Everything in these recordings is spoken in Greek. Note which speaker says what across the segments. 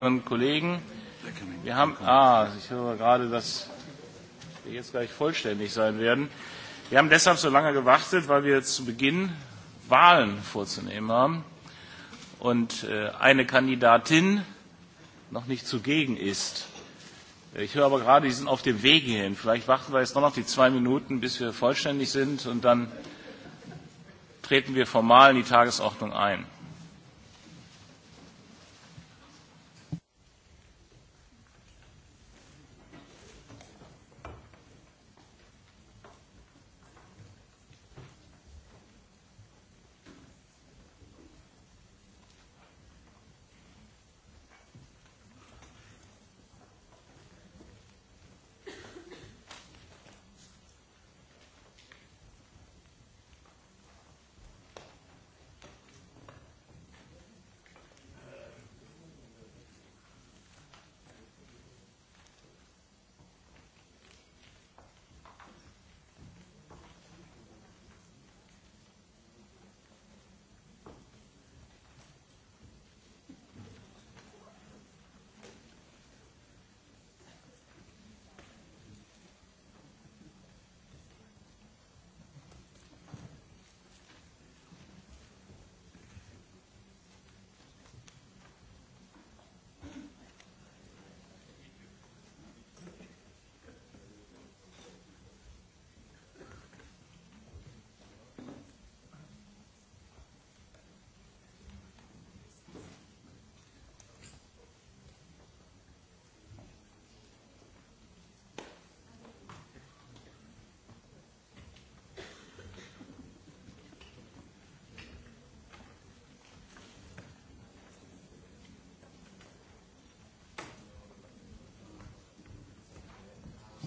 Speaker 1: und Kollegen. Wir haben, ah, ich höre gerade, dass wir jetzt gleich vollständig sein werden. Wir haben deshalb so lange gewartet, weil wir zu Beginn Wahlen vorzunehmen haben und eine Kandidatin noch nicht zugegen ist. Ich höre aber gerade, die sind auf dem Weg hierhin. Vielleicht warten wir jetzt noch noch die zwei Minuten, bis wir vollständig sind und dann treten wir formal in die Tagesordnung ein.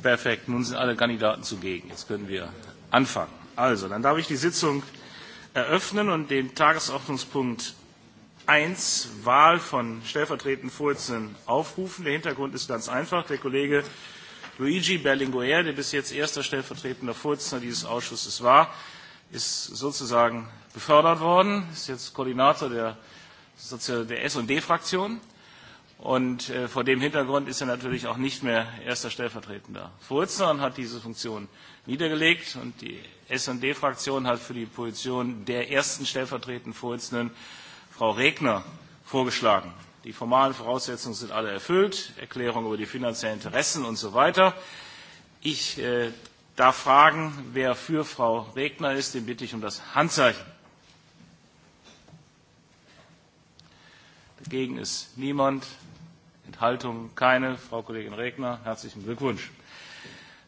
Speaker 1: Perfekt, nun sind alle Kandidaten zugegen. Jetzt können wir anfangen. Also, dann darf ich die Sitzung eröffnen und den Tagesordnungspunkt 1, Wahl von stellvertretenden Vorsitzenden, aufrufen. Der Hintergrund ist ganz einfach. Der Kollege Luigi Berlinguer, der bis jetzt erster stellvertretender Vorsitzender dieses Ausschusses war, ist sozusagen befördert worden, ist jetzt Koordinator der S&D-Fraktion Und vor dem Hintergrund ist er natürlich auch nicht mehr erster Stellvertretender Vorsitzender und hat diese Funktion niedergelegt. Und die SD-Fraktion hat für die Position der ersten stellvertretenden Vorsitzenden Frau Regner vorgeschlagen. Die formalen Voraussetzungen sind alle erfüllt, Erklärung über die finanziellen Interessen und so weiter. Ich darf fragen, wer für Frau Regner ist, den bitte ich um das Handzeichen. Dagegen ist niemand. Enthaltungen? Keine. Frau Kollegin Regner, herzlichen Glückwunsch.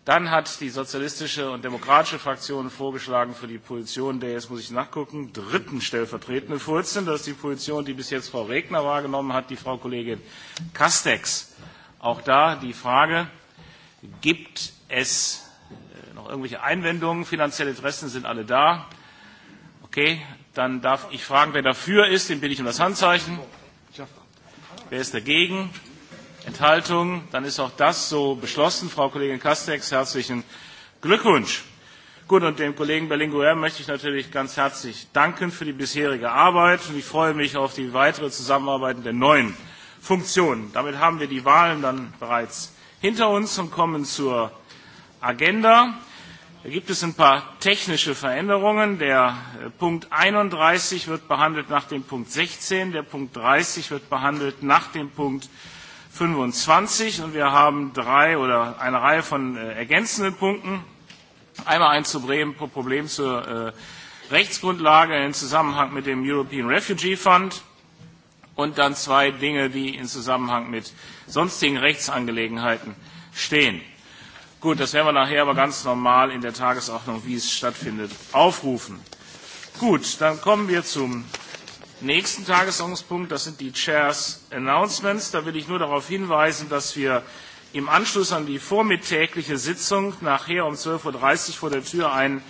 Speaker 1: Dann hat die sozialistische und demokratische Fraktion vorgeschlagen für die Position der, jetzt muss ich nachgucken, dritten stellvertretenden Vorsitzenden. Das ist die Position, die bis jetzt Frau Regner wahrgenommen hat, die Frau Kollegin Kastex. Auch da die Frage, gibt es noch irgendwelche Einwendungen? Finanzielle Interessen sind alle da. Okay, dann darf ich fragen, wer dafür ist. Den bitte ich um das Handzeichen. Wer ist dagegen? Enthaltung, Dann ist auch das so beschlossen. Frau Kollegin Castex, herzlichen Glückwunsch. Gut, und dem Kollegen Berlinguer möchte ich natürlich ganz herzlich danken für die bisherige Arbeit und ich freue mich auf die weitere Zusammenarbeit in der neuen Funktion. Damit haben wir die Wahlen dann bereits hinter uns und kommen zur Agenda. Da gibt es ein paar technische Veränderungen. Der Punkt 31 wird behandelt nach dem Punkt 16, der Punkt 30 wird behandelt nach dem Punkt 25 und wir haben drei oder eine Reihe von ergänzenden Punkten. Einmal ein zu Problem zur Rechtsgrundlage im Zusammenhang mit dem European Refugee Fund und dann zwei Dinge, die im Zusammenhang mit sonstigen Rechtsangelegenheiten stehen. Gut, das werden wir nachher aber ganz normal in der Tagesordnung, wie es stattfindet, aufrufen. Gut, dann kommen wir zum nächsten Tagesordnungspunkt. Das sind die Chairs Announcements. Da will ich nur darauf hinweisen, dass wir im Anschluss an die vormittägliche Sitzung nachher um 12.30 Uhr vor der Tür einen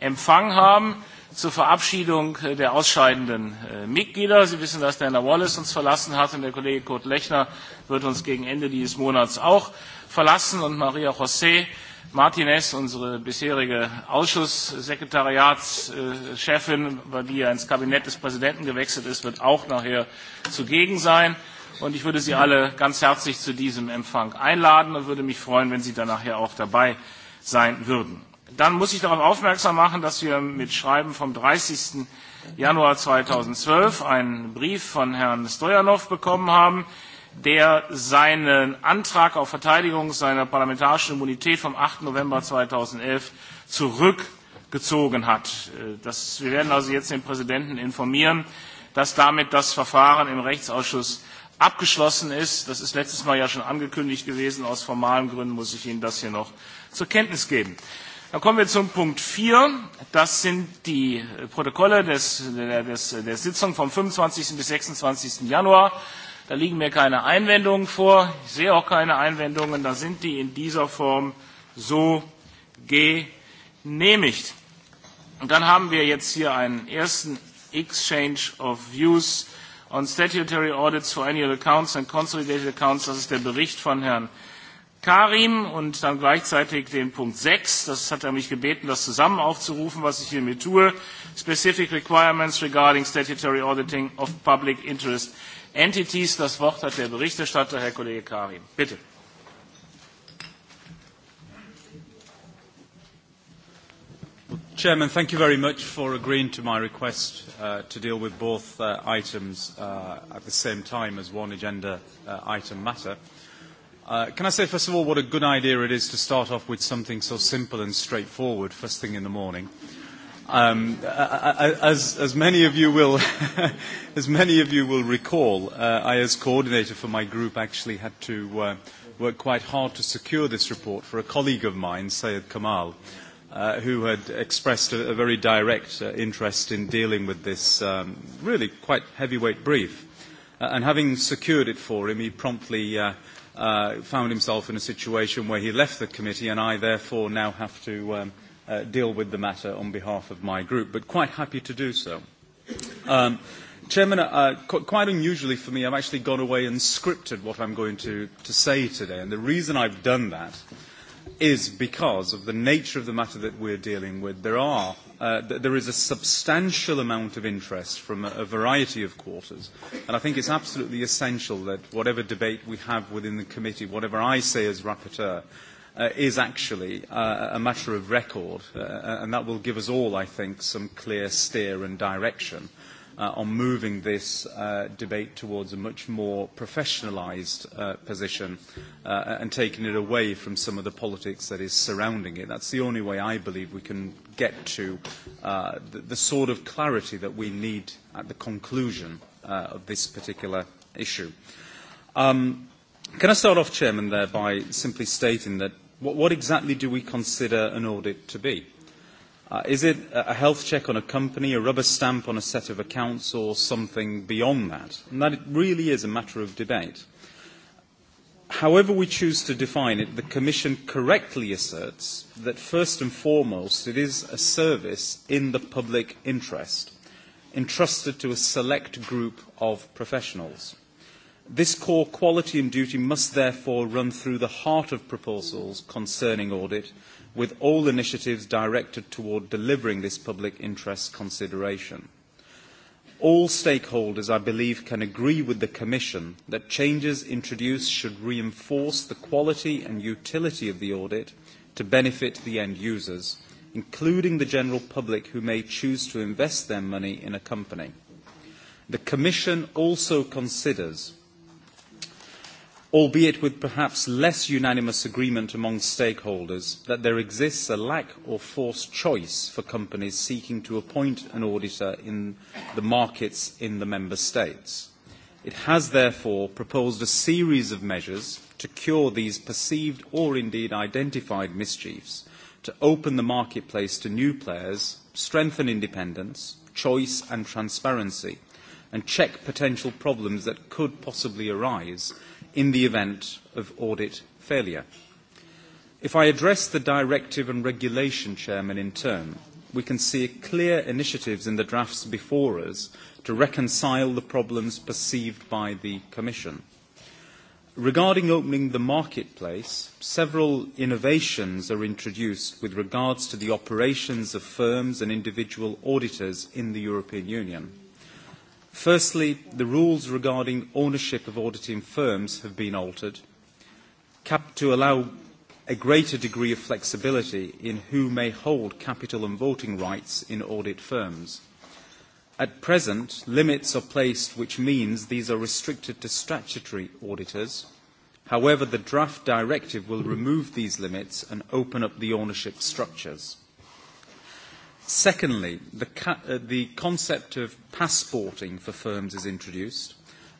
Speaker 1: Empfang haben zur Verabschiedung der ausscheidenden Mitglieder. Sie wissen, dass Diana Wallace uns verlassen hat und der Kollege Kurt Lechner wird uns gegen Ende dieses Monats auch verlassen und Maria José Martinez, unsere bisherige Ausschusssekretariatschefin, weil die ja ins Kabinett des Präsidenten gewechselt ist, wird auch nachher zugegen sein. Und ich würde Sie alle ganz herzlich zu diesem Empfang einladen und würde mich freuen, wenn Sie dann nachher auch dabei sein würden. Dann muss ich darauf aufmerksam machen, dass wir mit Schreiben vom 30. Januar 2012 einen Brief von Herrn Stojanov bekommen haben der seinen Antrag auf Verteidigung seiner parlamentarischen Immunität vom 8. November 2011 zurückgezogen hat. Wir werden also jetzt den Präsidenten informieren, dass damit das Verfahren im Rechtsausschuss abgeschlossen ist. Das ist letztes Mal ja schon angekündigt gewesen. Aus formalen Gründen muss ich Ihnen das hier noch zur Kenntnis geben. Dann kommen wir zum Punkt 4. Das sind die Protokolle der Sitzung vom 25. bis 26. Januar Da liegen mir keine Einwendungen vor. Ich sehe auch keine Einwendungen. Da sind die in dieser Form so genehmigt. Und dann haben wir jetzt hier einen ersten Exchange of Views on Statutory Audits for Annual Accounts and Consolidated Accounts. Das ist der Bericht von Herrn Karim und dann gleichzeitig den Punkt 6. Das hat er mich gebeten, das zusammen aufzurufen, was ich hiermit tue. Specific Requirements regarding Statutory Auditing of Public Interest Entities. Das Wort hat der Berichterstatter,
Speaker 2: Herr Kollege Karim. Bitte. Chairman, thank you very much for agreeing to my request to deal with both items at the same time as one agenda item matter. Can I say, first of all, what a good idea it is to start off with something so simple and straightforward first thing in the morning. As many of you will as many of you will recall, I as coordinator for my group actually had to work quite hard to secure this report for a colleague of mine, Sayed Kamal, who had expressed a very direct interest in dealing with this really quite heavyweight brief. And having secured it for him, he promptly found himself in a situation where he left the committee and I therefore now have to deal with the matter on behalf of my group, but quite happy to do so. Chairman, quite unusually for me, I've actually gone away and scripted what I'm going to say today, and the reason I've done that is because of the nature of the matter that we're dealing with. There are there is a substantial amount of interest from a variety of quarters, and I think it's absolutely essential that whatever debate we have within the committee, whatever I say as rapporteur, is actually a matter of record, and that will give us all, I think, some clear steer and direction on moving this debate towards a much more professionalised position and taking it away from some of the politics that is surrounding it. That's the only way I believe we can get to the sort of clarity that we need at the conclusion of this particular issue. Can I start off, Chairman, there by simply stating that What exactly do we consider an audit to be? Is it a health check on a company, a rubber stamp on a set of accounts, or something beyond that? And that really is a matter of debate. However we choose to define it, the Commission correctly asserts that first and foremost it is a service in the public interest, entrusted to a select group of professionals. This core quality and duty must therefore run through the heart of proposals concerning audit, with all initiatives directed toward delivering this public interest consideration. All stakeholders, I believe, can agree with the Commission that changes introduced should reinforce the quality and utility of the audit to benefit the end users, including the general public who may choose to invest their money in a company. The Commission also considers albeit with perhaps less unanimous agreement among stakeholders, that there exists a lack or forced choice for companies seeking to appoint an auditor in the markets in the Member States. It has therefore proposed a series of measures to cure these perceived or indeed identified mischiefs, to open the marketplace to new players, strengthen independence, choice and transparency, and check potential problems that could possibly arise in the event of audit failure. If I address the directive and regulation chairman in turn, we can see clear initiatives in the drafts before us to reconcile the problems perceived by the Commission. Regarding opening the marketplace, several innovations are introduced with regards to the operations of firms and individual auditors in the European Union. Firstly, the rules regarding ownership of auditing firms have been altered to allow a greater degree of flexibility in who may hold capital and voting rights in audit firms. At present, limits are placed which means these are restricted to statutory auditors. However, the draft directive will remove these limits and open up the ownership structures. Secondly, the concept of passporting for firms is introduced,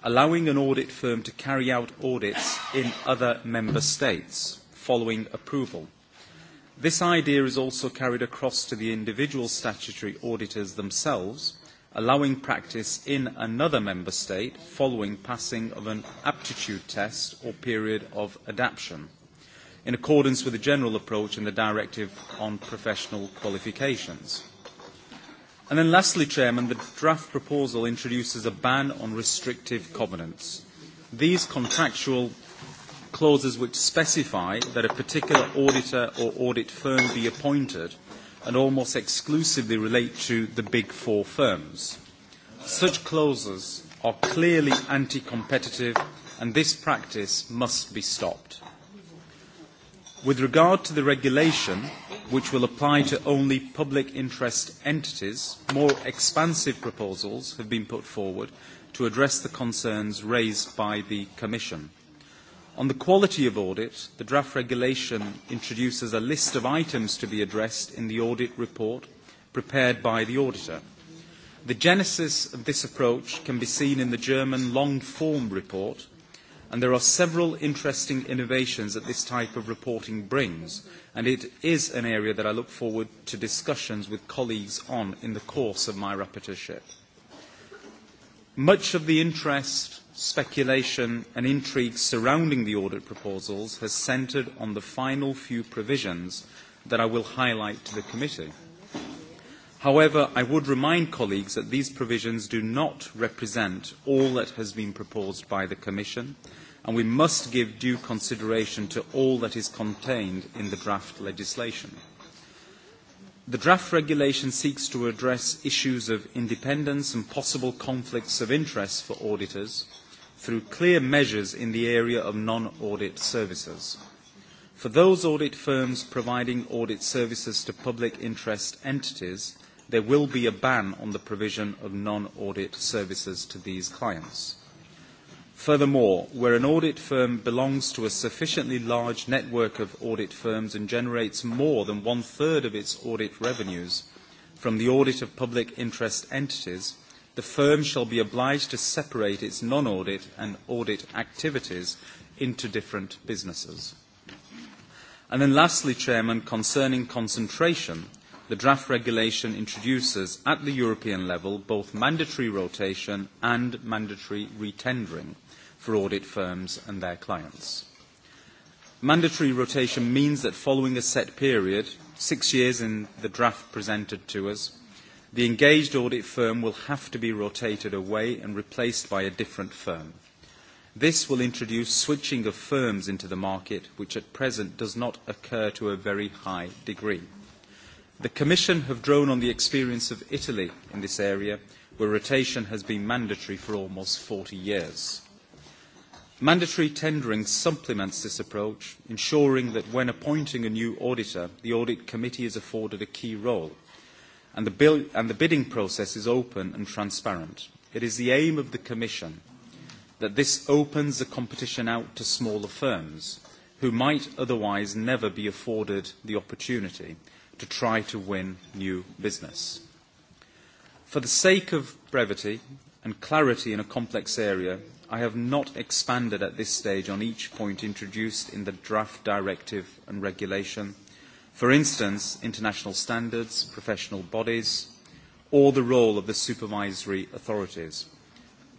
Speaker 2: allowing an audit firm to carry out audits in other member states following approval. This idea is also carried across to the individual statutory auditors themselves, allowing practice in another member state following passing of an aptitude test or period of adaptation in accordance with the general approach in the Directive on Professional Qualifications. And then lastly, Chairman, the draft proposal introduces a ban on restrictive covenants. These contractual clauses which specify that a particular auditor or audit firm be appointed and almost exclusively relate to the big four firms. Such clauses are clearly anti-competitive and this practice must be stopped. With regard to the regulation, which will apply to only public interest entities, more expansive proposals have been put forward to address the concerns raised by the Commission. On the quality of audit, the draft regulation introduces a list of items to be addressed in the audit report prepared by the auditor. The genesis of this approach can be seen in the German long-form report and there are several interesting innovations that this type of reporting brings, and it is an area that I look forward to discussions with colleagues on in the course of my rapporteurship. Much of the interest, speculation and intrigue surrounding the audit proposals has centred on the final few provisions that I will highlight to the committee. However, I would remind colleagues that these provisions do not represent all that has been proposed by the Commission and we must give due consideration to all that is contained in the draft legislation. The draft regulation seeks to address issues of independence and possible conflicts of interest for auditors through clear measures in the area of non-audit services. For those audit firms providing audit services to public interest entities, there will be a ban on the provision of non-audit services to these clients. Furthermore, where an audit firm belongs to a sufficiently large network of audit firms and generates more than one-third of its audit revenues from the audit of public interest entities, the firm shall be obliged to separate its non-audit and audit activities into different businesses. And then lastly, Chairman, concerning concentration, the draft regulation introduces at the European level both mandatory rotation and mandatory retendering for audit firms and their clients. Mandatory rotation means that following a set period, six years in the draft presented to us, the engaged audit firm will have to be rotated away and replaced by a different firm. This will introduce switching of firms into the market, which at present does not occur to a very high degree. The Commission have drawn on the experience of Italy in this area, where rotation has been mandatory for almost 40 years. Mandatory tendering supplements this approach, ensuring that when appointing a new auditor, the audit committee is afforded a key role, and the bidding process is open and transparent. It is the aim of the Commission that this opens the competition out to smaller firms, who might otherwise never be afforded the opportunity to try to win new business. For the sake of brevity and clarity in a complex area, I have not expanded at this stage on each point introduced in the draft directive and regulation. For instance, international standards, professional bodies, or the role of the supervisory authorities.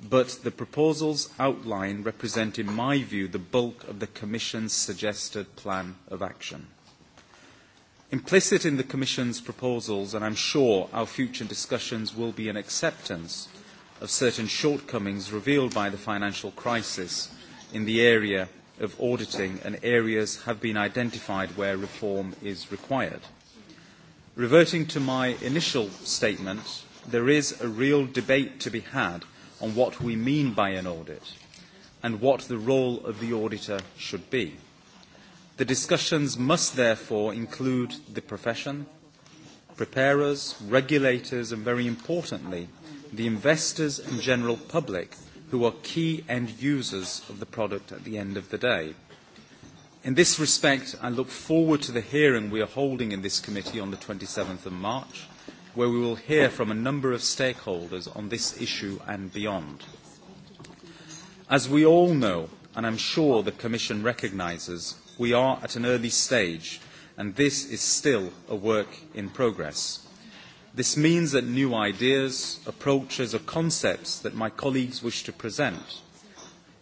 Speaker 2: But the proposals outlined represent, in my view, the bulk of the Commission's suggested plan of action. Implicit in the Commission's proposals, and I am sure our future discussions will be an acceptance of certain shortcomings revealed by the financial crisis in the area of auditing and areas have been identified where reform is required. Reverting to my initial statement, there is a real debate to be had on what we mean by an audit and what the role of the auditor should be. The discussions must therefore include the profession, preparers, regulators and, very importantly, the investors and general public who are key end users of the product at the end of the day. In this respect, I look forward to the hearing we are holding in this committee on the 27th of March, where we will hear from a number of stakeholders on this issue and beyond. As we all know, and I'm sure the Commission recognises, we are at an early stage, and this is still a work in progress. This means that new ideas, approaches or concepts that my colleagues wish to present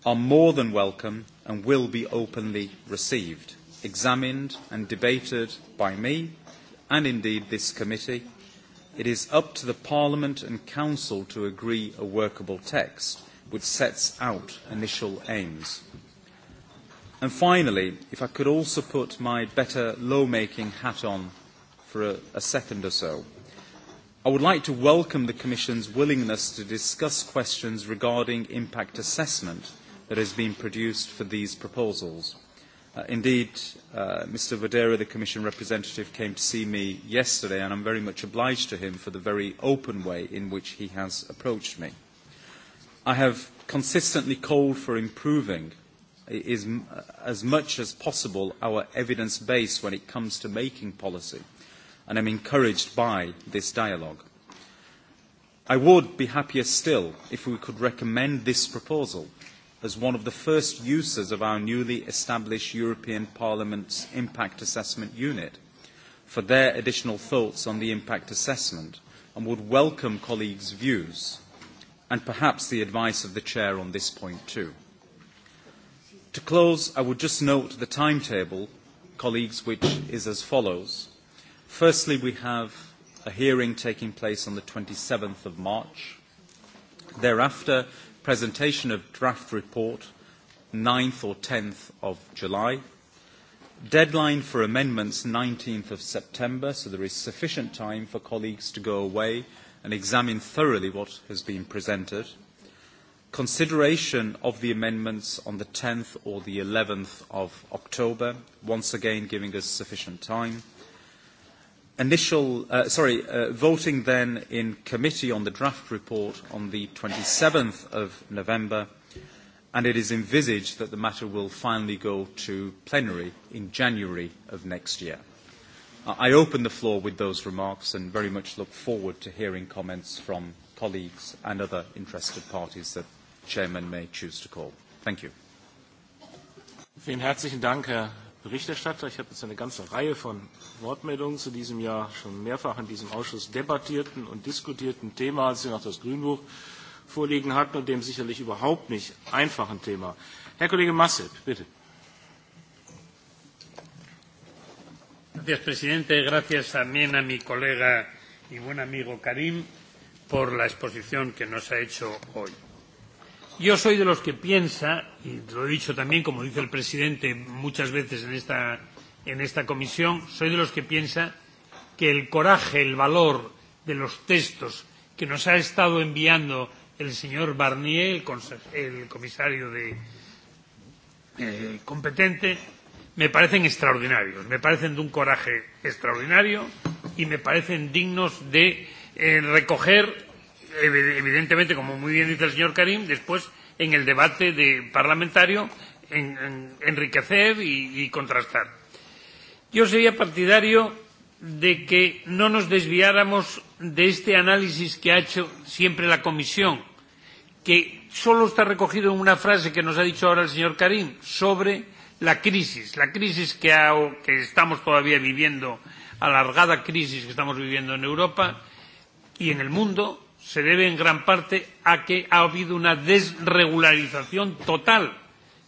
Speaker 2: are more than welcome and will be openly received, examined and debated by me and indeed this committee. It is up to the Parliament and Council to agree a workable text which sets out initial aims. And finally, if I could also put my better law-making hat on for a second or so. I would like to welcome the Commission's willingness to discuss questions regarding impact assessment that has been produced for these proposals. Indeed, Mr. Vodera, the Commission representative, came to see me yesterday, and I am very much obliged to him for the very open way in which he has approached me. I have consistently called for improving as much as possible our evidence base when it comes to making policy and am encouraged by this dialogue. I would be happier still if we could recommend this proposal as one of the first uses of our newly established European Parliament's Impact Assessment Unit for their additional thoughts on the impact assessment and would welcome colleagues' views and perhaps the advice of the Chair on this point too. To close, I would just note the timetable, colleagues, which is as follows. Firstly, we have a hearing taking place on the 27th of March. Thereafter, presentation of draft report 9th or 10th of July. Deadline for amendments 19th of September, so there is sufficient time for colleagues to go away and examine thoroughly what has been presented. Consideration of the amendments on the 10th or the 11th of October, once again giving us sufficient time initial, sorry, voting then in committee on the draft report on the 27th of November, and it is envisaged that the matter will finally go to plenary in January of next year. I open the floor with those remarks and very much look forward to hearing comments from colleagues and other interested parties that Chairman may choose to call. Thank you.
Speaker 1: Vielen herzlichen Berichterstatter. Ich habe jetzt eine ganze Reihe von Wortmeldungen zu diesem Jahr schon mehrfach in diesem Ausschuss debattierten und diskutierten Thema, als Sie noch das Grünbuch vorliegen hatten und dem sicherlich überhaupt nicht einfachen Thema. Herr Kollege Masip, bitte.
Speaker 3: Gracias, presidente. Gracias también a mi colega y buen amigo Karim por la exposición que nos ha hecho hoy. Yo soy de los que piensa, y lo he dicho también, como dice el presidente muchas veces en esta, en esta comisión, soy de los que piensa que el coraje, el valor de los textos que nos ha estado enviando el señor Barnier, el comisario de, competente, me parecen extraordinarios, me parecen de un coraje extraordinario y me parecen dignos de recoger evidentemente, como muy bien dice el señor Karim, después en el debate de parlamentario enriquecer y contrastar. Yo sería partidario de que no nos desviáramos de este análisis que ha hecho siempre la Comisión, que solo está recogido en una frase que nos ha dicho ahora el señor Karim sobre la crisis, la crisis que estamos todavía viviendo, alargada crisis que estamos viviendo en Europa y en el mundo se debe en gran parte a que ha habido una desregularización total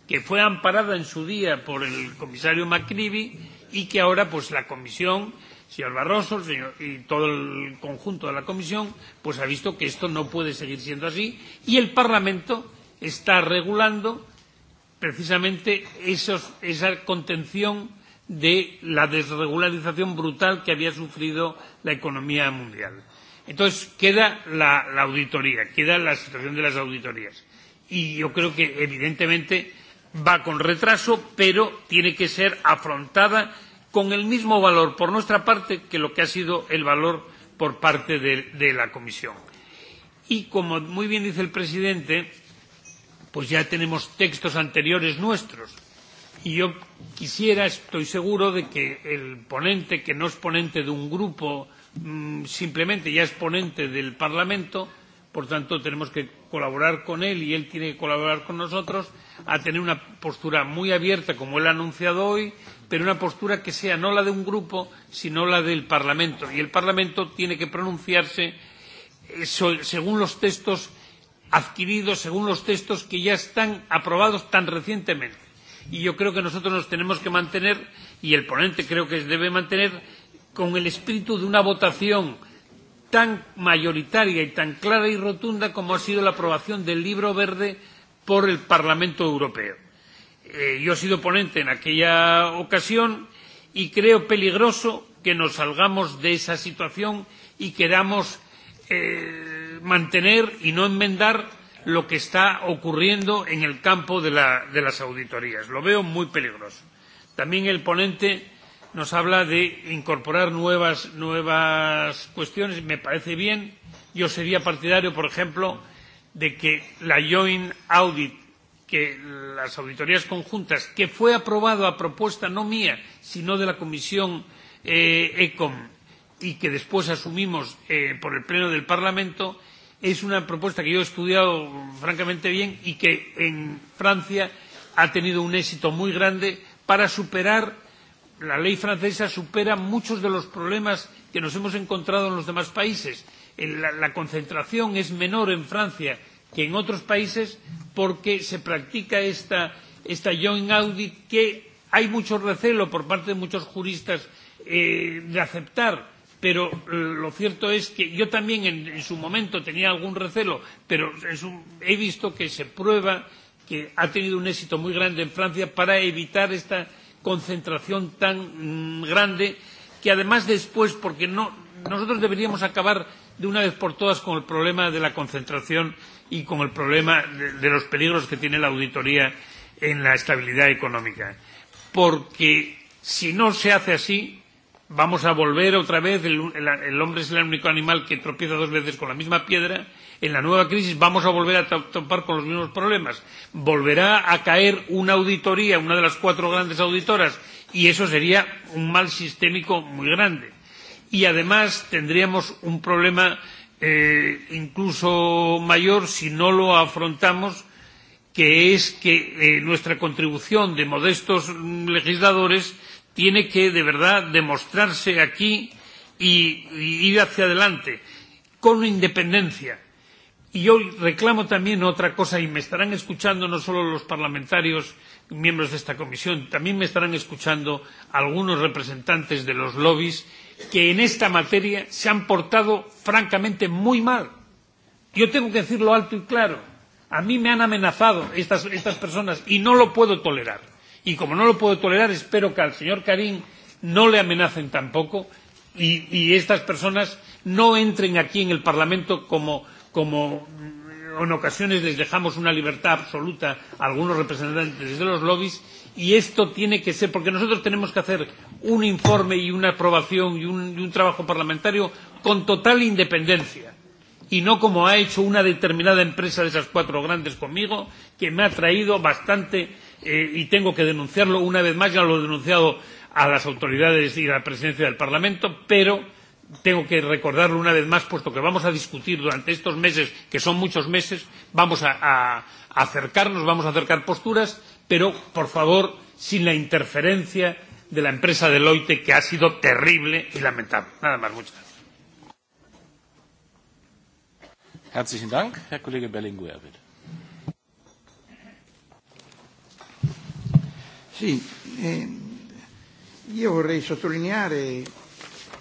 Speaker 3: que fue amparada en su día por el comisario McCreevy y que ahora pues la comisión, señor Barroso y todo el conjunto de la comisión pues ha visto que esto no puede seguir siendo así y el Parlamento está regulando precisamente esa contención de la desregularización brutal que había sufrido la economía mundial. Entonces queda la, la auditoría, queda la situación de las auditorías. Y yo creo que evidentemente va con retraso, pero tiene que ser afrontada con el mismo valor por nuestra parte que lo que ha sido el valor por parte de, de la Comisión. Y como muy bien dice el presidente, pues ya tenemos textos anteriores nuestros. Y yo quisiera, estoy seguro de que el ponente, que no es ponente de un grupo simplemente ya es ponente del Parlamento, por tanto tenemos que colaborar con él y él tiene que colaborar con nosotros a tener una postura muy abierta, como él ha anunciado hoy, pero una postura que sea no la de un grupo, sino la del Parlamento. Y el Parlamento tiene que pronunciarse según los textos adquiridos, según los textos que ya están aprobados tan recientemente. Y yo creo que nosotros nos tenemos que mantener, y el ponente creo que debe mantener, con el espíritu de una votación tan mayoritaria y tan clara y rotunda como ha sido la aprobación del libro verde por el Parlamento Europeo. Yo he sido ponente en aquella ocasión y creo peligroso que nos salgamos de esa situación y queramos mantener y no enmendar lo que está ocurriendo en el campo de las auditorías. Lo veo muy peligroso. También el ponente nos habla de incorporar nuevas, nuevas cuestiones. Me parece bien. Yo sería partidario, por ejemplo, de que la joint audit, que las auditorías conjuntas, que fue aprobado a propuesta no mía, sino de la Comisión ECOM y que después asumimos por el Pleno del Parlamento, es una propuesta que yo he estudiado francamente bien y que en Francia ha tenido un éxito muy grande para superar la ley francesa supera muchos de los problemas que nos hemos encontrado en los demás países. La concentración es menor en Francia que en otros países porque se practica esta joint audit que hay mucho recelo por parte de muchos juristas de aceptar, pero lo cierto es que yo también en su momento tenía algún recelo, pero he visto que se prueba que ha tenido un éxito muy grande en Francia para evitar esta concentración tan grande que además después, porque no, nosotros deberíamos acabar de una vez por todas con el problema de la concentración y con el problema de, de los peligros que tiene la auditoría en la estabilidad económica. Porque si no se hace así, vamos a volver otra vez, el, el, hombre es el único animal que tropieza dos veces con la misma piedra, en la nueva crisis vamos a volver a topar con los mismos problemas. Volverá a caer una auditoría, una de las cuatro grandes auditoras, y eso sería un mal sistémico muy grande. Y además tendríamos un problema eh, incluso mayor si no lo afrontamos, que es que nuestra contribución de modestos legisladores tiene que de verdad demostrarse aquí y ir hacia adelante con independencia. Y yo reclamo también otra cosa y me estarán escuchando no solo los parlamentarios miembros de esta comisión, también me estarán escuchando algunos representantes de los lobbies que en esta materia se han portado francamente muy mal. Yo tengo que decirlo alto y claro. A mí me han amenazado estas personas y no lo puedo tolerar Y como no lo puedo tolerar, espero que al señor Karim no le amenacen tampoco y, y estas personas no entren aquí en el Parlamento como, en ocasiones les dejamos una libertad absoluta a algunos representantes de los lobbies y esto tiene que ser porque nosotros tenemos que hacer un informe y una aprobación y un trabajo parlamentario con total independencia y no como ha hecho una determinada empresa de esas cuatro grandes conmigo que me ha traído bastante y tengo que denunciarlo una vez más, ya lo he denunciado a las autoridades y a la presidencia del Parlamento, pero tengo que recordarlo una vez más, puesto que vamos a discutir durante estos meses, que son muchos meses, vamos a acercarnos, vamos a acercar posturas, pero, por favor, sin la interferencia de la empresa Deloitte, que ha sido terrible y lamentable. Nada más, muchas gracias.
Speaker 1: Herzlichen Dank, Herr Kollege
Speaker 4: Sì, eh, io vorrei sottolineare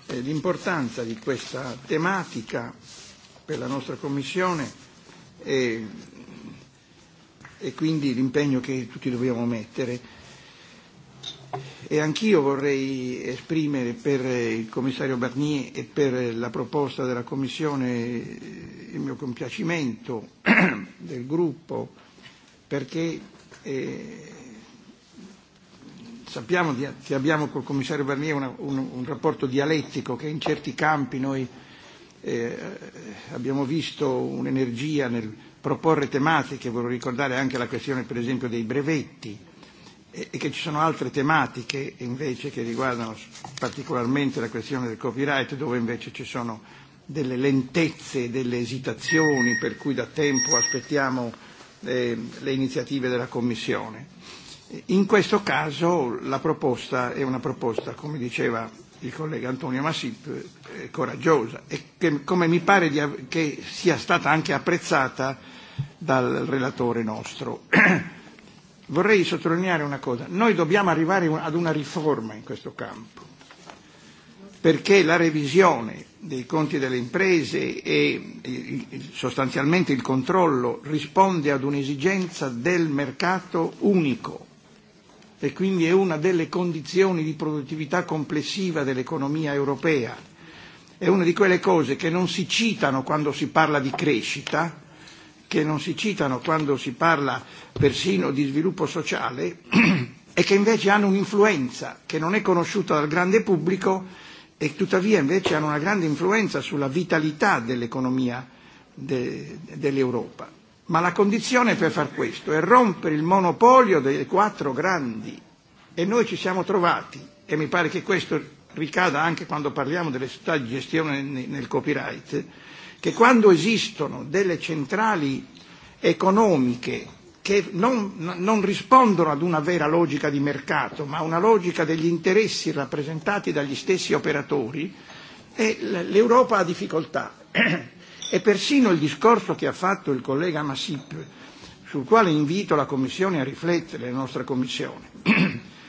Speaker 4: eh, l'importanza di questa tematica per la nostra Commissione e, e quindi l'impegno che tutti dobbiamo mettere. E anch'io vorrei esprimere per il commissario Barnier e per la proposta della Commissione il mio compiacimento del gruppo perché sappiamo che abbiamo col commissario Barnier un, un rapporto dialettico che in certi campi noi abbiamo visto un'energia nel proporre tematiche, vorrei ricordare anche la questione per esempio dei brevetti e, che ci sono altre tematiche invece che riguardano particolarmente la questione del copyright dove invece ci sono delle lentezze, delle esitazioni per cui da tempo aspettiamo le iniziative della Commissione In questo caso la proposta è una proposta, come diceva il collega Antonio Massip, coraggiosa e che, come mi pare di, che sia stata anche apprezzata dal relatore nostro. Vorrei sottolineare una cosa, noi dobbiamo arrivare ad una riforma in questo campo, perché la revisione dei conti delle imprese e sostanzialmente il controllo risponde ad un'esigenza del mercato unico e quindi è una delle condizioni di produttività complessiva dell'economia europea. È una di quelle cose che non si citano quando si parla di crescita, che non si citano quando si parla persino di sviluppo sociale e che invece hanno un'influenza che non è conosciuta dal grande pubblico e tuttavia invece hanno una grande influenza sulla vitalità dell'economia dell'Europa. Ma la condizione per far questo è rompere il monopolio dei quattro grandi e noi ci siamo trovati, e mi pare che questo ricada anche quando parliamo delle società di gestione nel copyright, che quando esistono delle centrali economiche che non, non rispondono ad una vera logica di mercato, ma a una logica degli interessi rappresentati dagli stessi operatori, l'Europa ha difficoltà e persino il discorso che ha fatto il collega MassIP, sul quale invito la Commissione a riflettere, la nostra Commissione,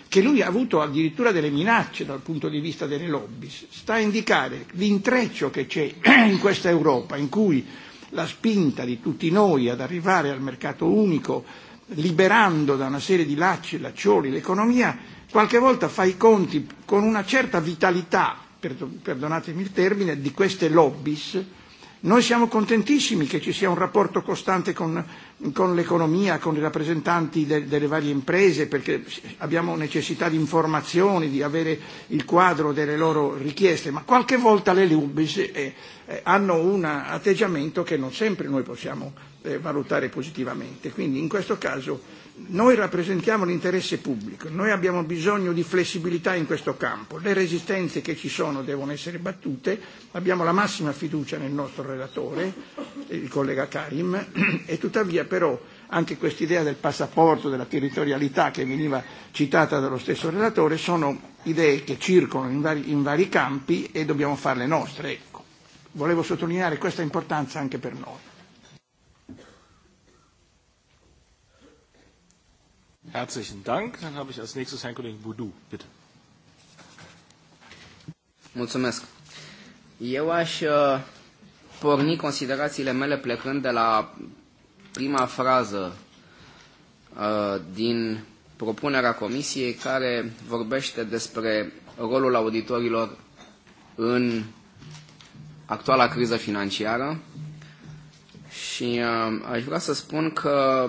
Speaker 4: che lui ha avuto addirittura delle minacce dal punto di vista delle lobby, sta a indicare l'intreccio che c'è in questa Europa, in cui la spinta di tutti noi ad arrivare al mercato unico, liberando da una serie di lacci e laccioli l'economia, qualche volta fa i conti con una certa vitalità, perdonatemi il termine, di queste lobbies Noi siamo contentissimi che ci sia un rapporto costante con, con l'economia, con i rappresentanti delle varie imprese, perché abbiamo necessità di informazioni, di avere il quadro delle loro richieste, ma qualche volta le Lubis hanno un atteggiamento che non sempre noi possiamo valutare positivamente. Quindi in questo caso Noi rappresentiamo l'interesse pubblico, noi abbiamo bisogno di flessibilità in questo campo, le resistenze che ci sono devono essere battute, abbiamo la massima fiducia nel nostro relatore, il collega Karim, e tuttavia però anche quest'idea del passaporto, della territorialità che veniva citata dallo stesso relatore, sono idee che circolano in vari, in vari campi e dobbiamo farle nostre. Ecco. Volevo sottolineare questa importanza anche per noi.
Speaker 1: Herzlichen Dank. Dann habe ich
Speaker 5: als nächstes Herrn Kollegen Boudou, bitte. Mulțumesc. Eu aș porni considerațiile mele plecând de la prima frază din propunerea Comisiei care vorbește despre rolul auditorilor în actuala criză financiară și aș vrea să spun că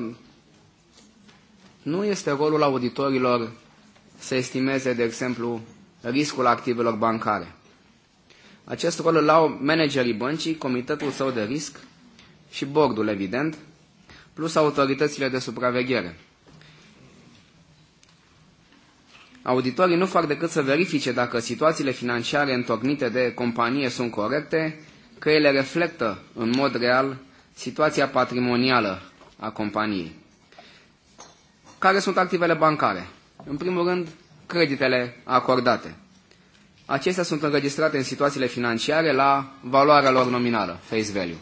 Speaker 5: Nu este rolul auditorilor să estimeze, de exemplu, riscul activelor bancare. Acest rol îl au managerii băncii, comitetul său de risc și bordul, evident, plus autoritățile de supraveghere. Auditorii nu fac decât să verifice dacă situațiile financiare întocmite de companie sunt corecte, că ele reflectă în mod real situația patrimonială a companiei. Care sunt activele bancare? În primul rând, creditele acordate. Acestea sunt înregistrate în situațiile financiare la valoarea lor nominală, face value.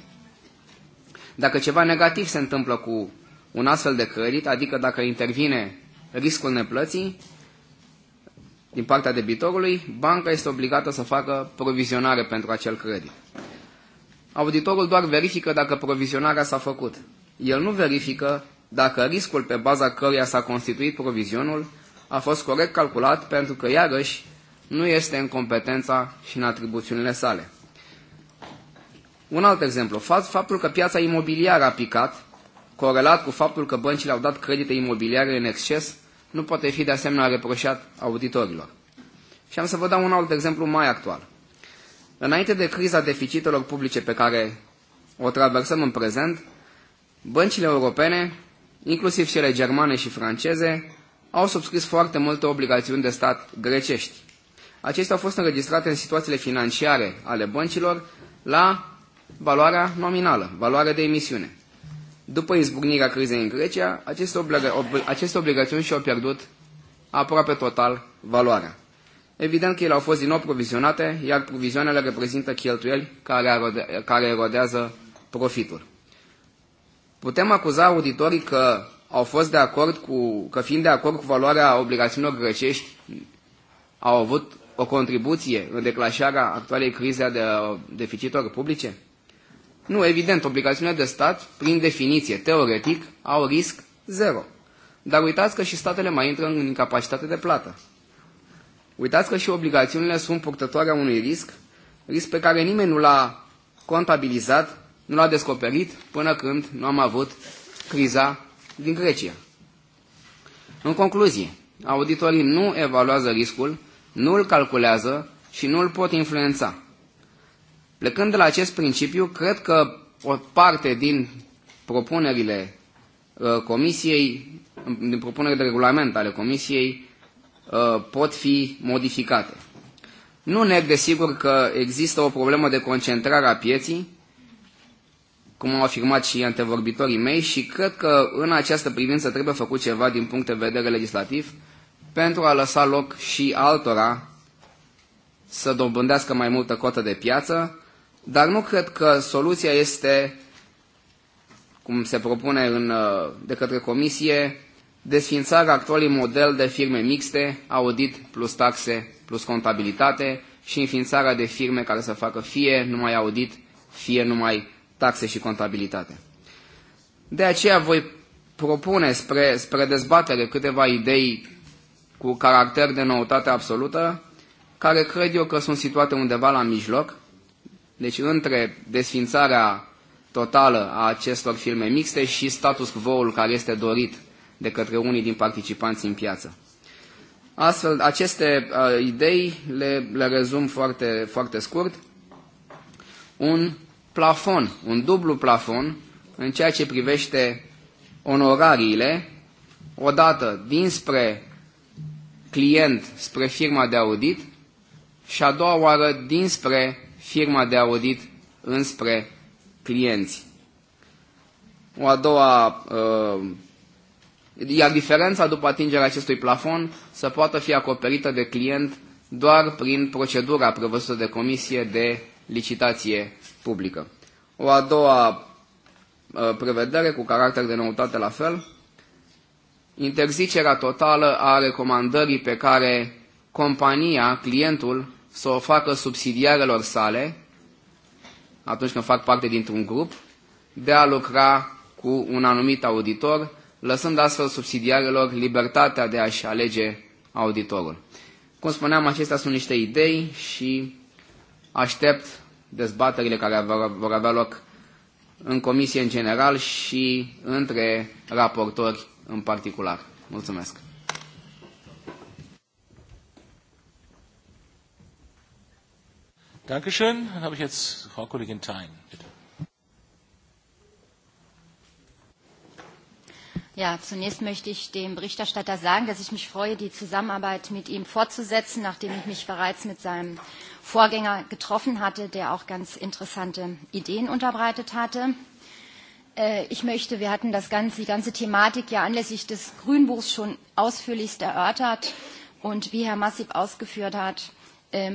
Speaker 5: Dacă ceva negativ se întâmplă cu un astfel de credit, adică dacă intervine riscul neplății din partea debitorului, banca este obligată să facă provizionare pentru acel credit. Auditorul doar verifică dacă provizionarea s-a făcut. El nu verifică dacă riscul pe baza căruia s-a constituit provizionul a fost corect calculat pentru că, iarăși, nu este în competența și în atribuțiunile sale. Un alt exemplu, faptul că piața imobiliară a picat, corelat cu faptul că băncile au dat credite imobiliare în exces, nu poate fi de asemenea reproșat auditorilor. Și am să vă dau un alt exemplu mai actual. Înainte de criza deficitelor publice pe care o traversăm în prezent, băncile europene inclusiv cele germane și franceze, au subscris foarte multe obligațiuni de stat grecești. Acestea au fost înregistrate în situațiile financiare ale băncilor la valoarea nominală, valoarea de emisiune. După izbucnirea crizei în Grecia, aceste, obligațiuni și-au pierdut aproape total valoarea. Evident că ele au fost din nou provizionate, iar provizioanele reprezintă cheltuieli care, care erodează profitul putem acuza auditorii că au fost de acord cu, că fiind de acord cu valoarea obligațiunilor grecești, au avut o contribuție în declașarea actualei crize de deficitor publice? Nu, evident, obligațiunile de stat, prin definiție, teoretic, au risc zero. Dar uitați că și statele mai intră în incapacitate de plată. Uitați că și obligațiunile sunt purtătoare a unui risc, risc pe care nimeni nu l-a contabilizat nu l-a descoperit până când nu am avut criza din Grecia. În concluzie, auditorii nu evaluează riscul, nu îl calculează și nu îl pot influența. Plecând de la acest principiu, cred că o parte din propunerile Comisiei, din propunerile de regulament ale Comisiei, pot fi modificate. Nu neg desigur că există o problemă de concentrare a pieții, cum au afirmat și antevorbitorii mei, și cred că în această privință trebuie făcut ceva din punct de vedere legislativ pentru a lăsa loc și altora să dobândească mai multă cotă de piață, dar nu cred că soluția este, cum se propune în, de către Comisie, desfințarea actualului model de firme mixte, audit plus taxe plus contabilitate și înființarea de firme care să facă fie numai audit, fie numai taxe și contabilitate. De aceea voi propune spre, spre dezbatere câteva idei cu caracter de noutate absolută, care cred eu că sunt situate undeva la mijloc, deci între desfințarea totală a acestor filme mixte și status quo-ul care este dorit de către unii din participanții în piață. Astfel, aceste uh, idei le, le rezum foarte, foarte scurt. Un, plafon, un dublu plafon în ceea ce privește onorariile, odată dinspre client spre firma de audit și a doua oară dinspre firma de audit înspre clienți. O a doua, iar diferența după atingerea acestui plafon să poată fi acoperită de client doar prin procedura prevăzută de comisie de licitație publică. O a doua prevedere cu caracter de noutate la fel, interzicerea totală a recomandării pe care compania, clientul, să o facă subsidiarelor sale, atunci când fac parte dintr-un grup, de a lucra cu un anumit auditor, lăsând astfel subsidiarelor libertatea de a-și alege auditorul. Cum spuneam, acestea sunt niște idei și aștept dezbaterile care vor avea loc în comisie în general și între raportori în particular. Mulțumesc! Dankeschön.
Speaker 1: Dann habe ich jetzt Frau Kollegin Thein, bitte.
Speaker 6: Ja, zunächst möchte ich dem Berichterstatter sagen, dass ich mich freue, die Zusammenarbeit mit ihm fortzusetzen, nachdem ich mich bereits mit seinem Vorgänger getroffen hatte, der auch ganz interessante Ideen unterbreitet hatte. Ich möchte, wir hatten das ganze, die ganze Thematik ja anlässlich des Grünbuchs schon ausführlichst erörtert und wie Herr Massib ausgeführt hat,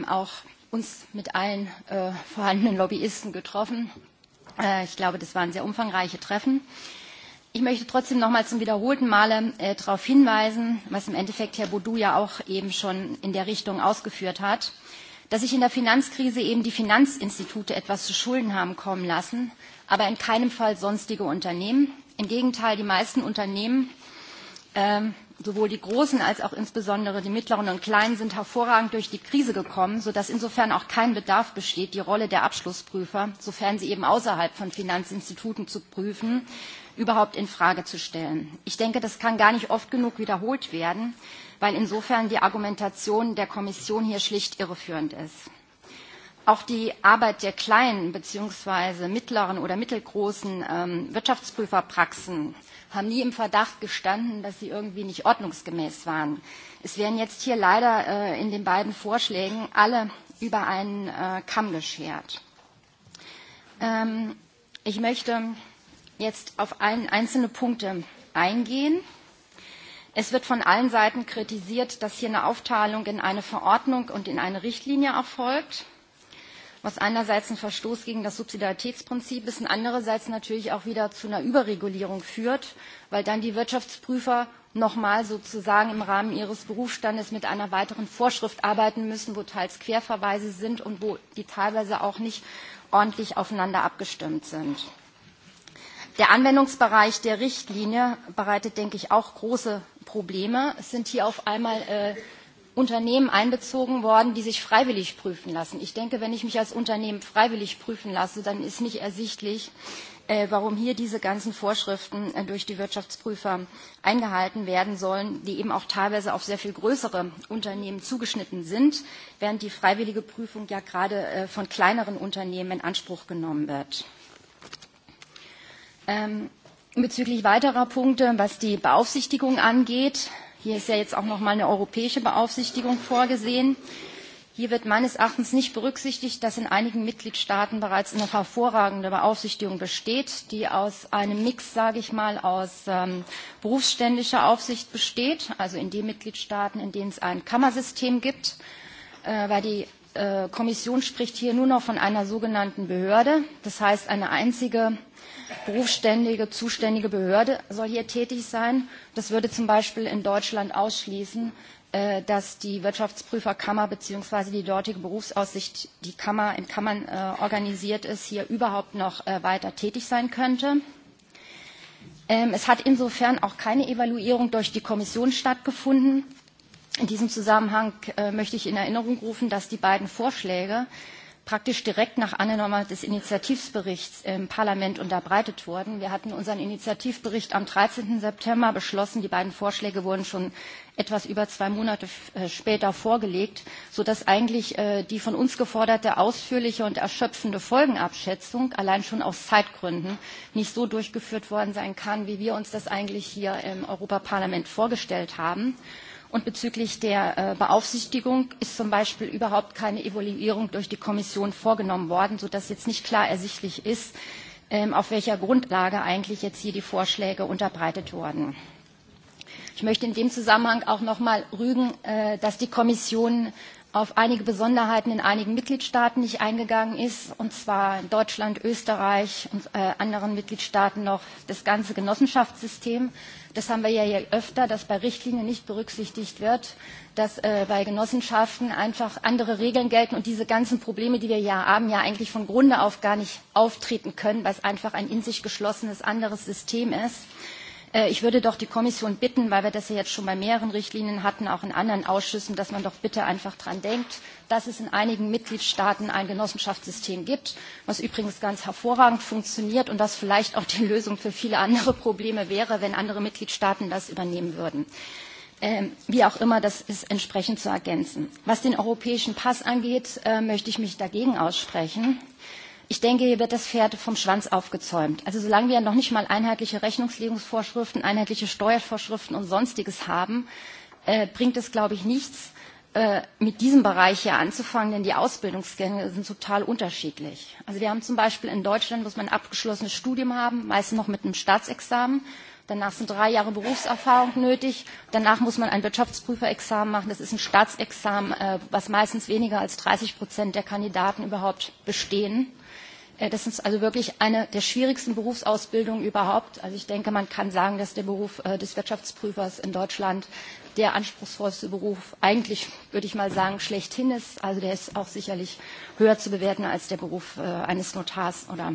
Speaker 6: auch uns mit allen vorhandenen Lobbyisten getroffen. Ich glaube, das waren sehr umfangreiche Treffen. Ich möchte trotzdem nochmal zum wiederholten Male darauf hinweisen, was im Endeffekt Herr Boudou ja auch eben schon in der Richtung ausgeführt hat dass sich in der Finanzkrise eben die Finanzinstitute etwas zu Schulden haben kommen lassen, aber in keinem Fall sonstige Unternehmen. Im Gegenteil, die meisten Unternehmen, sowohl die großen als auch insbesondere die mittleren und kleinen, sind hervorragend durch die Krise gekommen, sodass insofern auch kein Bedarf besteht, die Rolle der Abschlussprüfer, sofern sie eben außerhalb von Finanzinstituten zu prüfen, überhaupt in Frage zu stellen. Ich denke, das kann gar nicht oft genug wiederholt werden weil insofern die Argumentation der Kommission hier schlicht irreführend ist. Auch die Arbeit der kleinen bzw. mittleren oder mittelgroßen Wirtschaftsprüferpraxen haben nie im Verdacht gestanden, dass sie irgendwie nicht ordnungsgemäß waren. Es werden jetzt hier leider in den beiden Vorschlägen alle über einen Kamm geschert. Ich möchte jetzt auf einzelne Punkte eingehen. Es wird von allen Seiten kritisiert, dass hier eine Aufteilung in eine Verordnung und in eine Richtlinie erfolgt, was einerseits ein Verstoß gegen das Subsidiaritätsprinzip ist und andererseits natürlich auch wieder zu einer Überregulierung führt, weil dann die Wirtschaftsprüfer nochmal sozusagen im Rahmen ihres Berufsstandes mit einer weiteren Vorschrift arbeiten müssen, wo teils Querverweise sind und wo die teilweise auch nicht ordentlich aufeinander abgestimmt sind. Der Anwendungsbereich der Richtlinie bereitet, denke ich, auch große Probleme sind hier auf einmal Unternehmen einbezogen worden, die sich freiwillig prüfen lassen. Ich denke, wenn ich mich als Unternehmen freiwillig prüfen lasse, dann ist nicht ersichtlich, warum hier diese ganzen Vorschriften durch die Wirtschaftsprüfer eingehalten werden sollen, die eben auch teilweise auf sehr viel größere Unternehmen zugeschnitten sind, während die freiwillige Prüfung ja gerade von kleineren Unternehmen in Anspruch genommen wird. Bezüglich weiterer Punkte, was die Beaufsichtigung angeht, hier ist ja jetzt auch noch mal eine europäische Beaufsichtigung vorgesehen. Hier wird meines Erachtens nicht berücksichtigt, dass in einigen Mitgliedstaaten bereits eine hervorragende Beaufsichtigung besteht, die aus einem Mix, sage ich mal, aus berufsständischer Aufsicht besteht, also in den Mitgliedstaaten, in denen es ein Kammersystem gibt, weil die Kommission spricht hier nur noch von einer sogenannten Behörde, das heißt eine einzige berufsständige, zuständige Behörde soll hier tätig sein. Das würde zum Beispiel in Deutschland ausschließen, dass die Wirtschaftsprüferkammer bzw. die dortige Berufsaussicht, die Kammer in Kammern organisiert ist, hier überhaupt noch weiter tätig sein könnte. Es hat insofern auch keine Evaluierung durch die Kommission stattgefunden. In diesem Zusammenhang möchte ich in Erinnerung rufen, dass die beiden Vorschläge praktisch direkt nach Annahme des Initiativberichts im Parlament unterbreitet worden. Wir hatten unseren Initiativbericht am 13. September beschlossen. Die beiden Vorschläge wurden schon etwas über zwei Monate später vorgelegt, sodass eigentlich die von uns geforderte ausführliche und erschöpfende Folgenabschätzung allein schon aus Zeitgründen nicht so durchgeführt worden sein kann, wie wir uns das eigentlich hier im Europaparlament vorgestellt haben. Und bezüglich der Beaufsichtigung ist zum Beispiel überhaupt keine Evaluierung durch die Kommission vorgenommen worden, sodass jetzt nicht klar ersichtlich ist, auf welcher Grundlage eigentlich jetzt hier die Vorschläge unterbreitet wurden. Ich möchte in dem Zusammenhang auch noch mal rügen, dass die Kommission auf einige Besonderheiten in einigen Mitgliedstaaten nicht eingegangen ist, und zwar in Deutschland, Österreich und anderen Mitgliedstaaten noch das ganze Genossenschaftssystem. Das haben wir ja öfter, dass bei Richtlinien nicht berücksichtigt wird, dass bei Genossenschaften einfach andere Regeln gelten und diese ganzen Probleme, die wir ja haben, ja eigentlich von Grunde auf gar nicht auftreten können, weil es einfach ein in sich geschlossenes anderes System ist. Ich würde doch die Kommission bitten, weil wir das ja jetzt schon bei mehreren Richtlinien hatten, auch in anderen Ausschüssen, dass man doch bitte einfach daran denkt, dass es in einigen Mitgliedstaaten ein Genossenschaftssystem gibt, was übrigens ganz hervorragend funktioniert und das vielleicht auch die Lösung für viele andere Probleme wäre, wenn andere Mitgliedstaaten das übernehmen würden. Wie auch immer, das ist entsprechend zu ergänzen. Was den europäischen Pass angeht, möchte ich mich dagegen aussprechen Ich denke, hier wird das Pferd vom Schwanz aufgezäumt. Also solange wir noch nicht mal einheitliche Rechnungslegungsvorschriften, einheitliche Steuervorschriften und Sonstiges haben, bringt es, glaube ich, nichts, mit diesem Bereich hier anzufangen, denn die Ausbildungsgänge sind total unterschiedlich. Also wir haben zum Beispiel in Deutschland, muss man ein abgeschlossenes Studium haben, meistens noch mit einem Staatsexamen. Danach sind drei Jahre Berufserfahrung nötig. Danach muss man ein Wirtschaftsprüferexamen machen. Das ist ein Staatsexamen, was meistens weniger als 30 Prozent der Kandidaten überhaupt bestehen. Das ist also wirklich eine der schwierigsten Berufsausbildungen überhaupt. Also ich denke, man kann sagen, dass der Beruf des Wirtschaftsprüfers in Deutschland der anspruchsvollste Beruf eigentlich, würde ich mal sagen, schlechthin ist. Also der ist auch sicherlich höher zu bewerten als der Beruf eines Notars oder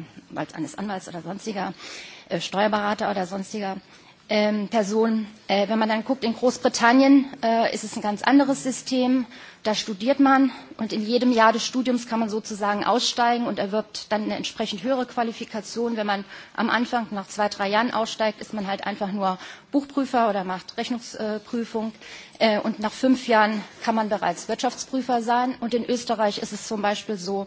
Speaker 6: eines Anwalts oder sonstiger Steuerberater oder sonstiger Person. Wenn man dann guckt, in Großbritannien ist es ein ganz anderes System. Da studiert man und in jedem Jahr des Studiums kann man sozusagen aussteigen und erwirbt dann eine entsprechend höhere Qualifikation. Wenn man am Anfang nach zwei, drei Jahren aussteigt, ist man halt einfach nur Buchprüfer oder macht Rechnungsprüfung. Und nach fünf Jahren kann man bereits Wirtschaftsprüfer sein. Und in Österreich ist es zum Beispiel so,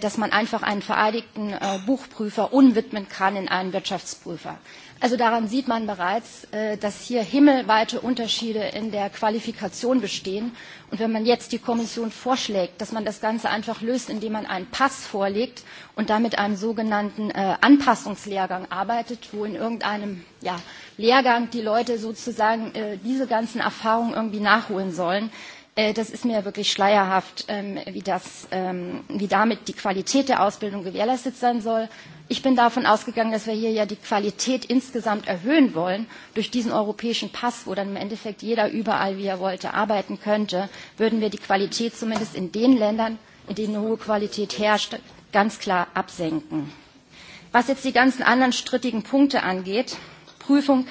Speaker 6: dass man einfach einen vereidigten Buchprüfer unwidmen kann in einen Wirtschaftsprüfer. Also daran sieht man bereits, dass hier himmelweite Unterschiede in der Qualifikation bestehen. Und wenn man jetzt die Kommission vorschlägt, dass man das Ganze einfach löst, indem man einen Pass vorlegt und dann mit einem sogenannten Anpassungslehrgang arbeitet, wo in irgendeinem Lehrgang die Leute sozusagen diese ganzen Erfahrungen irgendwie nachholen sollen, das ist mir wirklich schleierhaft, wie damit die Qualität der Ausbildung gewährleistet sein soll Ich bin davon ausgegangen, dass wir hier ja die Qualität insgesamt erhöhen wollen. Durch diesen europäischen Pass, wo dann im Endeffekt jeder überall, wie er wollte, arbeiten könnte, würden wir die Qualität zumindest in den Ländern, in denen eine hohe Qualität herrscht, ganz klar absenken. Was jetzt die ganzen anderen strittigen Punkte angeht, Prüfung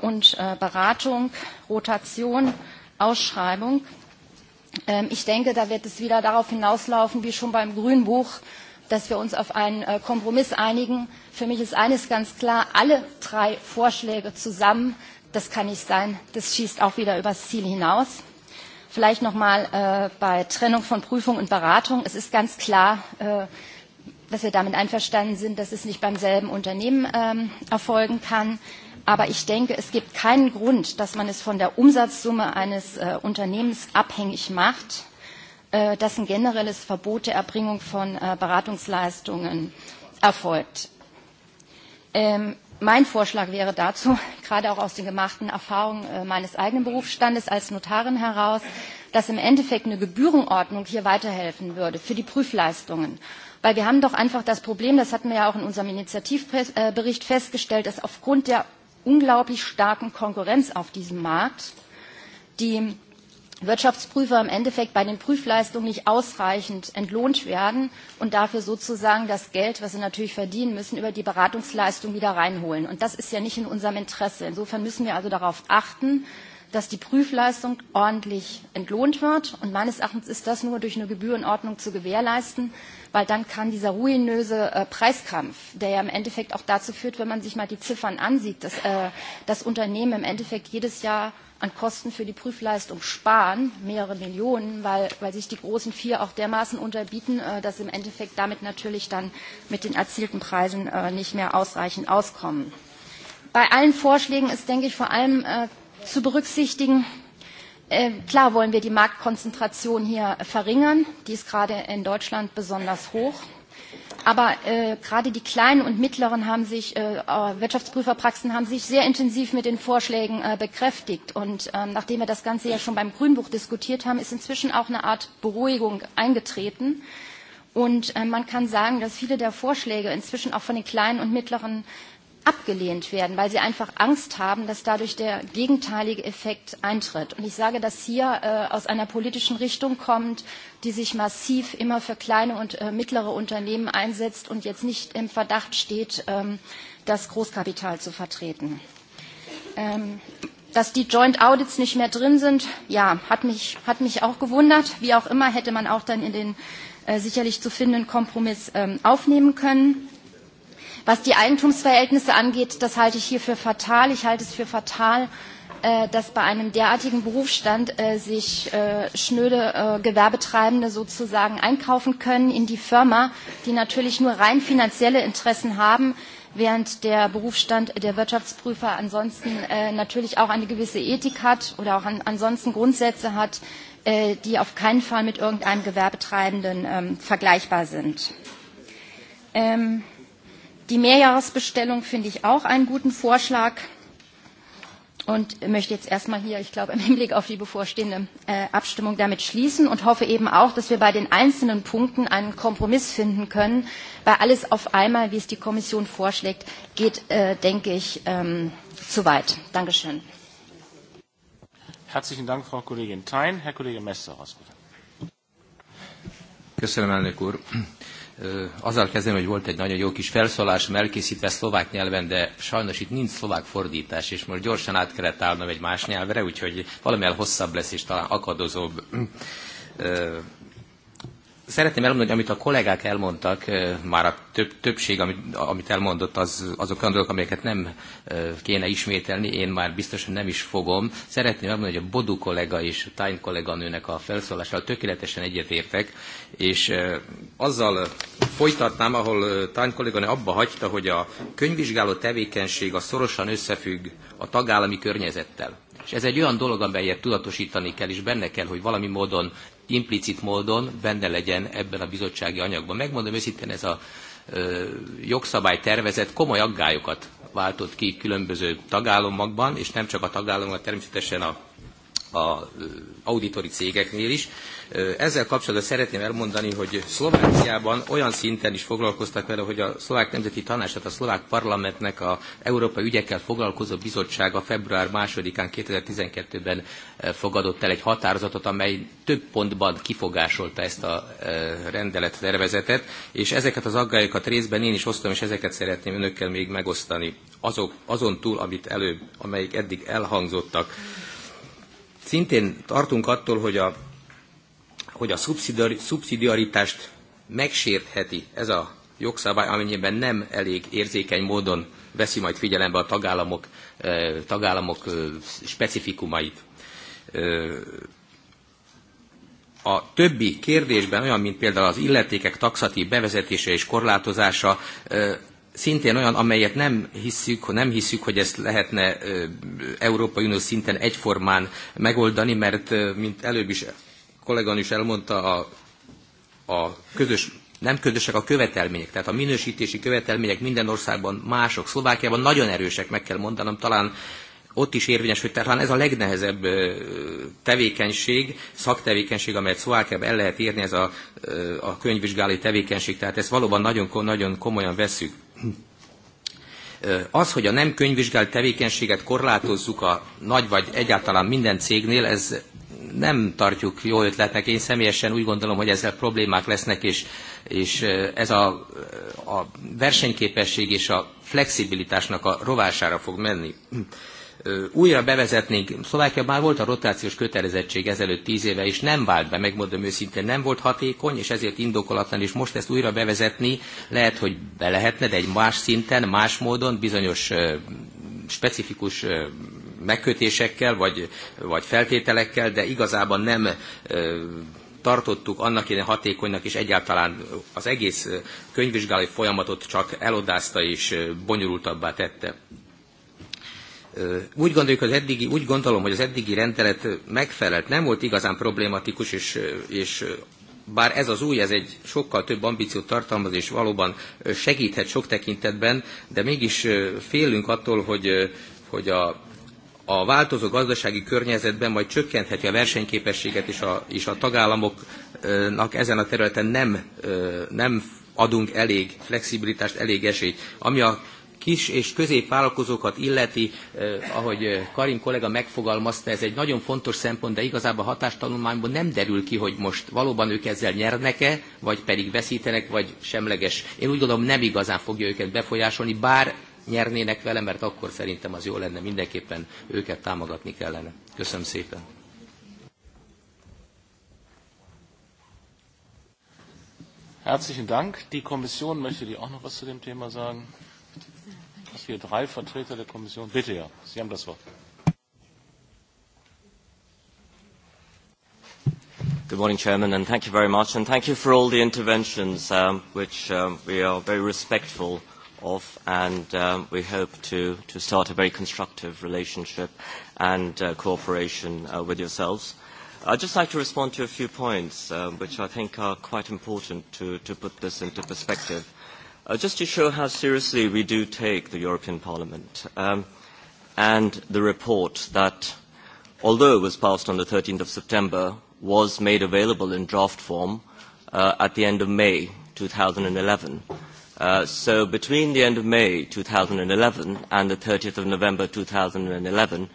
Speaker 6: und Beratung, Rotation, Ausschreibung, ich denke, da wird es wieder darauf hinauslaufen, wie schon beim Grünbuch dass wir uns auf einen Kompromiss einigen. Für mich ist eines ganz klar, alle drei Vorschläge zusammen, das kann nicht sein, das schießt auch wieder übers Ziel hinaus. Vielleicht noch nochmal bei Trennung von Prüfung und Beratung. Es ist ganz klar, dass wir damit einverstanden sind, dass es nicht beim selben Unternehmen erfolgen kann. Aber ich denke, es gibt keinen Grund, dass man es von der Umsatzsumme eines Unternehmens abhängig macht dass ein generelles Verbot der Erbringung von Beratungsleistungen erfolgt. Mein Vorschlag wäre dazu, gerade auch aus den gemachten Erfahrungen meines eigenen Berufsstandes als Notarin heraus, dass im Endeffekt eine Gebührenordnung hier weiterhelfen würde für die Prüfleistungen. Weil wir haben doch einfach das Problem, das hatten wir ja auch in unserem Initiativbericht festgestellt, dass aufgrund der unglaublich starken Konkurrenz auf diesem Markt die Wirtschaftsprüfer im Endeffekt bei den Prüfleistungen nicht ausreichend entlohnt werden und dafür sozusagen das Geld, was sie natürlich verdienen müssen, über die Beratungsleistung wieder reinholen. Und das ist ja nicht in unserem Interesse. Insofern müssen wir also darauf achten, dass die Prüfleistung ordentlich entlohnt wird. Und meines Erachtens ist das nur durch eine Gebührenordnung zu gewährleisten weil dann kann dieser ruinöse Preiskampf, der ja im Endeffekt auch dazu führt, wenn man sich mal die Ziffern ansieht, dass das Unternehmen im Endeffekt jedes Jahr an Kosten für die Prüfleistung sparen, mehrere Millionen, weil sich die großen vier auch dermaßen unterbieten, dass im Endeffekt damit natürlich dann mit den erzielten Preisen nicht mehr ausreichend auskommen. Bei allen Vorschlägen ist, denke ich, vor allem zu berücksichtigen, Klar wollen wir die Marktkonzentration hier verringern. Die ist gerade in Deutschland besonders hoch. Aber gerade die kleinen und mittleren haben sich, Wirtschaftsprüferpraxen haben sich sehr intensiv mit den Vorschlägen bekräftigt. Und nachdem wir das Ganze ja schon beim Grünbuch diskutiert haben, ist inzwischen auch eine Art Beruhigung eingetreten. Und man kann sagen, dass viele der Vorschläge inzwischen auch von den kleinen und mittleren abgelehnt werden, weil sie einfach Angst haben, dass dadurch der gegenteilige Effekt eintritt. Und ich sage, dass hier aus einer politischen Richtung kommt, die sich massiv immer für kleine und mittlere Unternehmen einsetzt und jetzt nicht im Verdacht steht, das Großkapital zu vertreten. Dass die Joint Audits nicht mehr drin sind, ja, hat mich auch gewundert. Wie auch immer, hätte man auch dann in den sicherlich zu findenden Kompromiss aufnehmen können. Was die Eigentumsverhältnisse angeht, das halte ich hier für fatal. Ich halte es für fatal, dass bei einem derartigen Berufsstand sich schnöde Gewerbetreibende sozusagen einkaufen können in die Firma, die natürlich nur rein finanzielle Interessen haben, während der Berufsstand der Wirtschaftsprüfer ansonsten natürlich auch eine gewisse Ethik hat oder auch ansonsten Grundsätze hat, die auf keinen Fall mit irgendeinem Gewerbetreibenden vergleichbar sind. Die Mehrjahresbestellung finde ich auch einen guten Vorschlag und möchte jetzt erstmal hier, ich glaube, im Hinblick auf die bevorstehende Abstimmung damit schließen und hoffe eben auch, dass wir bei den einzelnen Punkten einen Kompromiss finden können, weil alles auf einmal, wie es die Kommission vorschlägt, geht, denke ich, zu weit. Dankeschön.
Speaker 1: Herzlichen Dank, Frau Kollegin Thein. Herr Kollege was bitte
Speaker 7: azzal kezdem, hogy volt egy nagyon jó kis felszólás, elkészítve szlovák nyelven, de sajnos itt nincs szlovák fordítás, és most gyorsan át kellett állnom egy más nyelvre, úgyhogy valamilyen hosszabb lesz, és talán akadozóbb Szeretném elmondani, hogy amit a kollégák elmondtak, már a több, többség, amit, amit elmondott, az, azok olyan dolgok, amelyeket nem kéne ismételni, én már biztosan nem is fogom. Szeretném elmondani, hogy a Bodu kollega és a Tájn kolléganőnek a felszólásával tökéletesen egyetértek, és azzal folytatnám, ahol Tájn kolléganő abba hagyta, hogy a könyvvizsgáló tevékenység a szorosan összefügg a tagállami környezettel. És ez egy olyan dolog, amelyet tudatosítani kell, és benne kell, hogy valami módon implicit módon benne legyen ebben a bizottsági anyagban. Megmondom őszintén, ez a jogszabálytervezet komoly aggályokat váltott ki különböző tagállamokban, és nem csak a tagállamokban, természetesen a az auditori cégeknél is. Ezzel kapcsolatban szeretném elmondani, hogy Szlovákiában olyan szinten is foglalkoztak vele, hogy a Szlovák Nemzeti Tanácsát a Szlovák Parlamentnek a Európai Ügyekkel Foglalkozó Bizottsága február 2-án 2012-ben fogadott el egy határozatot, amely több pontban kifogásolta ezt a rendelet tervezetet, és ezeket az aggályokat részben én is osztom, és ezeket szeretném önökkel még megosztani azok, azon túl, amit előbb, amelyik eddig elhangzottak szintén tartunk attól, hogy a, hogy a szubszidiaritást megsértheti ez a jogszabály, amennyiben nem elég érzékeny módon veszi majd figyelembe a tagállamok, tagállamok specifikumait. A többi kérdésben, olyan, mint például az illetékek taxati bevezetése és korlátozása, szintén olyan, amelyet nem hiszük, nem hiszük, hogy ezt lehetne Európai Unió szinten egyformán megoldani, mert mint előbb is kollégan is elmondta, a, a közös nem közösek a követelmények, tehát a minősítési követelmények minden országban mások. Szlovákiában nagyon erősek, meg kell mondanom, talán ott is érvényes, hogy talán ez a legnehezebb tevékenység, szaktevékenység, amelyet Szlovákiában el lehet érni, ez a, a könyvvizsgálói tevékenység, tehát ezt valóban nagyon, nagyon komolyan veszük az, hogy a nem könyvvizsgált tevékenységet korlátozzuk a nagy vagy egyáltalán minden cégnél, ez nem tartjuk jó ötletnek. Én személyesen úgy gondolom, hogy ezzel problémák lesznek, és, és ez a, a versenyképesség és a flexibilitásnak a rovására fog menni újra bevezetnénk, Szlovákia már volt a rotációs kötelezettség ezelőtt tíz éve, és nem vált be, megmondom őszintén, nem volt hatékony, és ezért indokolatlan, és most ezt újra bevezetni lehet, hogy be lehetne, de egy más szinten, más módon, bizonyos specifikus megkötésekkel, vagy, vagy feltételekkel, de igazában nem tartottuk annak ilyen hatékonynak, és egyáltalán az egész könyvvizsgálói folyamatot csak elodázta és bonyolultabbá tette. Úgy gondoljuk, az eddigi, úgy gondolom, hogy az eddigi rendelet megfelelt, nem volt igazán problematikus, és, és bár ez az új, ez egy sokkal több ambíciót tartalmaz, és valóban segíthet sok tekintetben, de mégis félünk attól, hogy, hogy a, a változó gazdasági környezetben majd csökkentheti a versenyképességet, és a, és a tagállamoknak ezen a területen nem, nem adunk elég flexibilitást, elég esélyt. Ami a kis és középvállalkozókat illeti, ahogy Karim kollega megfogalmazta, ez egy nagyon fontos szempont, de igazából a hatástanulmányból nem derül ki, hogy most valóban ők ezzel nyernek-e, vagy pedig veszítenek, vagy semleges. Én úgy gondolom, nem igazán fogja őket befolyásolni, bár nyernének vele, mert akkor szerintem az jó lenne, mindenképpen őket támogatni kellene. Köszönöm szépen. Herzlichen
Speaker 1: Dank. Die Kommission möchte die auch noch was zu dem Thema sagen hier drei Vertreter der Kommission. Bitte, Herr, Sie haben das Wort.
Speaker 8: Good morning, Chairman, and thank you very much. And thank you for all the interventions, which we are very respectful of, and we hope to start a very constructive relationship and cooperation with yourselves. I'd just like to respond to a few points, which I think are quite important to put this into perspective. Just to show how seriously we do take the European Parliament and the report that, although it was passed on the 13th of September, was made available in draft form at the end of May 2011. So between the end of May 2011 and the 30th of November 2011,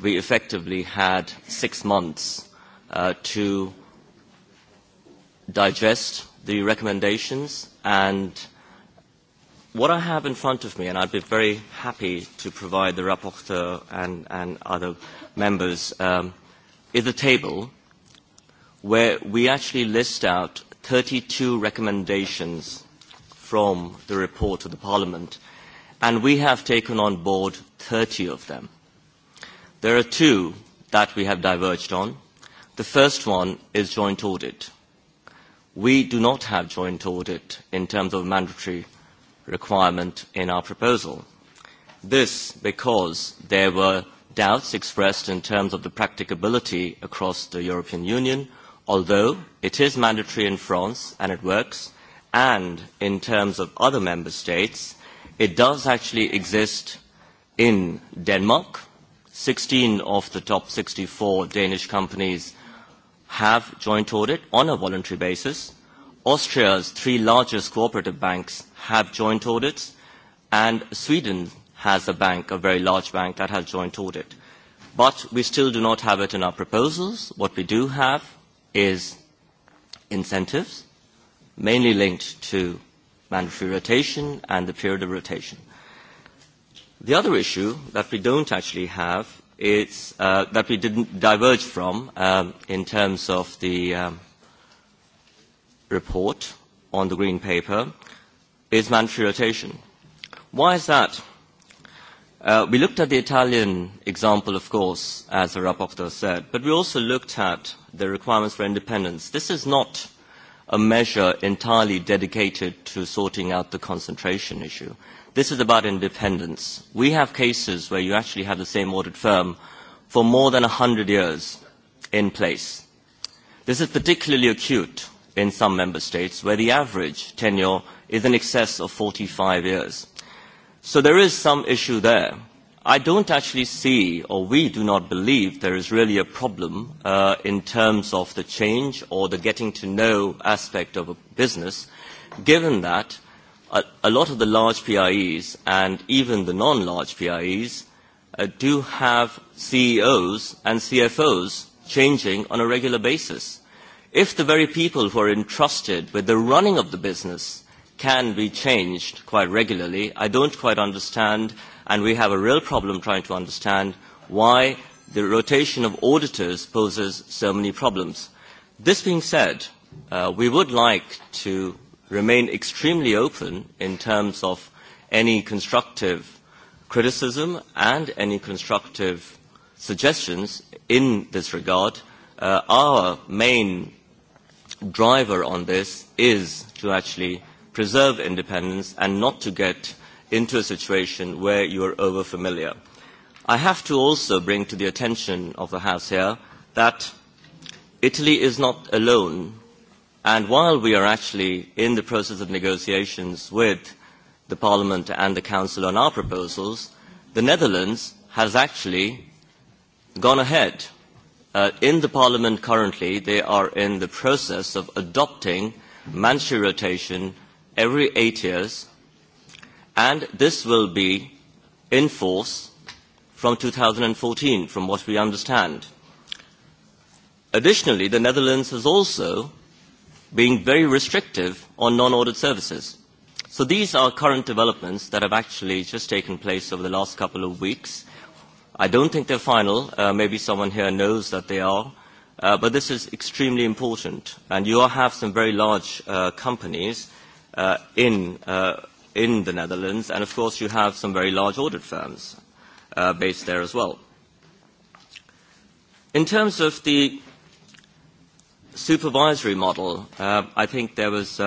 Speaker 8: we effectively had six months to digest the recommendations and What I have in front of me, and I'd be very happy to provide the rapporteur and other members, is a table where we actually list out 32 recommendations from the report of the Parliament, and we have taken on board 30 of them. There are two that we have diverged on. The first one is joint audit. We do not have joint audit in terms of mandatory requirement in our proposal. This because there were doubts expressed in terms of the practicability across the European Union, although it is mandatory in France and it works, and in terms of other member states, it does actually exist in Denmark. 16 of the top 64 Danish companies have joint audit on a voluntary basis. Austria's three largest cooperative banks have joint audits, and Sweden has a bank, a very large bank, that has joint audit. But we still do not have it in our proposals. What we do have is incentives, mainly linked to mandatory rotation and the period of rotation. The other issue that we don't actually have is that we didn't diverge from in terms of the report on the Green Paper is mandatory rotation. Why is that? We looked at the Italian example, of course, as the rapporteur said, but we also looked at the requirements for independence. This is not a measure entirely dedicated to sorting out the concentration issue. This is about independence. We have cases where you actually have the same audit firm for more than 100 years in place. This is particularly acute in some member states where the average tenure is in excess of 45 years. So there is some issue there. I don't actually see, or we do not believe, there is really a problem in terms of the change or the getting to know aspect of a business, given that a lot of the large PIEs and even the non-large PIEs do have CEOs and CFOs changing on a regular basis. If the very people who are entrusted with the running of the business can be changed quite regularly. I don't quite understand, and we have a real problem trying to understand, why the rotation of auditors poses so many problems. This being said, we would like to remain extremely open in terms of any constructive criticism and any constructive suggestions in this regard. Our main driver on this is to actually preserve independence and not to get into a situation where you are over familiar. I have to also bring to the attention of the House here that Italy is not alone. And while we are actually in the process of negotiations with the Parliament and the Council on our proposals, the Netherlands has actually gone ahead. In the Parliament currently, they are in the process of adopting Manchu rotation every eight years, and this will be in force from 2014, from what we understand. Additionally, the Netherlands has also been very restrictive on non-audit services. So these are current developments that have actually just taken place over the last couple of weeks. I don't think they're final. Maybe someone here knows that they are. But this is extremely important. And you have some very large companies in in the Netherlands, and of course you have some very large audit firms based there as well. In terms of the supervisory model, I think there was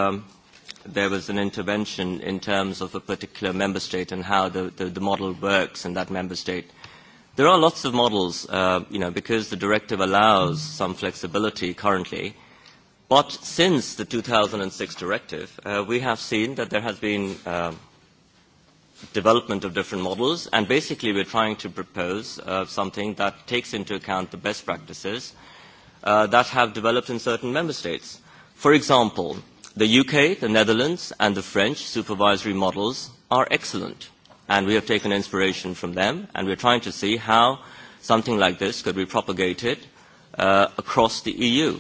Speaker 8: there was an intervention in terms of a particular member state and how the the model works in that member state. There are lots of models, you know, because the directive allows some flexibility currently But since the 2006 directive, we have seen that there has been development of different models, and basically we are trying to propose something that takes into account the best practices that have developed in certain member states. For example, the UK, the Netherlands, and the French supervisory models are excellent, and we have taken inspiration from them, and we are trying to see how something like this could be propagated across the EU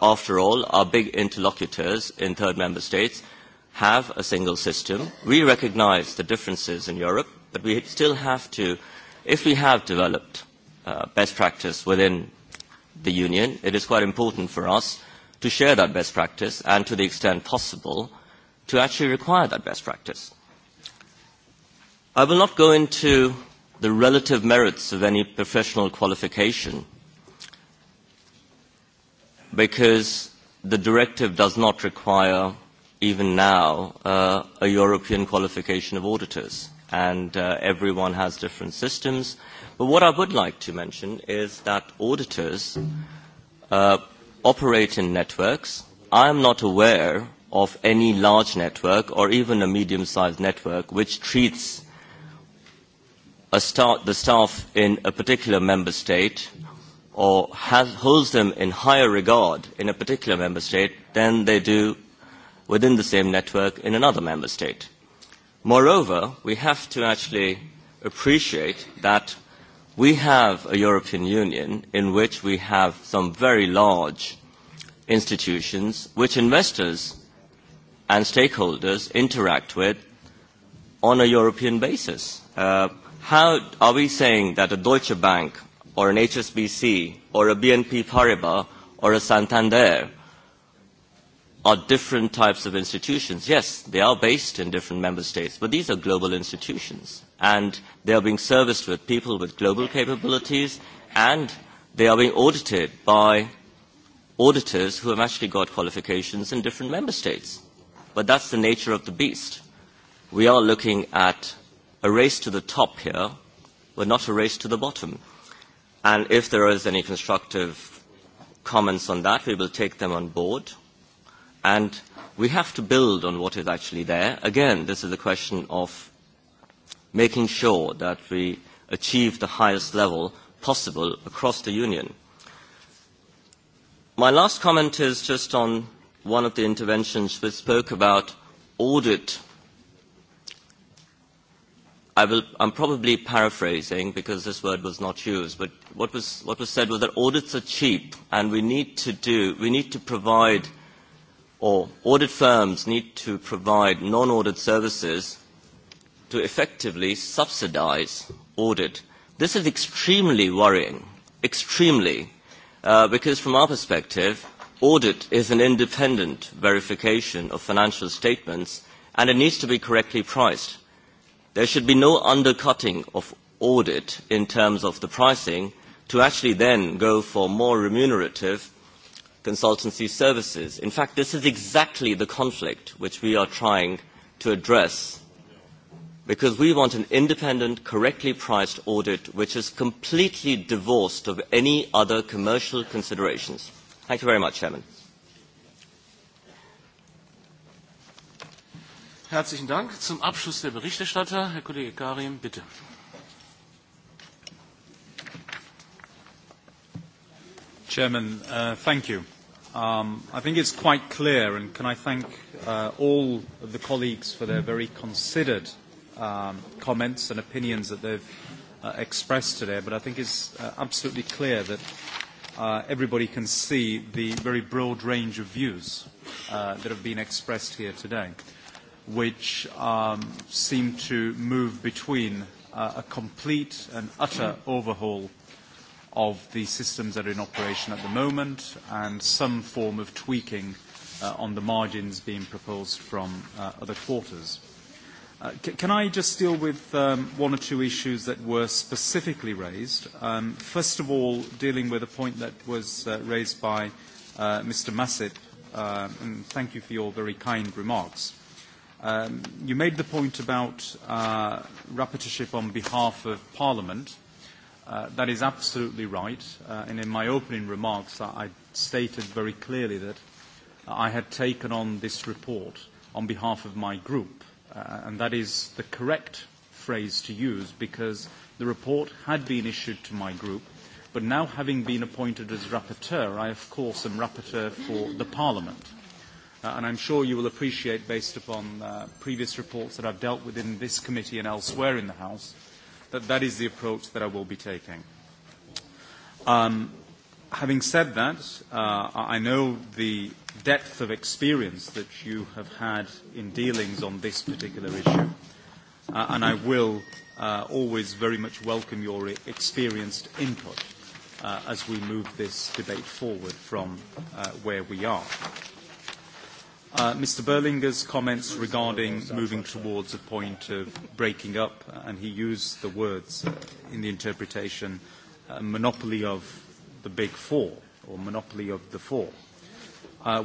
Speaker 8: after all, our big interlocutors in third member states have a single system. We recognize the differences in Europe, but we still have to, if we have developed best practice within the Union, it is quite important for us to share that best practice and, to the extent possible, to actually require that best practice. I will not go into the relative merits of any professional qualification because the directive does not require, even now, a European qualification of auditors, and everyone has different systems. But what I would like to mention is that auditors operate in networks. I am not aware of any large network or even a medium-sized network which treats the staff in a particular member state or holds them in higher regard in a particular member state than they do within the same network in another member state. Moreover, we have to actually appreciate that we have a European Union in which we have some very large institutions which investors and stakeholders interact with on a European basis. How are we saying that a Deutsche Bank or an HSBC or a BNP Paribas or a Santander are different types of institutions. Yes, they are based in different member states, but these are global institutions, and they are being serviced with people with global capabilities, and they are being audited by auditors who have actually got qualifications in different member states. But that's the nature of the beast. We are looking at a race to the top here, but not a race to the bottom. And if there is any constructive comments on that, we will take them on board. And we have to build on what is actually there. Again, this is a question of making sure that we achieve the highest level possible across the Union. My last comment is just on one of the interventions which spoke about audit I will, I'm probably paraphrasing because this word was not used, but what was, what was said was that audits are cheap and we need to do, we need to provide, or audit firms need to provide non-audit services to effectively subsidize audit. This is extremely worrying, extremely, because from our perspective, audit is an independent verification of financial statements and it needs to be correctly priced. There should be no undercutting of audit in terms of the pricing to actually then go for more remunerative consultancy services. In fact, this is exactly the conflict which we are trying to address because we want an independent, correctly priced audit which is completely divorced of any other commercial considerations. Thank you very much, Chairman.
Speaker 1: Herzlichen Dank. Zum Abschluss der Berichterstatter, Herr Kollege Karim, bitte.
Speaker 2: Chairman, thank you. I think it's quite clear, and can I thank all of the colleagues for their very considered comments and opinions that they've expressed today, but I think it's absolutely clear that everybody can see the very broad range of views that have been expressed here today which seem to move between a complete and utter overhaul of the systems that are in operation at the moment and some form of tweaking on the margins being proposed from other quarters. Can I just deal with one or two issues that were specifically raised? First of all, dealing with a point that was raised by Mr. Masip, and thank you for your very kind remarks. You made the point about rapporteurship on behalf of Parliament. That is absolutely right. And in my opening remarks, I stated very clearly that I had taken on this report on behalf of my group. And that is the correct phrase to use because the report had been issued to my group. But now having been appointed as rapporteur, I, of course, am rapporteur for the Parliament and I'm sure you will appreciate, based upon previous reports that I've dealt with in this committee and elsewhere in the House, that that is the approach that I will be taking. Having said that, I know the depth of experience that you have had in dealings on this particular issue, and I will always very much welcome your experienced input as we move this debate forward from where we are. Mr. Berlinger's comments regarding moving towards a point of breaking up, and he used the words in the interpretation, monopoly of the big four, or monopoly of the four.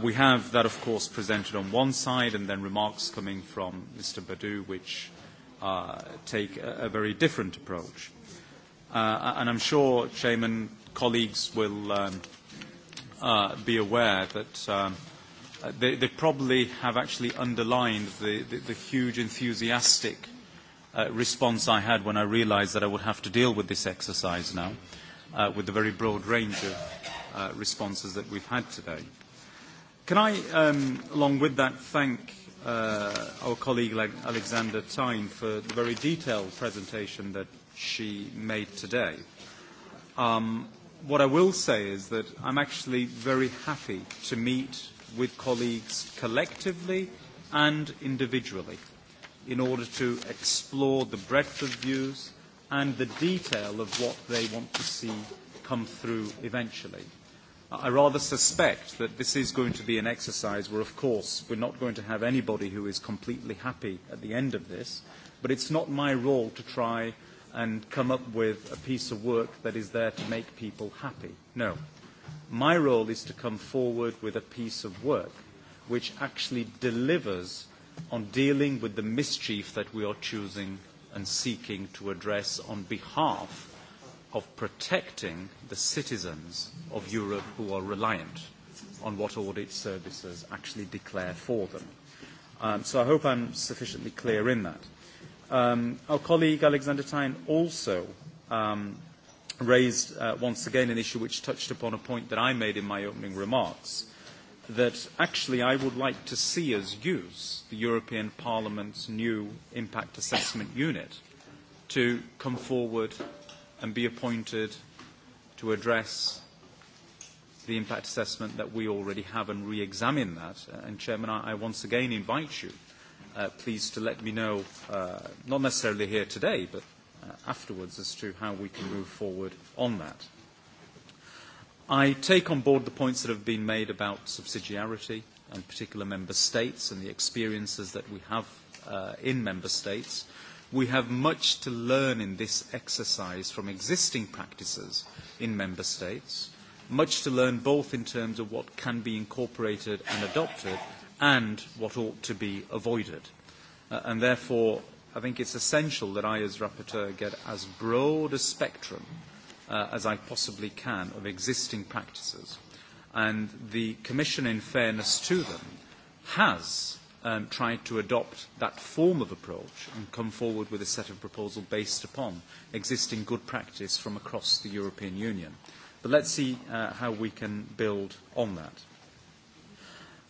Speaker 2: We have that, of course, presented on one side, and then remarks coming from Mr. Badu, which take a very different approach. And I'm sure, Chairman, colleagues will be aware that They probably have actually underlined the huge enthusiastic response I had when I realised that I would have to deal with this exercise now, with the very broad range of responses that we've had today. Can I, along with that, thank our colleague Alexander Tyne for the very detailed presentation that she made today. What I will say is that I'm actually very happy to meet with colleagues collectively and individually in order to explore the breadth of views and the detail of what they want to see come through eventually. I rather suspect that this is going to be an exercise where, of course, we're not going to have anybody who is completely happy at the end of this, but it's not my role to try and come up with a piece of work that is there to make people happy. No. My role is to come forward with a piece of work which actually delivers on dealing with the mischief that we are choosing and seeking to address on behalf of protecting the citizens of Europe who are reliant on what audit services actually declare for them. So I hope I'm sufficiently clear in that. Our colleague Alexander Tyne also raised once again an issue which touched upon a point that I made in my opening remarks, that actually I would like to see us use the European Parliament's new impact assessment unit to come forward and be appointed to address the impact assessment that we already have and re-examine that. And, Chairman, I once again invite you, please, to let me know, not necessarily here today, but afterwards as to how we can move forward on that. I take on board the points that have been made about subsidiarity and particular member states and the experiences that we have in member states. We have much to learn in this exercise from existing practices in member states, much to learn both in terms of what can be incorporated and adopted and what ought to be avoided. And therefore, I think it's essential that I, as rapporteur, get as broad a spectrum as I possibly can of existing practices. And the Commission, in fairness to them, has tried to adopt that form of approach and come forward with a set of proposals based upon existing good practice from across the European Union. But let's see how we can build on that.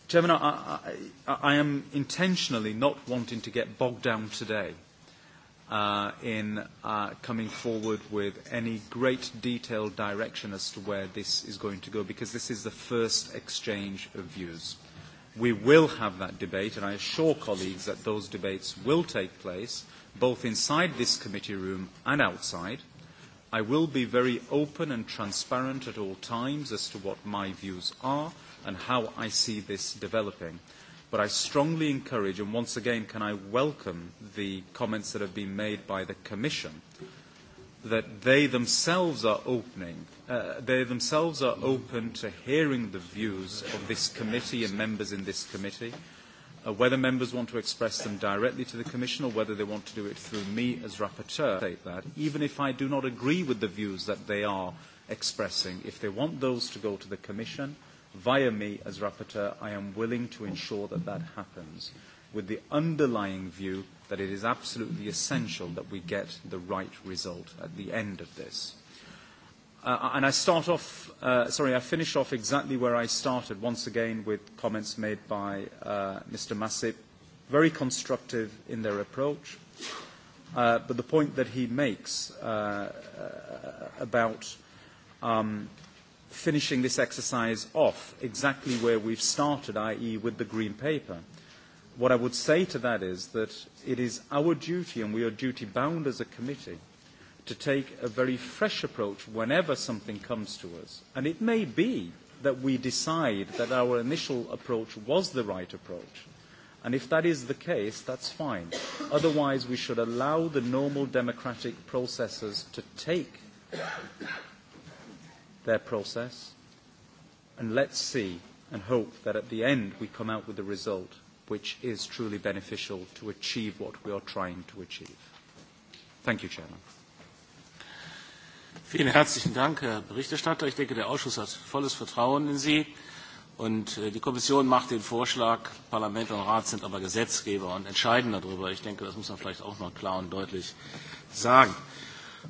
Speaker 2: Chairman, I am intentionally not wanting to get bogged down today in coming forward with any great detailed direction as to where this is going to go, because this is the first exchange of views. We will have that debate, and I assure colleagues that those debates will take place, both inside this committee room and outside. I will be very open and transparent at all times as to what my views are, and how I see this developing. But I strongly encourage, and once again can I welcome the comments that have been made by the Commission, that they themselves are opening, they themselves are open to hearing the views of this committee and members in this committee, whether members want to express them directly to the Commission or whether they want to do it through me as rapporteur. that, even if I do not agree with the views that they are expressing, if they want those to go to the Commission via me as rapporteur, I am willing to ensure that that happens with the underlying view that it is absolutely essential that we get the right result at the end of this. And I start off, sorry, I finish off exactly where I started, once again with comments made by Mr. Massip, very constructive in their approach. But the point that he makes about finishing this exercise off exactly where we've started, i.e. with the Green Paper. What I would say to that is that it is our duty, and we are duty-bound as a committee, to take a very fresh approach whenever something comes to us. And it may be that we decide that our initial approach was the right approach. And if that is the case, that's fine. Otherwise, we should allow the normal democratic processes to take their process, and let's see and hope that at the end we come out with a result which is truly beneficial to achieve what we are trying to achieve. Thank you, Chairman.
Speaker 1: Vielen herzlichen Dank, Herr Berichterstatter. Ich denke, der Ausschuss hat volles Vertrauen in Sie. Und die Kommission macht den Vorschlag, Parlament und Rat sind aber Gesetzgeber und entscheiden darüber. Ich denke, das muss man vielleicht auch noch klar und deutlich sagen.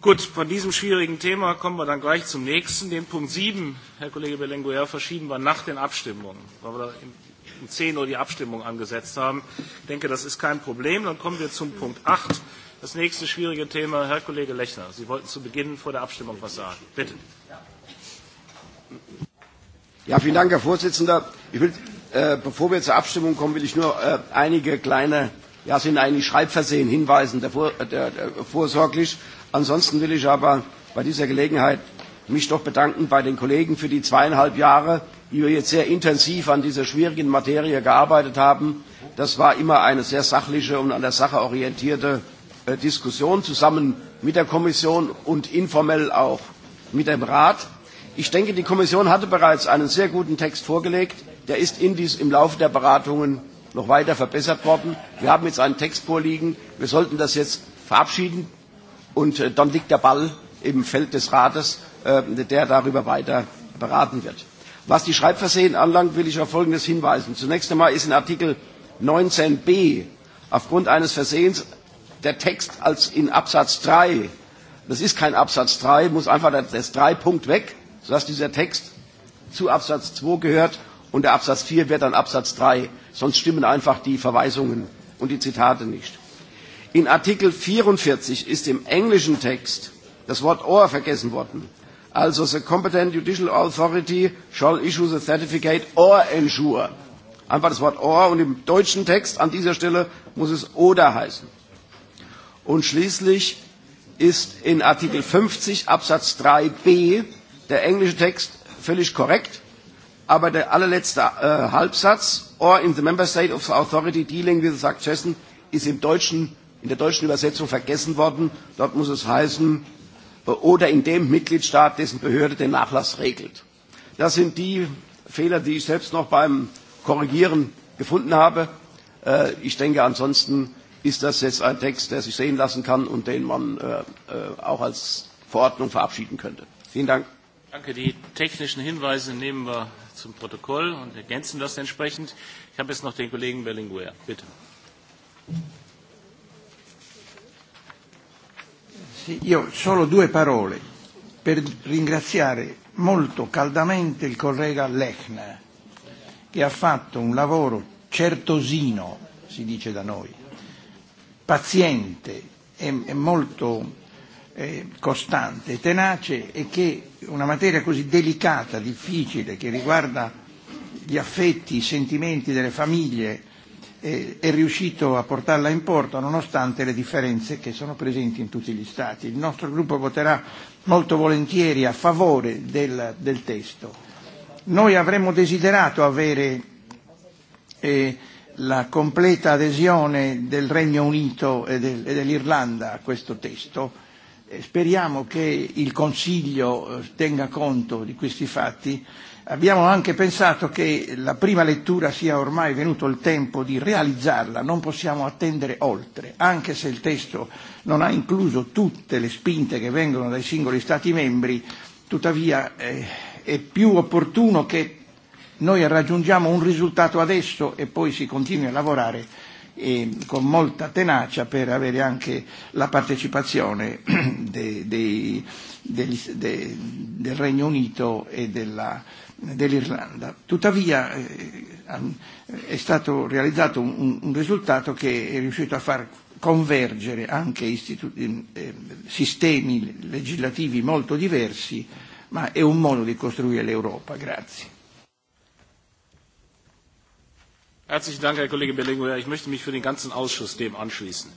Speaker 1: Gut, von diesem schwierigen Thema kommen wir dann gleich zum nächsten. Den Punkt 7, Herr Kollege Belenguer, verschieben wir nach den Abstimmungen, weil wir um 10 Uhr die Abstimmung angesetzt haben. Ich denke, das ist kein Problem. Dann kommen wir zum Punkt 8. Das nächste schwierige Thema, Herr Kollege Lechner. Sie wollten zu Beginn vor der Abstimmung was sagen. Bitte.
Speaker 9: Ja, vielen Dank, Herr Vorsitzender. Ich will, bevor wir zur Abstimmung kommen, will ich nur einige kleine, ja, sind eigentlich Schreibversehen hinweisen, der, vorsorglich. Ansonsten will ich aber bei dieser Gelegenheit mich doch bedanken bei den Kollegen für die zweieinhalb Jahre, bedanken, die wir jetzt sehr intensiv an dieser schwierigen Materie gearbeitet haben. Das war immer eine sehr sachliche und an der Sache orientierte Diskussion zusammen mit der Kommission und informell auch mit dem Rat. Ich denke, die Kommission hatte bereits einen sehr guten Text vorgelegt. Der ist im Laufe der Beratungen noch weiter verbessert worden. Wir haben jetzt einen Text vorliegen. Wir sollten das jetzt verabschieden Und dann liegt der Ball im Feld des Rates, der darüber weiter beraten wird. Was die Schreibversehen anlangt, will ich auf Folgendes hinweisen. Zunächst einmal ist in Artikel 19b aufgrund eines Versehens der Text als in Absatz 3, das ist kein Absatz 3, muss einfach das 3-Punkt weg, sodass dieser Text zu Absatz 2 gehört und der Absatz 4 wird dann Absatz 3. Sonst stimmen einfach die Verweisungen und die Zitate nicht. In Artikel 44 ist im englischen Text das Wort or vergessen worden. Also the competent judicial authority shall issue the certificate or ensure. Einfach das Wort or und im deutschen Text an dieser Stelle muss es oder heißen. Und schließlich ist in Artikel 50 Absatz 3b der englische Text völlig korrekt, aber der allerletzte Halbsatz or in the member state of the authority dealing with the succession ist im deutschen in der deutschen Übersetzung vergessen worden. Dort muss es heißen, oder in dem Mitgliedstaat, dessen Behörde den Nachlass regelt. Das sind die Fehler, die ich selbst noch beim Korrigieren gefunden habe. Ich denke, ansonsten ist das jetzt ein Text, der sich sehen lassen kann und den man auch als Verordnung verabschieden könnte. Vielen Dank.
Speaker 1: Danke. Die technischen Hinweise nehmen wir zum Protokoll und ergänzen das entsprechend. Ich habe jetzt noch den Kollegen Berlinguer. Bitte.
Speaker 4: io solo due parole per ringraziare molto caldamente il collega Lechner che ha fatto un lavoro certosino, si dice da noi, paziente e molto costante, tenace e che una materia così delicata, difficile, che riguarda gli affetti, i sentimenti delle famiglie è riuscito a portarla in porto nonostante le differenze che sono presenti in tutti gli Stati. Il nostro gruppo voterà molto volentieri a favore del, del testo. Noi avremmo desiderato avere eh, la completa adesione del Regno Unito e, e dell'Irlanda a questo testo. Speriamo che il Consiglio tenga conto di questi fatti Abbiamo anche pensato che la prima lettura sia ormai venuto il tempo di realizzarla, non possiamo attendere oltre, anche se il testo non ha incluso tutte le spinte che vengono dai singoli Stati membri, tuttavia è più opportuno che noi raggiungiamo un risultato adesso e poi si continui a lavorare con molta tenacia per avere anche la partecipazione del Regno Unito e della dell'Irlanda. Tuttavia è stato realizzato un risultato che è riuscito a far convergere anche sistemi legislativi molto diversi, ma è un modo di costruire l'Europa. Grazie.
Speaker 1: Herzlichen Dank, Herr Kollege Berlinguer. Ich möchte mich für den ganzen Ausschuss dem anschließen.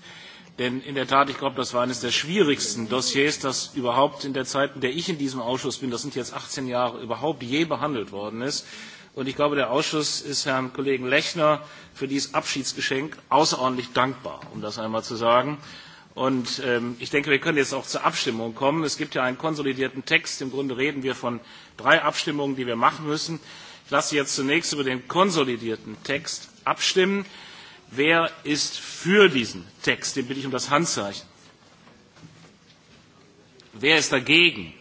Speaker 1: Denn in der Tat, ich glaube, das war eines der schwierigsten Dossiers, das überhaupt in der Zeit, in der ich in diesem Ausschuss bin, das sind jetzt 18 Jahre, überhaupt je behandelt worden ist. Und ich glaube, der Ausschuss ist Herrn Kollegen Lechner für dieses Abschiedsgeschenk außerordentlich dankbar, um das einmal zu sagen. Und ich denke, wir können jetzt auch zur Abstimmung kommen. Es gibt ja einen konsolidierten Text. Im Grunde reden wir von drei Abstimmungen, die wir machen müssen. Ich lasse jetzt zunächst über den konsolidierten Text abstimmen. Wer ist für diesen Text? Den bitte ich um das Handzeichen. Wer ist dagegen?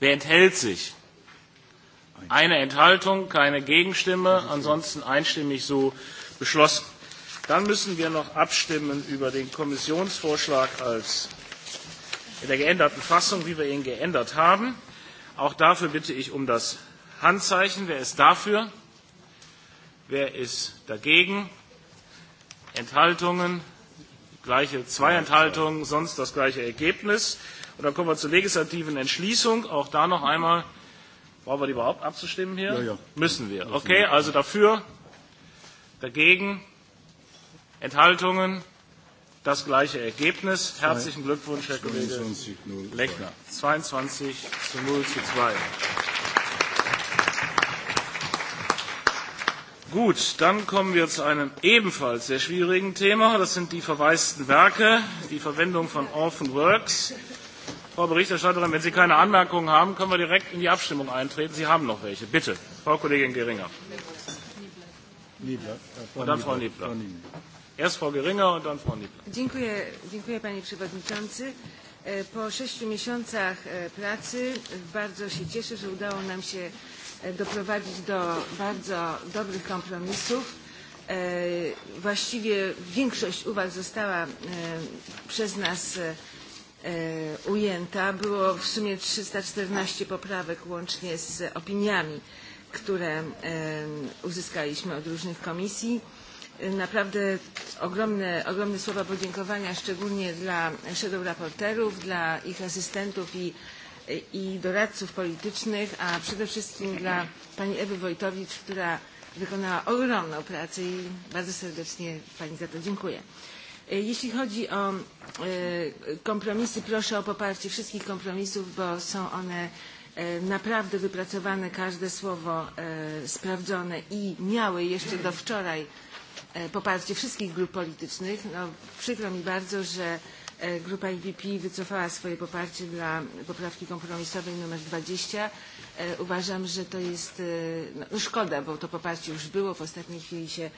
Speaker 1: Wer enthält sich? Eine Enthaltung, keine Gegenstimme, ansonsten einstimmig so beschlossen. Dann müssen wir noch abstimmen über den Kommissionsvorschlag als in der geänderten Fassung, wie wir ihn geändert haben. Auch dafür bitte ich um das Handzeichen. Wer ist dafür? Wer ist dagegen? Enthaltungen, gleiche zwei Enthaltungen, sonst das gleiche Ergebnis. Und dann kommen wir zur legislativen Entschließung. Auch da noch einmal, brauchen wir die überhaupt abzustimmen hier? Müssen wir. Okay, also dafür, dagegen, Enthaltungen, das gleiche Ergebnis. Herzlichen Glückwunsch, Herr Kollege Lechner. 22 zu 0 zu 2. Gut, dann kommen wir zu einem ebenfalls sehr schwierigen Thema. Das sind die verwaisten Werke, die Verwendung von Orphan Works. Frau Berichterstatterin, wenn Sie keine Anmerkungen haben, können wir direkt in die Abstimmung eintreten. Sie haben noch welche. Bitte, Frau Kollegin Geringer. Und dann Frau Niebler. Erst Frau Geringer und dann Frau Niebler.
Speaker 10: Dziękuję, dziękuję Panie Przewodniczący. Po sześciu miesiącach pracy bardzo się cieszę, że udało nam się doprowadzić do bardzo dobrych kompromisów. Właściwie większość uwag została przez nas ujęta. Było w sumie 314 poprawek łącznie z opiniami, które uzyskaliśmy od różnych komisji. Naprawdę ogromne, ogromne słowa podziękowania szczególnie dla shadow raporterów, dla ich asystentów i i doradców politycznych, a przede wszystkim dla pani Ewy Wojtowicz, która wykonała ogromną pracę i bardzo serdecznie pani za to dziękuję. Jeśli chodzi o kompromisy, proszę o poparcie wszystkich kompromisów, bo są one naprawdę wypracowane, każde słowo sprawdzone i miały jeszcze do wczoraj poparcie wszystkich grup politycznych. przykro mi bardzo, że Grupa PPE wycofała swoje poparcie dla poprawki kompromisowej nr 20. Uważam, że to jest szkoda, bo to poparcie już było, w ostatniej chwili się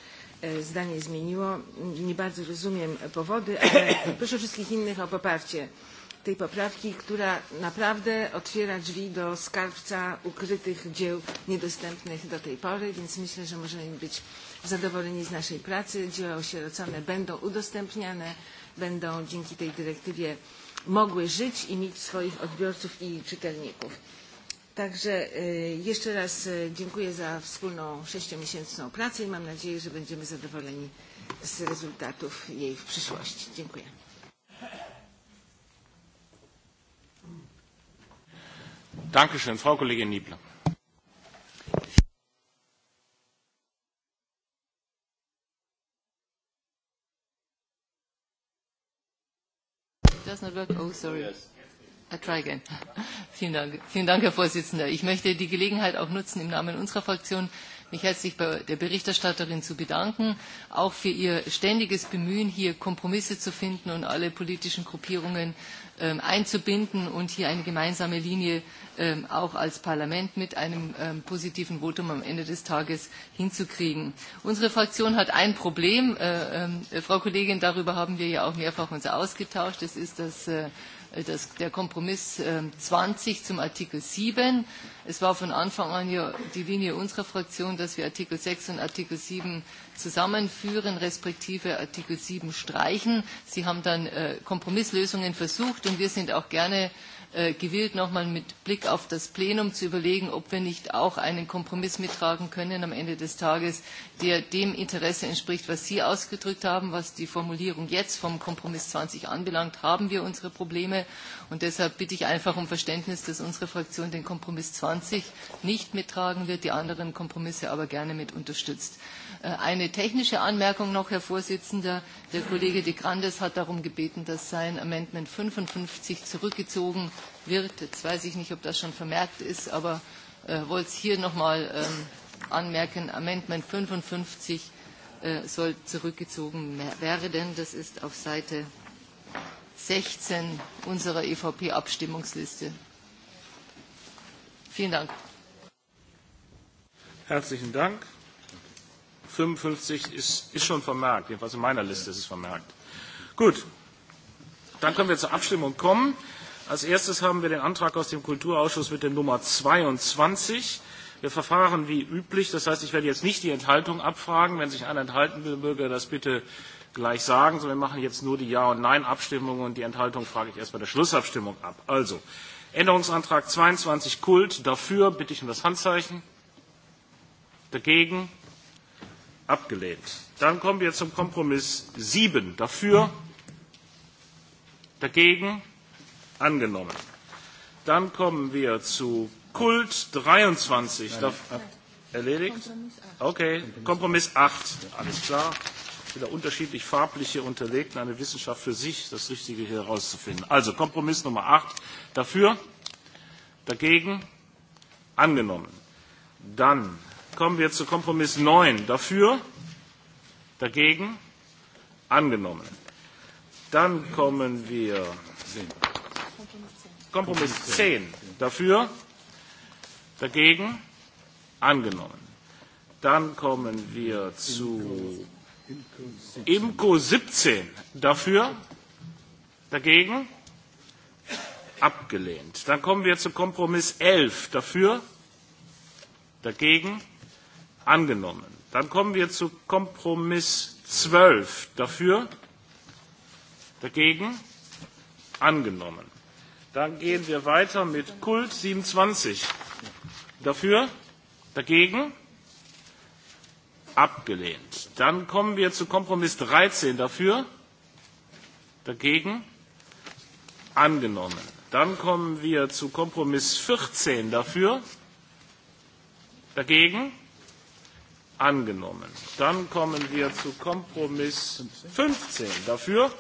Speaker 10: zdanie zmieniło. Nie bardzo rozumiem powody, ale proszę wszystkich innych o poparcie tej poprawki, która naprawdę otwiera drzwi do skarbca ukrytych dzieł niedostępnych do tej pory, więc myślę, że możemy być zadowoleni z naszej pracy. Dzieła osierocone będą udostępniane będą dzięki tej dyrektywie mogły żyć i mieć swoich odbiorców i czytelników. Także jeszcze raz dziękuję za wspólną sześciomiesięczną pracę i mam nadzieję, że będziemy zadowoleni z rezultatów jej w przyszłości. Dziękuję.
Speaker 1: Frau Kollegin Niebler.
Speaker 11: does not Oh, sorry. I try again. Vielen Dank. Vielen Dank, Herr Vorsitzender. Ich möchte die Gelegenheit auch nutzen, im Namen unserer Fraktion mich herzlich bei der Berichterstatterin zu bedanken, auch für ihr ständiges Bemühen, hier Kompromisse zu finden und alle politischen Gruppierungen einzubinden und hier eine gemeinsame Linie auch als Parlament mit einem positiven Votum am Ende des Tages hinzukriegen. Unsere Fraktion hat ein Problem, Frau Kollegin, darüber haben wir ja auch mehrfach uns ausgetauscht, es ist das der Kompromiss 20 zum Artikel 7. Es war von Anfang an hier die Linie unserer Fraktion, dass wir Artikel 6 und Artikel 7 zusammenführen, respektive Artikel 7 streichen. Sie haben dann Kompromisslösungen versucht und wir sind auch gerne gewillt, noch nochmal mit Blick auf das Plenum zu überlegen, ob wir nicht auch einen Kompromiss mittragen können am Ende des Tages, der dem Interesse entspricht, was Sie ausgedrückt haben, was die Formulierung jetzt vom Kompromiss 20 anbelangt, haben wir unsere Probleme. Und deshalb bitte ich einfach um Verständnis, dass unsere Fraktion den Kompromiss 20 nicht mittragen wird, die anderen Kompromisse aber gerne mit unterstützt. Eine technische Anmerkung noch, Herr Vorsitzender. Der Kollege de Grandes hat darum gebeten, dass sein Amendment 55 zurückgezogen wird. Jetzt weiß ich nicht, ob das schon vermerkt ist, aber wollte es hier nochmal anmerken. Amendment 55 soll zurückgezogen werden. Das ist auf Seite 16 unserer EVP-Abstimmungsliste. Vielen Dank.
Speaker 1: Herzlichen Dank. 55 ist, ist schon vermerkt. Jedenfalls in meiner Liste ist es vermerkt. Gut. Dann können wir zur Abstimmung kommen. Als erstes haben wir den Antrag aus dem Kulturausschuss mit der Nummer 22. Wir verfahren wie üblich. Das heißt, ich werde jetzt nicht die Enthaltung abfragen. Wenn sich einer enthalten will, möge er das bitte gleich sagen. Wir machen jetzt nur die Ja- und Nein-Abstimmung und die Enthaltung frage ich erst bei der Schlussabstimmung ab. Also, Änderungsantrag 22 Kult. Dafür bitte ich um das Handzeichen. Dagegen abgelehnt. Dann kommen wir zum Kompromiss 7. Dafür, dagegen, angenommen. Dann kommen wir zu Kult 23. Erledigt? Okay, Kompromiss 8. Alles klar. Wieder unterschiedlich farbliche unterlegt. Eine Wissenschaft für sich, das Richtige hier herauszufinden. Also Kompromiss Nummer 8. Dafür, dagegen, angenommen. Dann kommen wir zu Kompromiss 9. Dafür? Dagegen? Angenommen. Dann kommen wir. zu Kompromiss 10. Dafür? Dagegen? Angenommen. Dann kommen wir zu Imco 17. Dafür? Dagegen? Abgelehnt. Dann kommen wir zu Kompromiss 11. Dafür? Dagegen? angenommen. Dann kommen wir zu Kompromiss 12. Dafür? Dagegen? Angenommen. Dann gehen wir weiter mit Kult 27. Dafür? Dagegen? Abgelehnt. Dann kommen wir zu Kompromiss 13. Dafür? Dagegen? Angenommen. Dann kommen wir zu Kompromiss 14. Dafür? Dagegen? angenommen. Dann kommen wir zu Kompromiss 15. Dafür?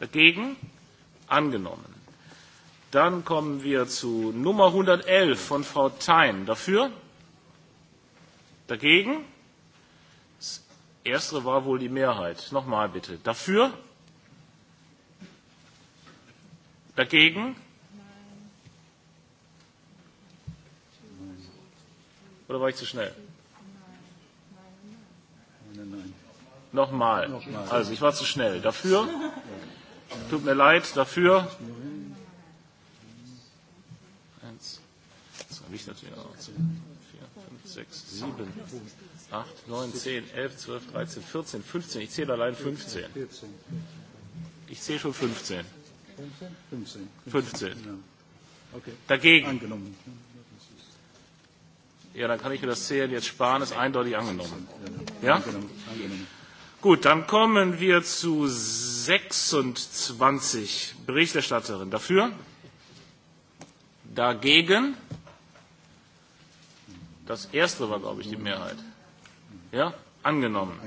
Speaker 1: Dagegen? Angenommen. Dann kommen wir zu Nummer 111 von Frau Thein. Dafür? Dagegen? Das erste war wohl die Mehrheit. Nochmal bitte. Dafür? Dagegen? Oder war ich zu schnell? Nochmal. Also ich war zu schnell. Dafür. Tut mir leid. Dafür. Eins. zwei natürlich Vier, fünf, sechs, sieben, acht, neun, zehn, elf, zwölf, dreizehn, vierzehn, fünfzehn. Ich zähle allein fünfzehn. Ich zähle schon fünfzehn. Fünfzehn. Dagegen. Ja, dann kann ich mir das Zählen jetzt sparen. Ist eindeutig angenommen. Ja? Gut, dann kommen wir zu 26. Berichterstatterin dafür. Dagegen. Das erste war, glaube ich, die Mehrheit. Ja, angenommen.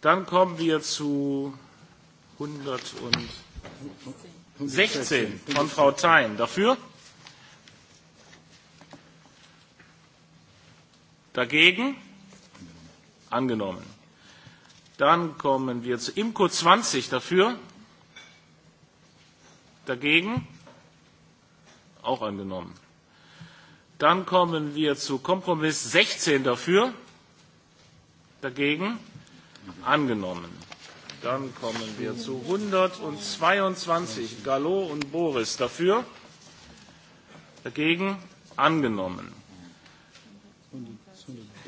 Speaker 1: Dann kommen wir zu
Speaker 10: 116
Speaker 1: von Frau Thein. Dafür? Dagegen? Angenommen. Dann kommen wir zu Imco 20 dafür. Dagegen? Auch angenommen. Dann kommen wir zu Kompromiss 16 dafür. Dagegen? Angenommen. Dann kommen wir zu 122 Gallo und Boris dafür. Dagegen? Angenommen.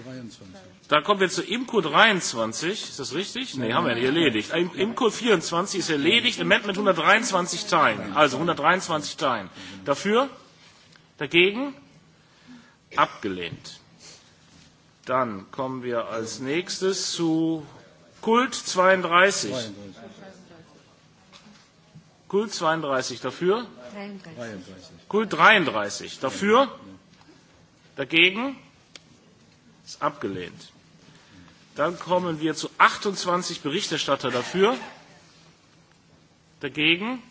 Speaker 12: 123.
Speaker 1: Da kommen wir zu Imco 23. Ist das richtig? Nee, haben wir nicht erledigt. Imco 24 ist erledigt. Amendment 123 teilen. Also 123 teilen. Dafür? Dagegen? Abgelehnt. Dann kommen wir als nächstes zu Kult 32. Kult 32 dafür? Kult 33 dafür? Dagegen? Ist abgelehnt. Dann kommen wir zu 28 Berichterstatter dafür. Dagegen?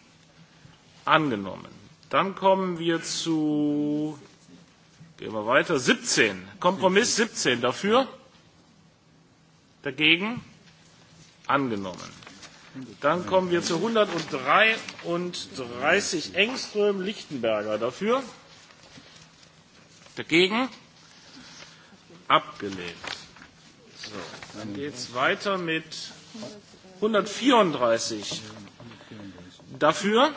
Speaker 1: Angenommen. Dann kommen wir zu, gehen wir weiter, 17. Kompromiss 17 dafür? Dagegen? Angenommen. Dann kommen wir zu 133 Engström Lichtenberger dafür. Dagegen? Abgelehnt. Dann geht es weiter mit 134. Dafür?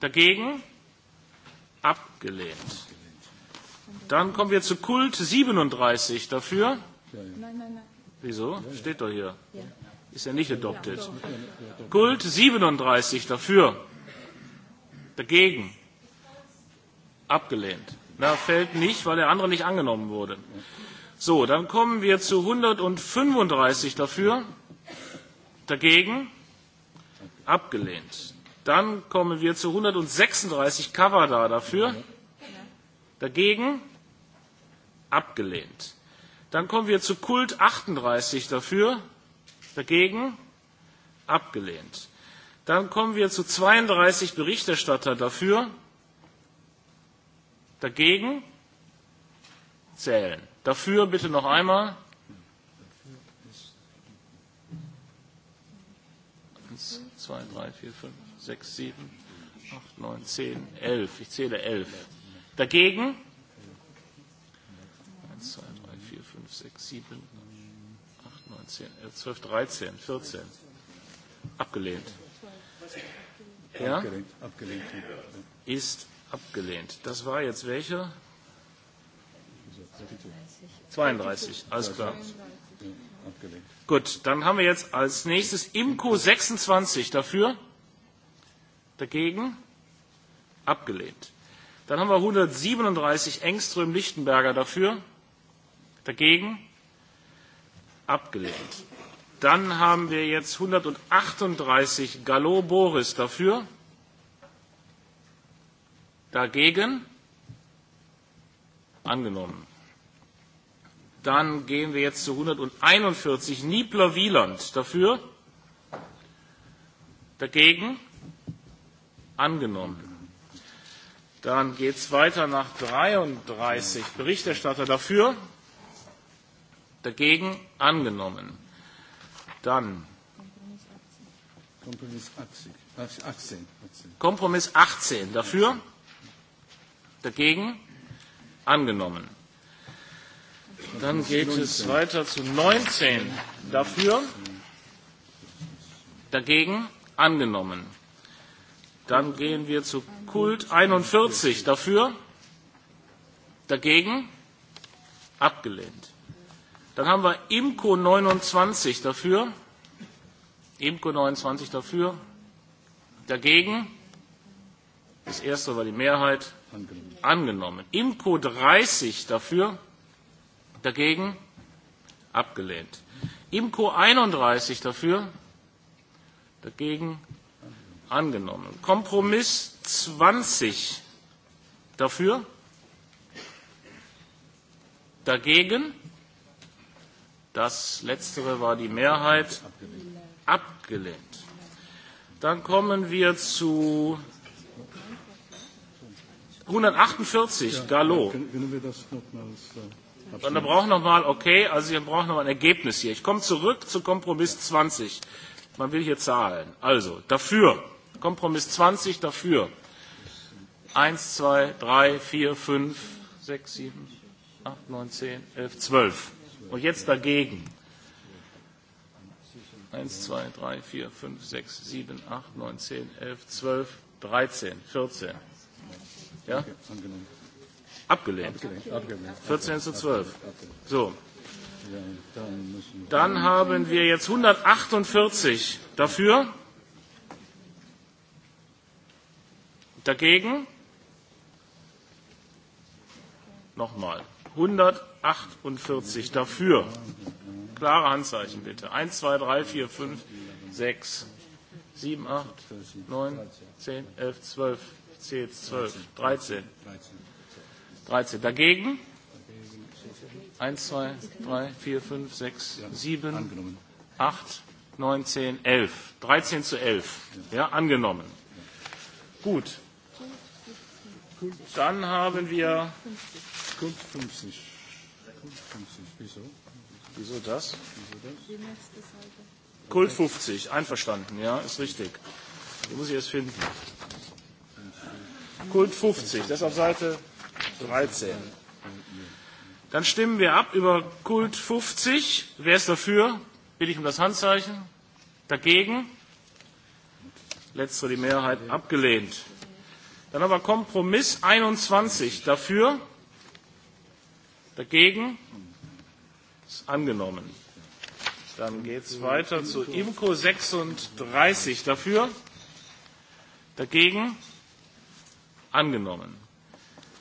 Speaker 1: Dagegen? Abgelehnt. Dann kommen wir zu Kult 37. Dafür? Wieso? Steht doch hier. Ist ja nicht adopted. Kult 37. Dafür? Dagegen? Abgelehnt. Na, fällt nicht, weil der andere nicht angenommen wurde. So, dann kommen wir zu 135 dafür, dagegen, abgelehnt. Dann kommen wir zu 136 Kavada dafür, dagegen, abgelehnt. Dann kommen wir zu Kult 38 dafür, dagegen, abgelehnt. Dann kommen wir zu 32 Berichterstatter dafür, dagegen, zählen. Dafür bitte noch einmal. Eins, zwei, drei, vier, fünf, sechs, sieben, acht, neun, zehn, elf. Ich zähle elf. Dagegen? Eins, zwei, drei, vier, fünf, sechs, sieben, acht, neun, zehn, elf, zwölf, dreizehn, vierzehn. Abgelehnt.
Speaker 10: Ja? Abgelehnt.
Speaker 1: Ist abgelehnt. Das war jetzt welcher? 32, alles klar. Gut, dann haben wir jetzt als nächstes Imco 26 dafür, dagegen, abgelehnt. Dann haben wir 137 Engström Lichtenberger dafür, dagegen, abgelehnt. Dann haben wir jetzt 138 Gallo Boris dafür, dagegen, angenommen. Dann gehen wir jetzt zu 141. Niebler Wieland. Dafür? Dagegen? Angenommen. Dann geht es weiter nach 33. Berichterstatter dafür? Dagegen? Angenommen. Dann. Kompromiss 18. Kompromiss 18. Dafür? Dagegen? Angenommen. Dann geht es weiter zu 19. Dafür, dagegen, angenommen. Dann gehen wir zu Kult 41. Dafür, dagegen, abgelehnt. Dann haben wir Imco 29 dafür. Imco 29 dafür. Dagegen. Das erste war die Mehrheit. Angenommen. Imco 30 dafür. Dagegen? Abgelehnt. Imco 31 dafür? Dagegen? Angenommen. Kompromiss 20 dafür? Dagegen? Das letztere war die Mehrheit abgelehnt. Dann kommen wir zu 148, Gallo.
Speaker 12: Können wir das
Speaker 1: Aber wir brauchen mal, okay, also wir brauchen mal ein Ergebnis hier. Ich komme zurück zu Kompromiss 20. Man will hier Zahlen. Also, dafür. Kompromiss 20 dafür. 1, 2, 3, 4, 5, 6, 7, 8, 9, 10, 11, 12. Und jetzt dagegen. 1, 2, 3, 4, 5, 6, 7, 8, 9, 10, 11, 12, 13, 14. Ja? Abgelehnt. 14 zu 12. So. Dann haben wir jetzt 148 dafür. Dagegen? Nochmal. 148 dafür. Klare Handzeichen bitte. 1, 2, 3, 4, 5, 6, 7, 8, 9, 10, 11, 12, 10, 12, 13. 13 dagegen. 1, 2, 3, 4, 5, 6, 7, 8, 9, 10, 11. 13 zu 11. Ja, angenommen. Gut. Dann haben wir. 50. 50. Wieso? Wieso das? Kult 50. Einverstanden. Ja, ist richtig. muss ich es finden. Kult 50. Das auf Seite 13. Dann stimmen wir ab über Kult 50. Wer ist dafür? Bitte ich um das Handzeichen. Dagegen? Letztere die Mehrheit abgelehnt. Dann aber Kompromiss 21. Dafür? Dagegen? angenommen. Dann geht es weiter zu IMCO 36. Dafür? Dagegen? Angenommen.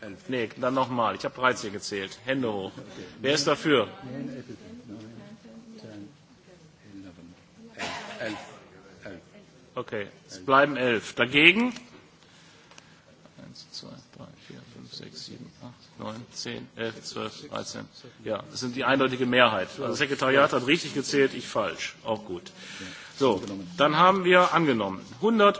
Speaker 1: elf. Nee, dann nochmal. Ich habe 13 gezählt. Hände hoch. Wer ist dafür? 11. Okay, es bleiben 11. Dagegen? 1, 2, 3, 4, 5, 6, 7, 8, 9, 10, 11, 12, 13. Ja, das sind die eindeutige Mehrheit. Also das Sekretariat hat richtig gezählt, ich falsch. Auch gut. So, dann haben wir angenommen. 100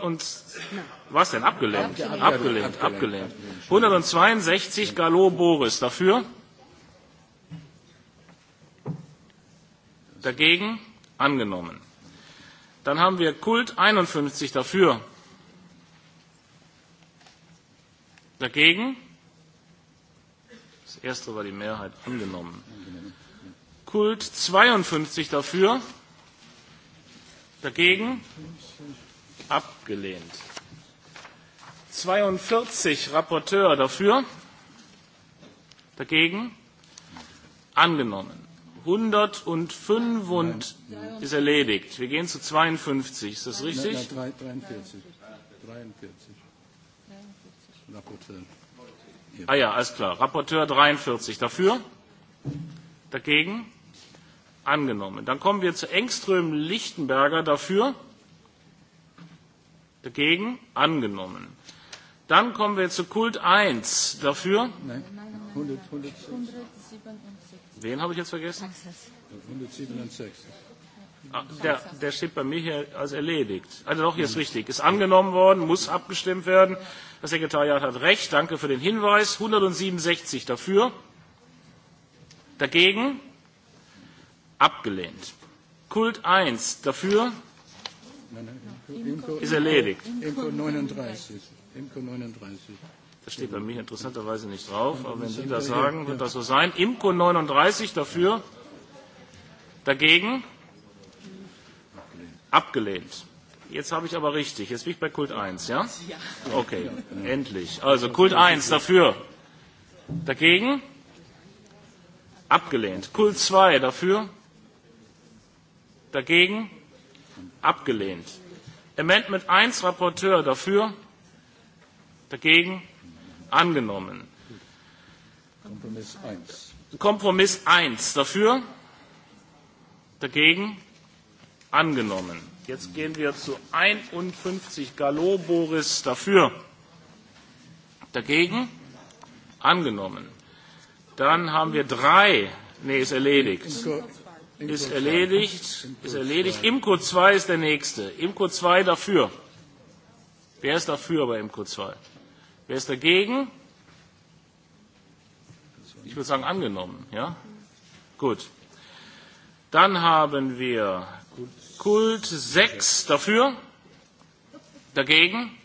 Speaker 1: was denn? Abgelehnt. Abgelehnt, abgelehnt. 162 Gallo Boris. Dafür? Dagegen? Angenommen. Dann haben wir Kult 51 dafür. Dagegen? Das erste war die Mehrheit angenommen. Kult 52 dafür. Dagegen? Abgelehnt. 42 Rapporteur dafür. Dagegen? Angenommen. 105 und ist erledigt. Wir gehen zu 52. Ist das richtig?
Speaker 12: 43. 43.
Speaker 1: Rapporteur. Ah ja, alles klar. Rapporteur 43. Dafür? Dagegen? angenommen. Dann kommen wir zu Engström Lichtenberger dafür dagegen angenommen. Dann kommen wir zu Kult 1 dafür. Nein. 167. Wen habe ich jetzt vergessen? 167. Der, der steht bei mir hier als erledigt. Also doch, hier ist richtig. Ist angenommen worden, muss abgestimmt werden. Das Sekretariat hat recht. Danke für den Hinweis. 167 dafür. Dagegen abgelehnt. Kult 1 dafür
Speaker 12: ist erledigt. Imko 39.
Speaker 1: Imko 39. Das steht bei mir interessanterweise nicht drauf, aber wenn Sie das sagen, wird das so sein. Imko 39 dafür, dagegen abgelehnt. Jetzt habe ich aber richtig. Jetzt bin ich bei Kult 1, ja? Okay, endlich. Also Kult 1 dafür, dagegen abgelehnt. Kult 2 dafür, Dagegen? Abgelehnt. Amendment 1, Rapporteur dafür? Dagegen? Angenommen. Kompromiss 1. Kompromiss 1 dafür? Dagegen? Angenommen. Jetzt gehen wir zu 51 Gallo Boris dafür. Dagegen? Angenommen. Dann haben wir drei. Nee, ist erledigt
Speaker 12: ist erledigt. Ist erledigt.
Speaker 1: Imco 2 ist der nächste. Imco 2 dafür. Wer ist dafür bei Imco 2? Wer ist dagegen? Ich würde sagen angenommen. Ja? Gut. Dann haben wir Kult 6 dafür. Dagegen?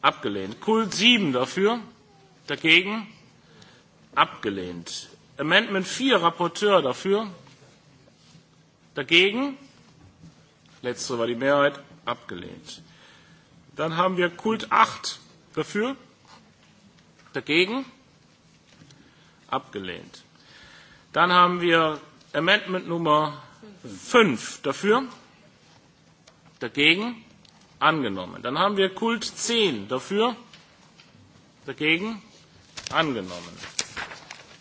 Speaker 1: Abgelehnt. Kult 7 dafür. Dagegen? Abgelehnt. Amendment 4, Rapporteur dafür. Dagegen? Letztere war die Mehrheit abgelehnt. Dann haben wir Kult 8 dafür. Dagegen? Abgelehnt. Dann haben wir Amendment Nummer 5 dafür. Dagegen? Angenommen. Dann haben wir Kult 10 dafür. Dagegen? Angenommen.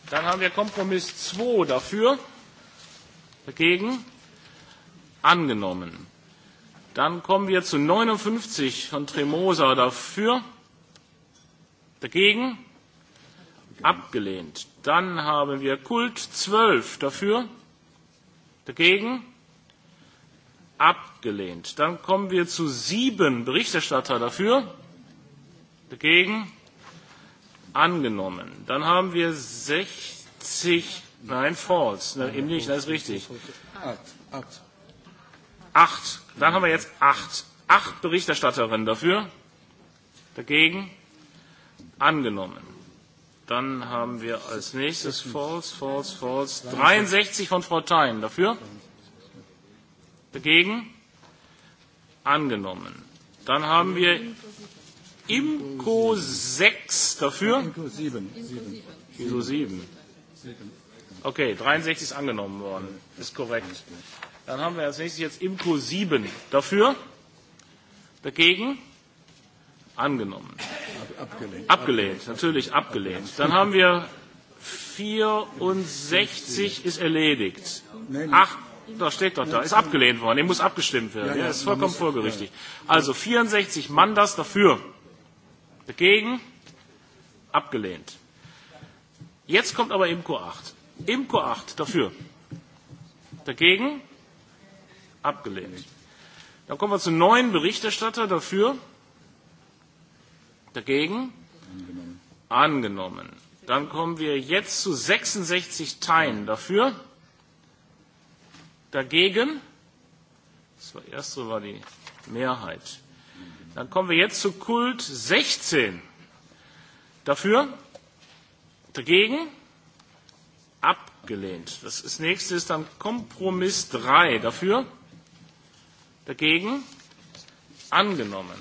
Speaker 1: Dann haben wir Kompromiss 2 dafür. Dagegen? angenommen. Dann kommen wir zu 59 von Tremosa dafür, dagegen, abgelehnt. Dann haben wir Kult 12 dafür, dagegen, abgelehnt. Dann kommen wir zu sieben Berichterstatter dafür, dagegen, angenommen. Dann haben wir 60, nein, false, nein, eben nicht, das ist richtig. Acht. Dann haben wir jetzt acht. Acht Berichterstatterinnen dafür. Dagegen. Angenommen. Dann haben wir als nächstes False, False, False. 63 von Frau Thein. Dafür? Dagegen? Angenommen. Dann haben wir Imco 6. Dafür? Imco 7. Wieso 7? Okay, 63 ist angenommen worden. Ist korrekt. Dann haben wir als nächstes jetzt Imco 7. Dafür? Dagegen? Angenommen. Abgelehnt. Abgelehnt, natürlich abgelehnt. Dann haben wir 64 ist erledigt. Ach, da steht doch da. Ist abgelehnt worden. Dem muss abgestimmt werden. Ja, ist vollkommen vorgerichtig. Also 64 Mandas dafür. Dagegen? Abgelehnt. Jetzt kommt aber Imco 8. Imco 8 dafür. Dagegen? abgelehnt. Dann kommen wir zu neuen Berichterstatter dafür, dagegen angenommen. Dann kommen wir jetzt zu 66 Teilen dafür, dagegen. Das war erste war die Mehrheit. Dann kommen wir jetzt zu Kult 16. Dafür, dagegen, abgelehnt. Das nächste ist dann Kompromiss 3. Dafür, Dagegen? Angenommen.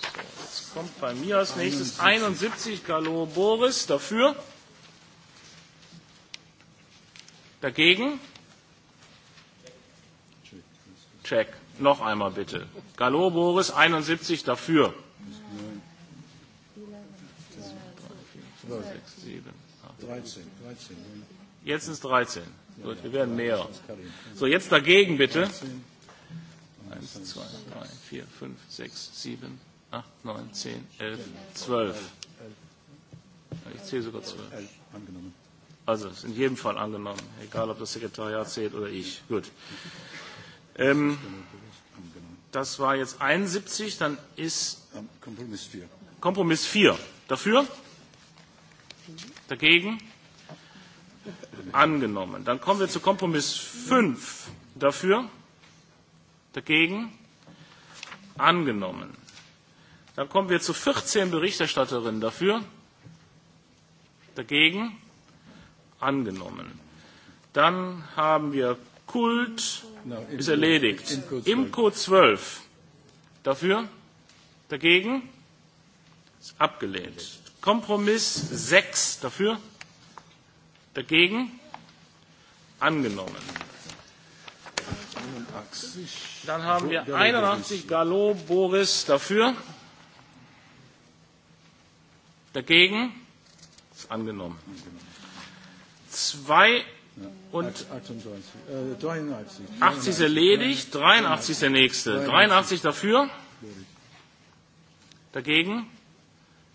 Speaker 1: So, jetzt kommt bei mir als nächstes 71 Gallo Boris dafür. Dagegen? Check. Noch einmal bitte. Gallo Boris 71 dafür. 13. Jetzt ist es 13. Gut, wir werden mehr. So, jetzt dagegen bitte. 1, 2, 3, 4, 5, 6, 7, 8, 9, 10, 11, 12. Ich zähle sogar 12. Angenommen. Also, ist in jedem Fall angenommen, egal ob das Sekretariat zählt oder ich. Gut. Ähm, das war jetzt 71, dann ist Kompromiss 4. Kompromiss 4. Dafür? Dagegen? Angenommen. Dann kommen wir zu Kompromiss 5. Dafür? Dagegen? Angenommen. Dann kommen wir zu 14 Berichterstatterinnen dafür. Dagegen? Angenommen. Dann haben wir Kult,
Speaker 11: ist erledigt.
Speaker 1: Imco 12. Dafür? Dagegen? Ist abgelehnt. Kompromiss 6. Dafür? Dagegen? Angenommen. Dann haben wir 81 Gallo Boris dafür. Dagegen ist angenommen. Zwei
Speaker 12: und 80 ist erledigt, 83
Speaker 1: ist der nächste. 83 dafür. Dagegen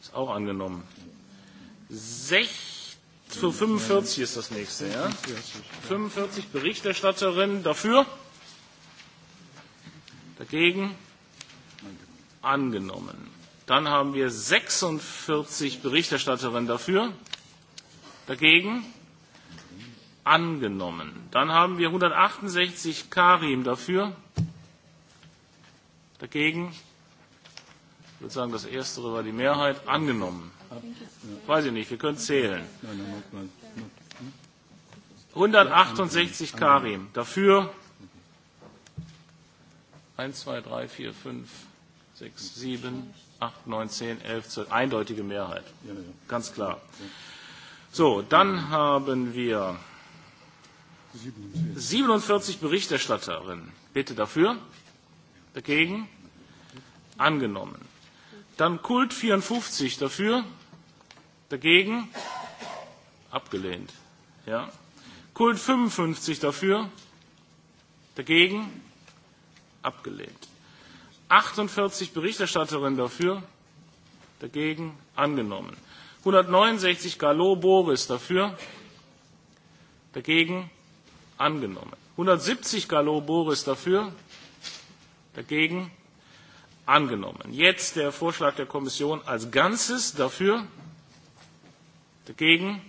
Speaker 1: ist auch angenommen. 45 ist das nächste. Ja? 45 Berichterstatterin dafür. Dagegen? Angenommen. Dann haben wir 46 Berichterstatterinnen dafür. Dagegen? Angenommen. Dann haben wir 168 Karim dafür. Dagegen? Ich würde sagen, das erste war die Mehrheit. Angenommen. Weiß ich nicht, wir können zählen. 168 Karim dafür 1, 2, 3, 4, 5, 6, 7, 8, 9, 10, 11, 12. Eindeutige Mehrheit. Ganz klar. So, dann haben wir 47 Berichterstatterinnen. Bitte dafür. Dagegen. Angenommen. Dann Kult 54 dafür. Dagegen. Abgelehnt. Ja. Kult 55 dafür. Dagegen abgelehnt. 48 Berichterstatterinnen dafür, dagegen angenommen. 169 Gallo Boris dafür, dagegen angenommen. 170 Gallo Boris dafür, dagegen angenommen. Jetzt der Vorschlag der Kommission als Ganzes dafür, dagegen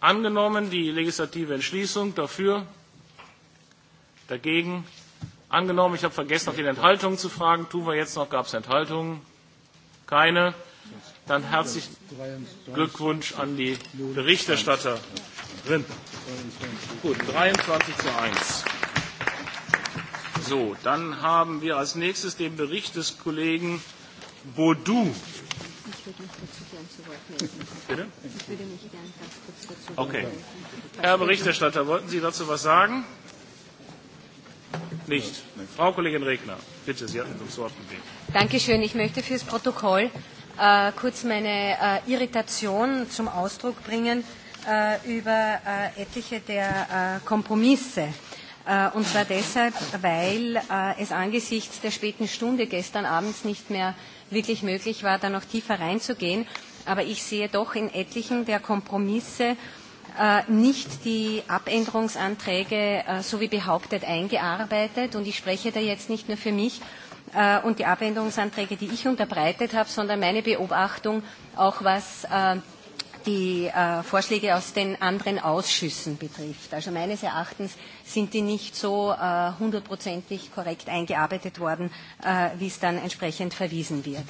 Speaker 1: angenommen. Die legislative Entschließung dafür, dagegen Angenommen, ich habe vergessen, auf die Enthaltungen zu fragen. Tun wir jetzt noch, gab es Enthaltungen? Keine. Dann herzlichen Glückwunsch an die Berichterstatterin. Gut, 23 zu 1. So, dann haben wir als nächstes den Bericht des Kollegen
Speaker 3: Baudou.
Speaker 10: Herr Berichterstatter,
Speaker 1: wollten Sie dazu was sagen? Nicht. Frau Kollegin Regner, bitte, Sie hatten das Wort Danke
Speaker 10: Dankeschön. Ich möchte fürs Protokoll kurz meine Irritation zum Ausdruck bringen über etliche der Kompromisse. Und zwar deshalb, weil es angesichts der späten Stunde gestern abends nicht mehr wirklich möglich war, da noch tiefer reinzugehen. Aber ich sehe doch in etlichen der Kompromisse nicht die Abänderungsanträge, so wie behauptet, eingearbeitet. Und ich spreche da jetzt nicht nur für mich und die Abänderungsanträge, die ich unterbreitet habe, sondern meine Beobachtung auch was die Vorschläge aus den anderen Ausschüssen betrifft. Also meines Erachtens sind die nicht so hundertprozentig korrekt eingearbeitet worden, wie es dann entsprechend verwiesen wird.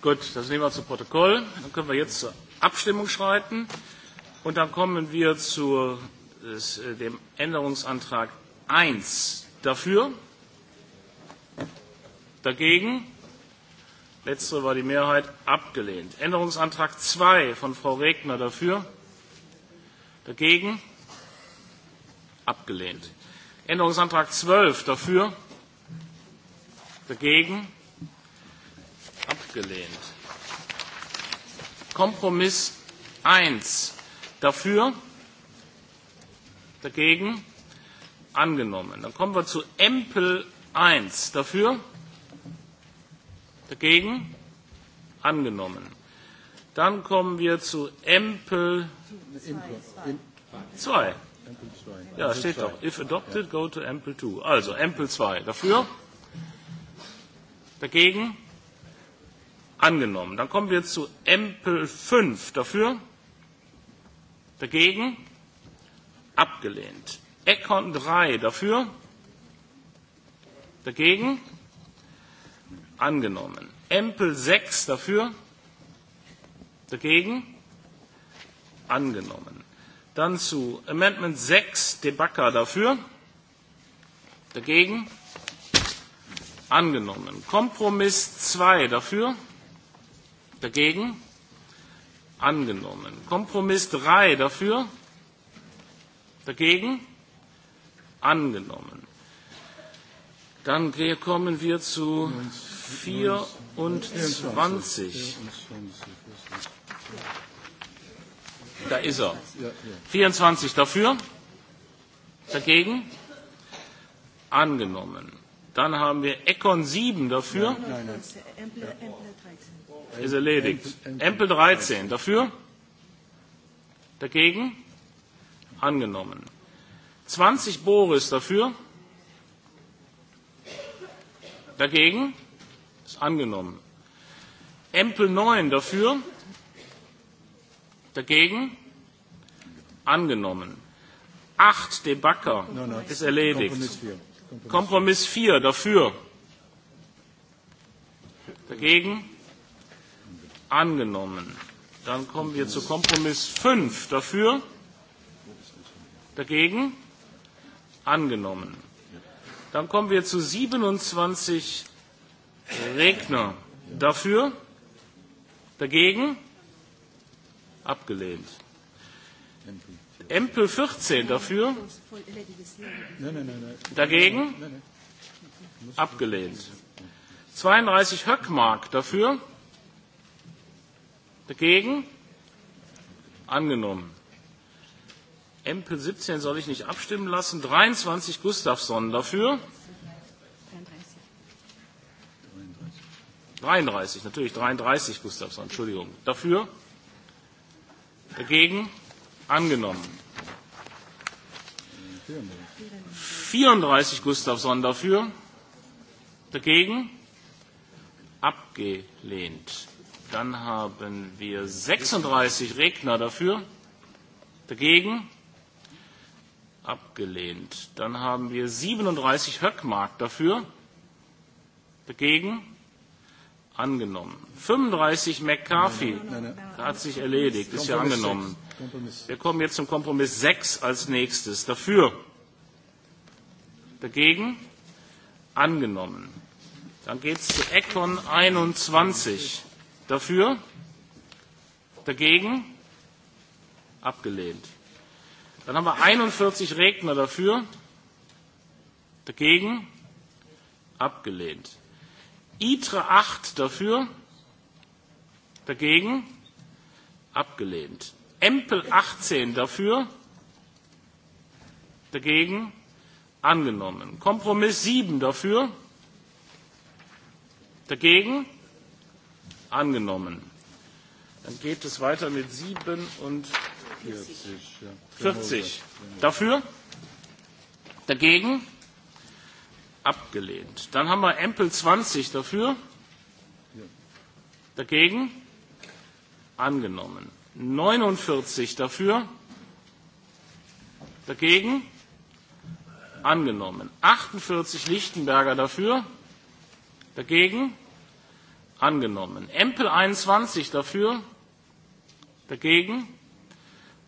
Speaker 1: Gut, das nehmen wir zu Protokoll. Dann können wir jetzt zur Abstimmung schreiten. Und dann kommen wir zu dem Änderungsantrag 1. Dafür? Dagegen? Letztere war die Mehrheit abgelehnt. Änderungsantrag 2 von Frau Regner dafür? Dagegen? Abgelehnt. Änderungsantrag 12 dafür? Dagegen? Abgelehnt. Kompromiss 1 dafür, dagegen angenommen. Dann kommen wir zu Empel 1 dafür, dagegen angenommen. Dann kommen wir zu Empel 2. Ja, steht doch. If adopted, go to Ampel 2. Also, Ampel 2. Dafür? Dagegen? angenommen. Dann kommen wir zu Empel 5. Dafür? Dagegen? Abgelehnt. Econ 3. Dafür? Dagegen? Angenommen. Empel 6. Dafür? Dagegen? Angenommen. Dann zu Amendment 6. Debacker. Dafür? Dagegen? Angenommen. Kompromiss 2. Dafür? Dagegen? Angenommen. Kompromiss 3 dafür? Dagegen? Angenommen. Dann kommen wir zu 24. Da ist er. 24 dafür? Dagegen? Angenommen. Dann haben wir Econ 7 dafür
Speaker 10: ist erledigt. Empel
Speaker 1: 13 dafür, dagegen, angenommen. 20 Boris dafür, dagegen, ist angenommen. Empel 9 dafür, dagegen, angenommen. 8 Debacker
Speaker 11: ist erledigt.
Speaker 1: Kompromiss 4 dafür, dagegen, angenommen. Dann kommen wir zu Kompromiss 5. Dafür? Dagegen? Angenommen. Dann kommen wir zu 27 Regner. Dafür? Dagegen? Abgelehnt. Empel 14 dafür? Dagegen? Abgelehnt. 32 Höckmark dafür? Dagegen? Angenommen. Empel 17 soll ich nicht abstimmen lassen. 23 Gustafsson dafür. 33, natürlich 33 Gustafsson, Entschuldigung. Dafür? Dagegen? Angenommen. 34 Gustafsson dafür. Dagegen? Abgelehnt. Dann haben wir 36 Regner dafür. Dagegen? Abgelehnt. Dann haben wir 37 Höckmark dafür. Dagegen? Angenommen. 35 McCarthy hat sich erledigt. Ist ja angenommen. Wir kommen jetzt zum Kompromiss 6 als nächstes. Dafür? Dagegen? Angenommen. Dann geht es zu Econ 21. Dafür? Dagegen? Abgelehnt. Dann haben wir 41 Regner dafür. Dagegen? Abgelehnt. ITRE 8 dafür. Dagegen? Abgelehnt. EMPEL 18 dafür. Dagegen? Angenommen. Kompromiss 7 dafür. Dagegen? angenommen. Dann geht es weiter mit 47.
Speaker 12: 40.
Speaker 1: Dafür? Dagegen?
Speaker 12: Abgelehnt.
Speaker 1: Dann haben wir Ampel 20 dafür. Dagegen? Angenommen. 49 dafür. Dagegen? Angenommen. 48 Lichtenberger dafür. Dagegen? angenommen. Empel 21 dafür, dagegen,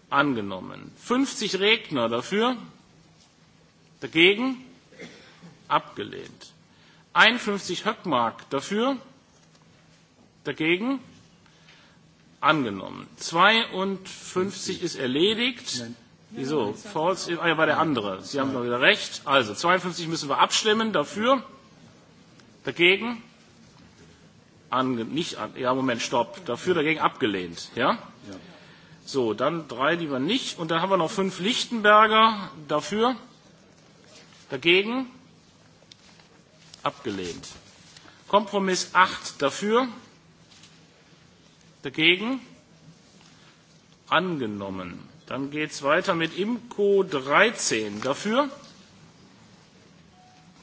Speaker 1: angenommen. 50 Regner dafür, dagegen, abgelehnt. 51 Höckmark dafür, dagegen, angenommen. 52 ist erledigt. Wieso? False ah, ja, war der andere. Sie haben doch wieder recht. Also, 52 müssen wir abstimmen. Dafür? Dagegen? nicht ja Moment, stopp, dafür dagegen abgelehnt, ja? So, dann drei die lieber nicht und dann haben wir noch fünf Lichtenberger dafür, dagegen abgelehnt. Kompromiss 8 dafür, dagegen angenommen. Dann geht es weiter mit Imco 13 dafür,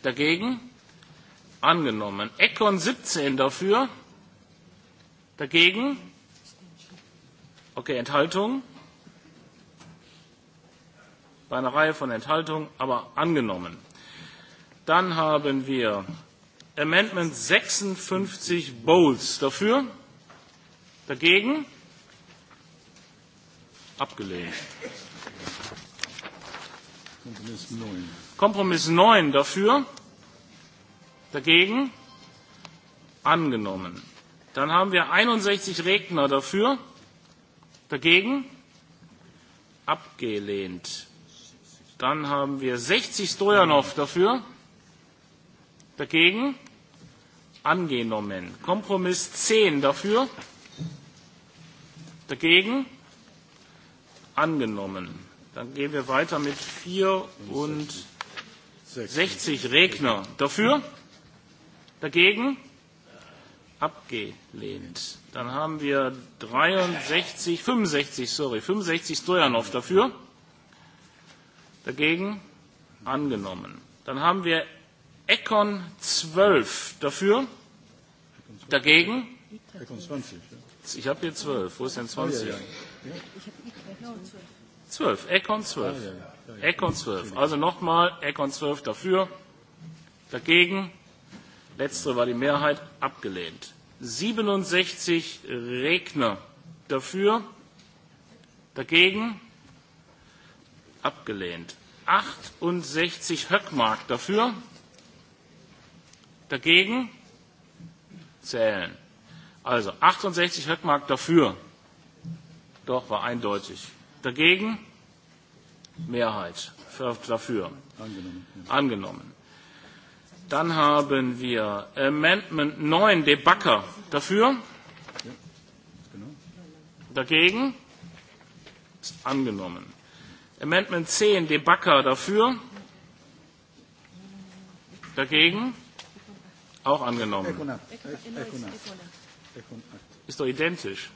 Speaker 1: dagegen angenommen. Econ 17 dafür, dagegen, okay, Enthaltung, bei einer Reihe von Enthaltungen, aber angenommen. Dann haben wir Amendment 56 Bowles dafür, dagegen, abgelehnt. Kompromiss 9 dafür Dagegen? Angenommen. Dann haben wir 61 Regner dafür. Dagegen? Abgelehnt. Dann haben wir 60 Stojanov dafür. Dagegen? Angenommen. Kompromiss 10 dafür. Dagegen? Angenommen. Dann gehen wir weiter mit 64 Regner. Dafür? Dagegen? Abgelehnt. Dann haben wir 63, 65, sorry, 65 Stojanov dafür. Dagegen? Angenommen. Dann haben wir Econ 12 dafür. Dagegen?
Speaker 13: Econ 20.
Speaker 1: Ich habe hier 12. Wo ist denn 20? 12. Econ 12. Econ 12. Also nochmal, Econ 12 dafür. Dagegen? letztere war die Mehrheit abgelehnt. 67 Regner dafür, dagegen abgelehnt. 68 Höckmark dafür, dagegen zählen. Also 68 Höckmark dafür, doch war eindeutig. Dagegen Mehrheit dafür. Angenommen. Dann haben wir Amendment 9, Debacker. Dafür? Dagegen? Ist angenommen. Amendment 10, Debacker. Dafür? Dagegen? Auch angenommen. Ist doch identisch.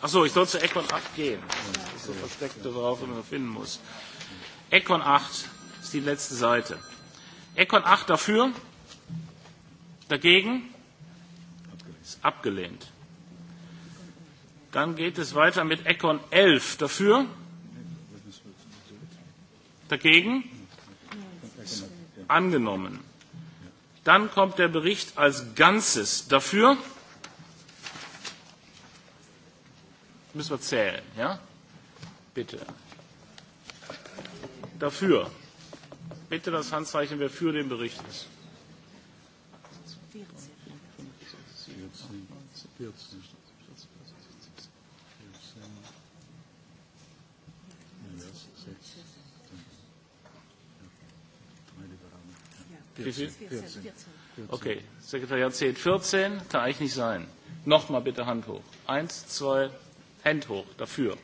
Speaker 1: Ach so, ich soll zu Econ 8 gehen. Das ist so versteckt drauf, wenn man finden muss. Econ 8 ist die letzte Seite. Econ 8 dafür? Dagegen? Ist abgelehnt. Dann geht es weiter mit Econ 11. Dafür? Dagegen? angenommen. Dann kommt der Bericht als Ganzes. Dafür? Müssen wir zählen, ja? Bitte. Dafür. Bitte das Handzeichen, wer für den Bericht ist. Okay, Sekretariat zählt 14, kann eigentlich nicht sein. Nochmal bitte Hand hoch. Eins, zwei, Hand hoch, dafür.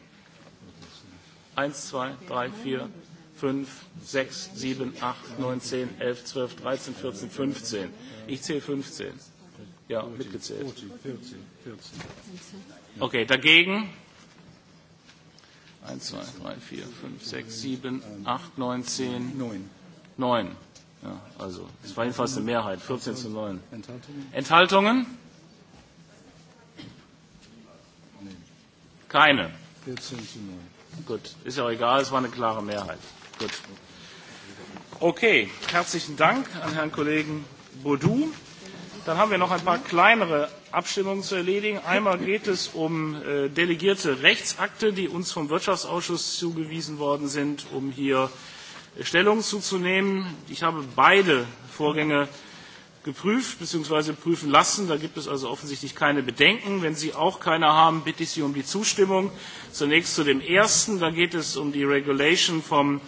Speaker 1: Eins, zwei, drei, vier, fünf, sechs, sieben, acht, neun, zehn, elf, zwölf, dreizehn, vierzehn, fünfzehn. Ich zähle 15. Ja, mitgezählt. Okay, dagegen? 1, 2, 3, 4, 5, 6, 7, 8, 9, 10, 9. 9. Ja, also, es war jedenfalls eine Mehrheit, 14 zu 9. Enthaltungen? Keine. 14 zu 9. Gut, ist ja auch egal, es war eine klare Mehrheit. Gut. Okay, herzlichen Dank an Herrn Kollegen Baudou. Dann haben wir noch ein paar kleinere Abstimmungen zu erledigen. Einmal geht es um delegierte Rechtsakte, die uns vom Wirtschaftsausschuss zugewiesen worden sind, um hier Stellung zuzunehmen. Ich habe beide Vorgänge geprüft bzw. prüfen lassen. Da gibt es also offensichtlich keine Bedenken. Wenn Sie auch keine haben, bitte ich Sie um die Zustimmung. Zunächst zu dem ersten. Da geht es um die Regulation vom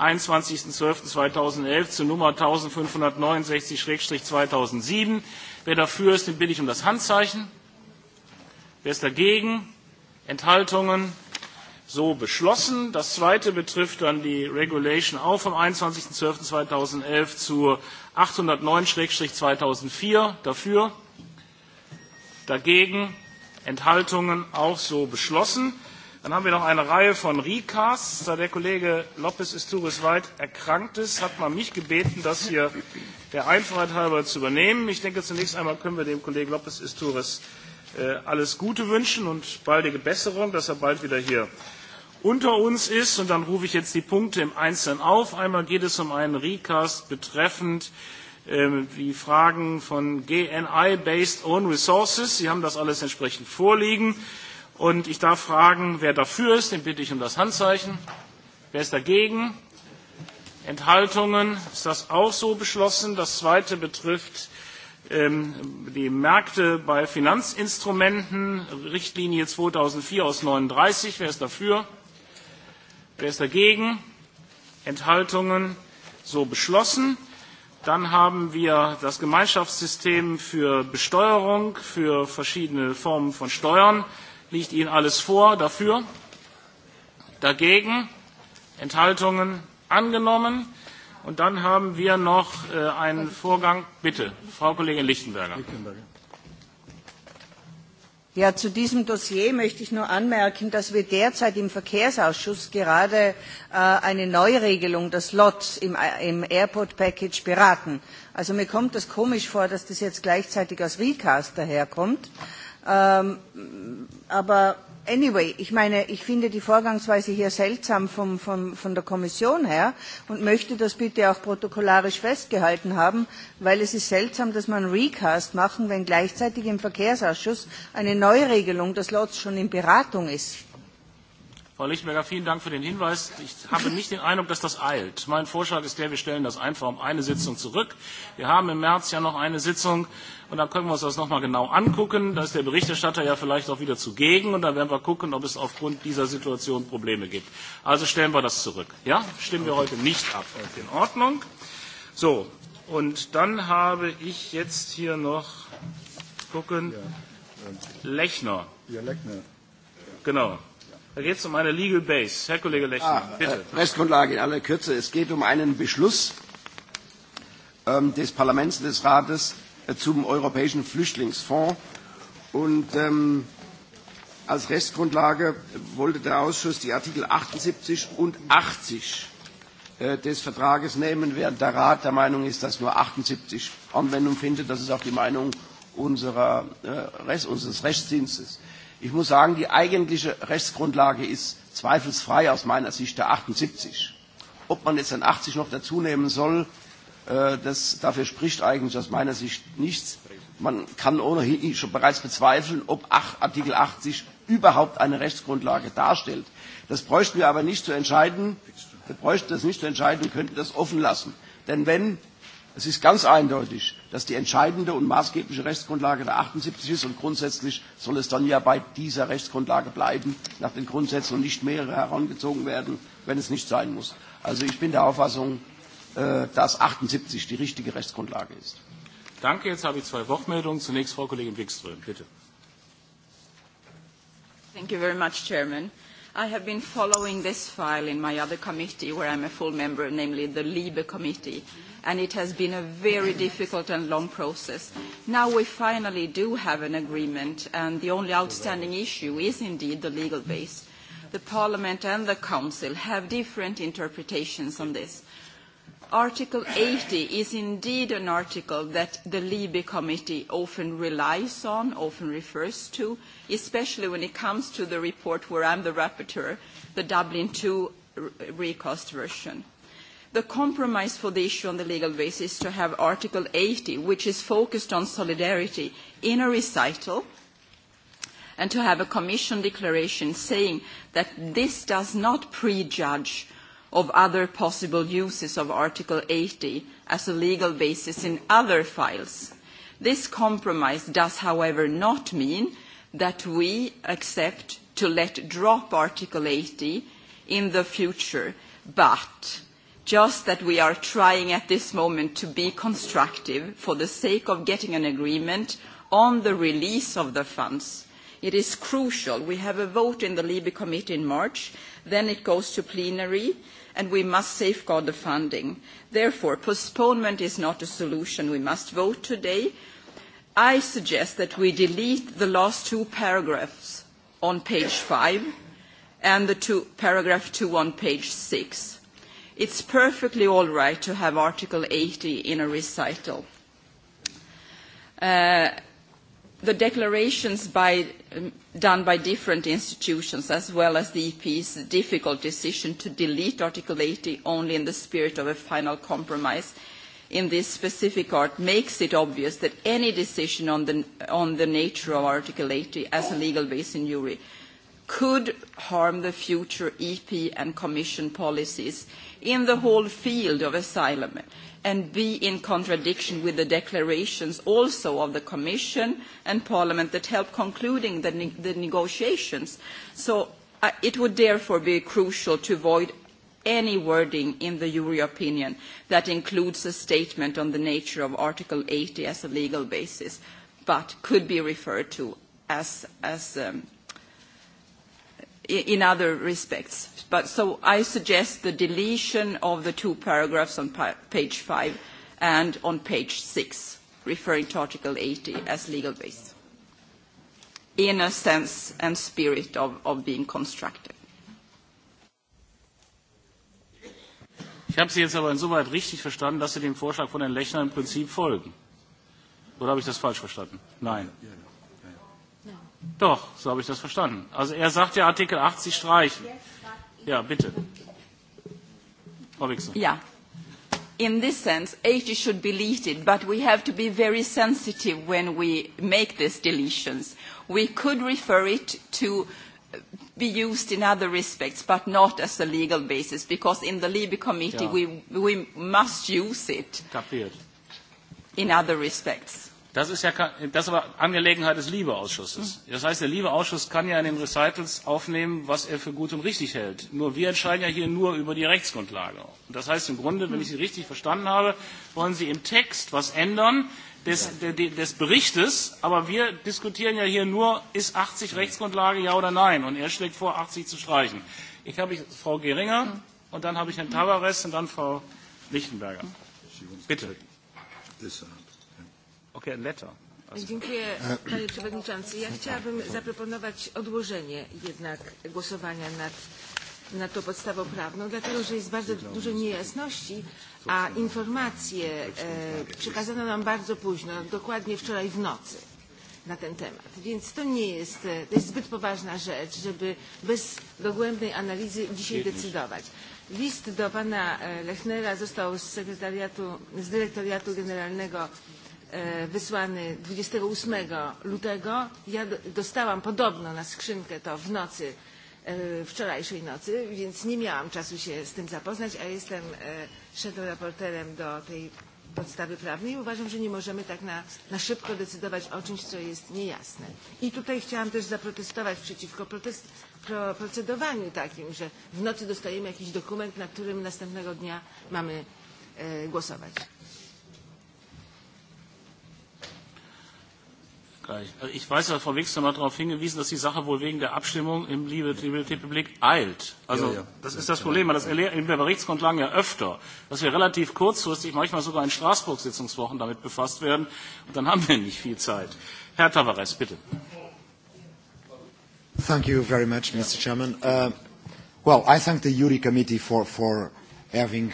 Speaker 1: 21.12.2011 zu Nummer 1569-2007. Wer dafür ist, den bitte ich um das Handzeichen. Wer ist dagegen? Enthaltungen? So beschlossen. Das zweite betrifft dann die Regulation auch vom 21.12.2011 zu 809-2004. Dafür? Dagegen? Enthaltungen? Auch so beschlossen. Dann haben wir noch eine Reihe von Recasts. Da der Kollege Lopez Isturiz weit erkrankt ist, hat man mich gebeten, das hier der Einfachheit halber zu übernehmen. Ich denke, zunächst einmal können wir dem Kollegen Lopez Isturiz alles Gute wünschen und baldige Besserung, dass er bald wieder hier unter uns ist. Und dann rufe ich jetzt die Punkte im Einzelnen auf. Einmal geht es um einen Recast betreffend die Fragen von GNI-Based Own Resources. Sie haben das alles entsprechend vorliegen. Und ich darf fragen, wer dafür ist, den bitte ich um das Handzeichen. Wer ist dagegen? Enthaltungen? Ist das auch so beschlossen? Das zweite betrifft die Märkte bei Finanzinstrumenten, Richtlinie 2004 aus 39. Wer ist dafür? Wer ist dagegen? Enthaltungen? So beschlossen. Dann haben wir das Gemeinschaftssystem für Besteuerung, für verschiedene Formen von Steuern liegt Ihnen alles vor. Dafür? Dagegen? Enthaltungen? Angenommen. Und dann haben wir noch einen Vorgang. Bitte, Frau Kollegin Lichtenberger.
Speaker 14: Ja, zu diesem Dossier möchte ich nur anmerken, dass wir derzeit im Verkehrsausschuss gerade eine Neuregelung des Lots im Airport Package beraten. Also mir kommt es komisch vor, dass das jetzt gleichzeitig aus Recast daherkommt Aber anyway, ich meine, ich finde die Vorgangsweise hier seltsam von der Kommission her und möchte das bitte auch protokollarisch festgehalten haben, weil es ist seltsam, dass man Recast machen, wenn gleichzeitig im Verkehrsausschuss eine Neuregelung des Lots schon in Beratung ist.
Speaker 1: Frau Lichtenberger, vielen Dank für den Hinweis. Ich habe nicht den Eindruck, dass das eilt. Mein Vorschlag ist der, wir stellen das einfach um eine Sitzung zurück. Wir haben im März ja noch eine Sitzung und dann können wir uns das noch mal genau angucken. Da ist der Berichterstatter ja vielleicht auch wieder zugegen und dann werden wir gucken, ob es aufgrund dieser Situation Probleme gibt. Also stellen wir das zurück. Ja, stimmen wir heute nicht ab. In Ordnung. So, und dann habe ich jetzt hier noch, gucken, Lechner geht es um eine Legal Base. Herr Kollege Lechner,
Speaker 9: bitte. Rechtsgrundlage in aller Kürze. Es geht um einen Beschluss des Parlaments und des Rates zum Europäischen Flüchtlingsfonds. Und als Rechtsgrundlage wollte der Ausschuss die Artikel 78 und 80 des Vertrages nehmen, während der Rat der Meinung ist, dass nur 78 Anwendung findet. Das ist auch die Meinung unseres Rechtsdienstes. Ich muss sagen, die eigentliche Rechtsgrundlage ist zweifelsfrei aus meiner Sicht der 78. Ob man jetzt an 80 noch dazu nehmen soll, das, dafür spricht eigentlich aus meiner Sicht nichts. Man kann ohnehin schon bereits bezweifeln, ob Artikel 80 überhaupt eine Rechtsgrundlage darstellt. Das bräuchten wir aber nicht zu entscheiden. Wir bräuchten das nicht zu entscheiden und könnten das offen lassen. Denn wenn, es ist ganz eindeutig, dass die entscheidende und maßgebliche Rechtsgrundlage der 78 ist und grundsätzlich soll es dann ja bei dieser Rechtsgrundlage bleiben, nach den Grundsätzen und nicht mehrere herangezogen werden, wenn es nicht sein muss. Also ich bin der Auffassung, dass 78 die richtige Rechtsgrundlage ist.
Speaker 1: Danke. Jetzt habe ich zwei Wortmeldungen. Zunächst Frau Kollegin Wikström, bitte.
Speaker 15: Thank you very much, Chairman. I have been following this file in my other committee where I'm a full member, namely the Liebe committee and it has been a very difficult and long process. Now we finally do have an agreement, and the only outstanding issue is indeed the legal base. The Parliament and the Council have different interpretations on this. Article 80 is indeed an article that the LIBE Committee often relies on, often refers to, especially when it comes to the report where I'm the rapporteur, the Dublin II recast version. The compromise for the issue on the legal basis is to have Article 80, which is focused on solidarity, in a recital, and to have a Commission declaration saying that this does not prejudge of other possible uses of Article 80 as a legal basis in other files. This compromise does, however, not mean that we accept to let drop Article 80 in the future, but just that we are trying at this moment to be constructive for the sake of getting an agreement on the release of the funds. It is crucial. We have a vote in the LIBE Committee in March, then it goes to plenary, and we must safeguard the funding. Therefore, postponement is not a solution. We must vote today. I suggest that we delete the last two paragraphs on page 5 and the paragraph two on page 6 it's perfectly all right to have Article 80 in a recital. The declarations done by different institutions, as well as the EP's difficult decision to delete Article 80 only in the spirit of a final compromise, in this specific art makes it obvious that any decision on the nature of Article 80 as a legal base in URI could harm the future EP and Commission policies in the whole field of asylum and be in contradiction with the declarations also of the Commission and Parliament that help concluding the negotiations. So it would therefore be crucial to avoid any wording in the jury opinion that includes a statement on the nature of Article 80 as a legal basis, but could be referred to as in other respects. But so I suggest the deletion of the two paragraphs on page 5 and on page 6, referring to Article 80 as legal base, in a sense and spirit of being constructive.
Speaker 1: Ich habe Sie jetzt aber insoweit richtig verstanden, dass Sie dem Vorschlag von Herrn Lechner im Prinzip folgen. Oder habe ich das falsch verstanden? Nein. Doch, so habe ich das verstanden. Also er sagt ja Artikel 80 streichen. Ja, bitte.
Speaker 15: Ja. In this sense, 80 should be deleted, but we have to be very sensitive when we make these deletions. We could refer it to be used in other respects, but not as a legal basis, because in the LIBE Committee we must use it in other respects. Das ist ja das aber Angelegenheit des Liebeausschusses. Das heißt,
Speaker 1: der Liebeausschuss kann ja in den Recitals aufnehmen, was er für gut und richtig hält. Nur wir entscheiden ja hier nur über die Rechtsgrundlage. Das heißt im Grunde, wenn ich Sie richtig verstanden habe, wollen Sie im Text was ändern des Berichtes, aber wir diskutieren ja hier nur, ist 80 Rechtsgrundlage ja oder nein, und er schlägt vor, 80 zu streichen. Ich habe Frau Geringer und dann habe ich Herrn Tavares und dann Frau Lichtenberger. Bitte.
Speaker 10: Dziękuję Panie Przewodniczący. Ja chciałabym zaproponować odłożenie jednak głosowania nad, tą podstawą prawną, dlatego że jest bardzo dużo niejasności, a informacje przekazano nam bardzo późno, dokładnie wczoraj w nocy na ten temat. Więc to nie jest, to jest zbyt poważna rzecz, żeby bez dogłębnej analizy dzisiaj decydować. List do pana Lechnera został z sekretariatu, z dyrektoriatu generalnego wysłany 28 lutego. Ja dostałam podobno na skrzynkę to w nocy, wczorajszej nocy, więc nie miałam czasu się z tym zapoznać, a jestem szedł raporterem do tej podstawy prawnej i uważam, że nie możemy tak na, na szybko decydować o czymś, co jest niejasne. I tutaj chciałam też zaprotestować przeciwko protest, procedowaniu takim, że w nocy dostajemy jakiś dokument, na którym następnego dnia mamy głosować.
Speaker 1: ich weiß, dass Frau Wegster mal darauf hingewiesen, dass die Sache wohl wegen der Abstimmung im Liberty-Republik eilt. Also das ist das Problem. Das erleben wir bei ja öfter, dass wir relativ kurzfristig, manchmal sogar in Straßburg-Sitzungswochen damit befasst werden. Und dann haben wir nicht viel Zeit. Herr Tavares, bitte.
Speaker 16: Thank you very much, Mr. Chairman. well, I thank the Yuri Committee for, for having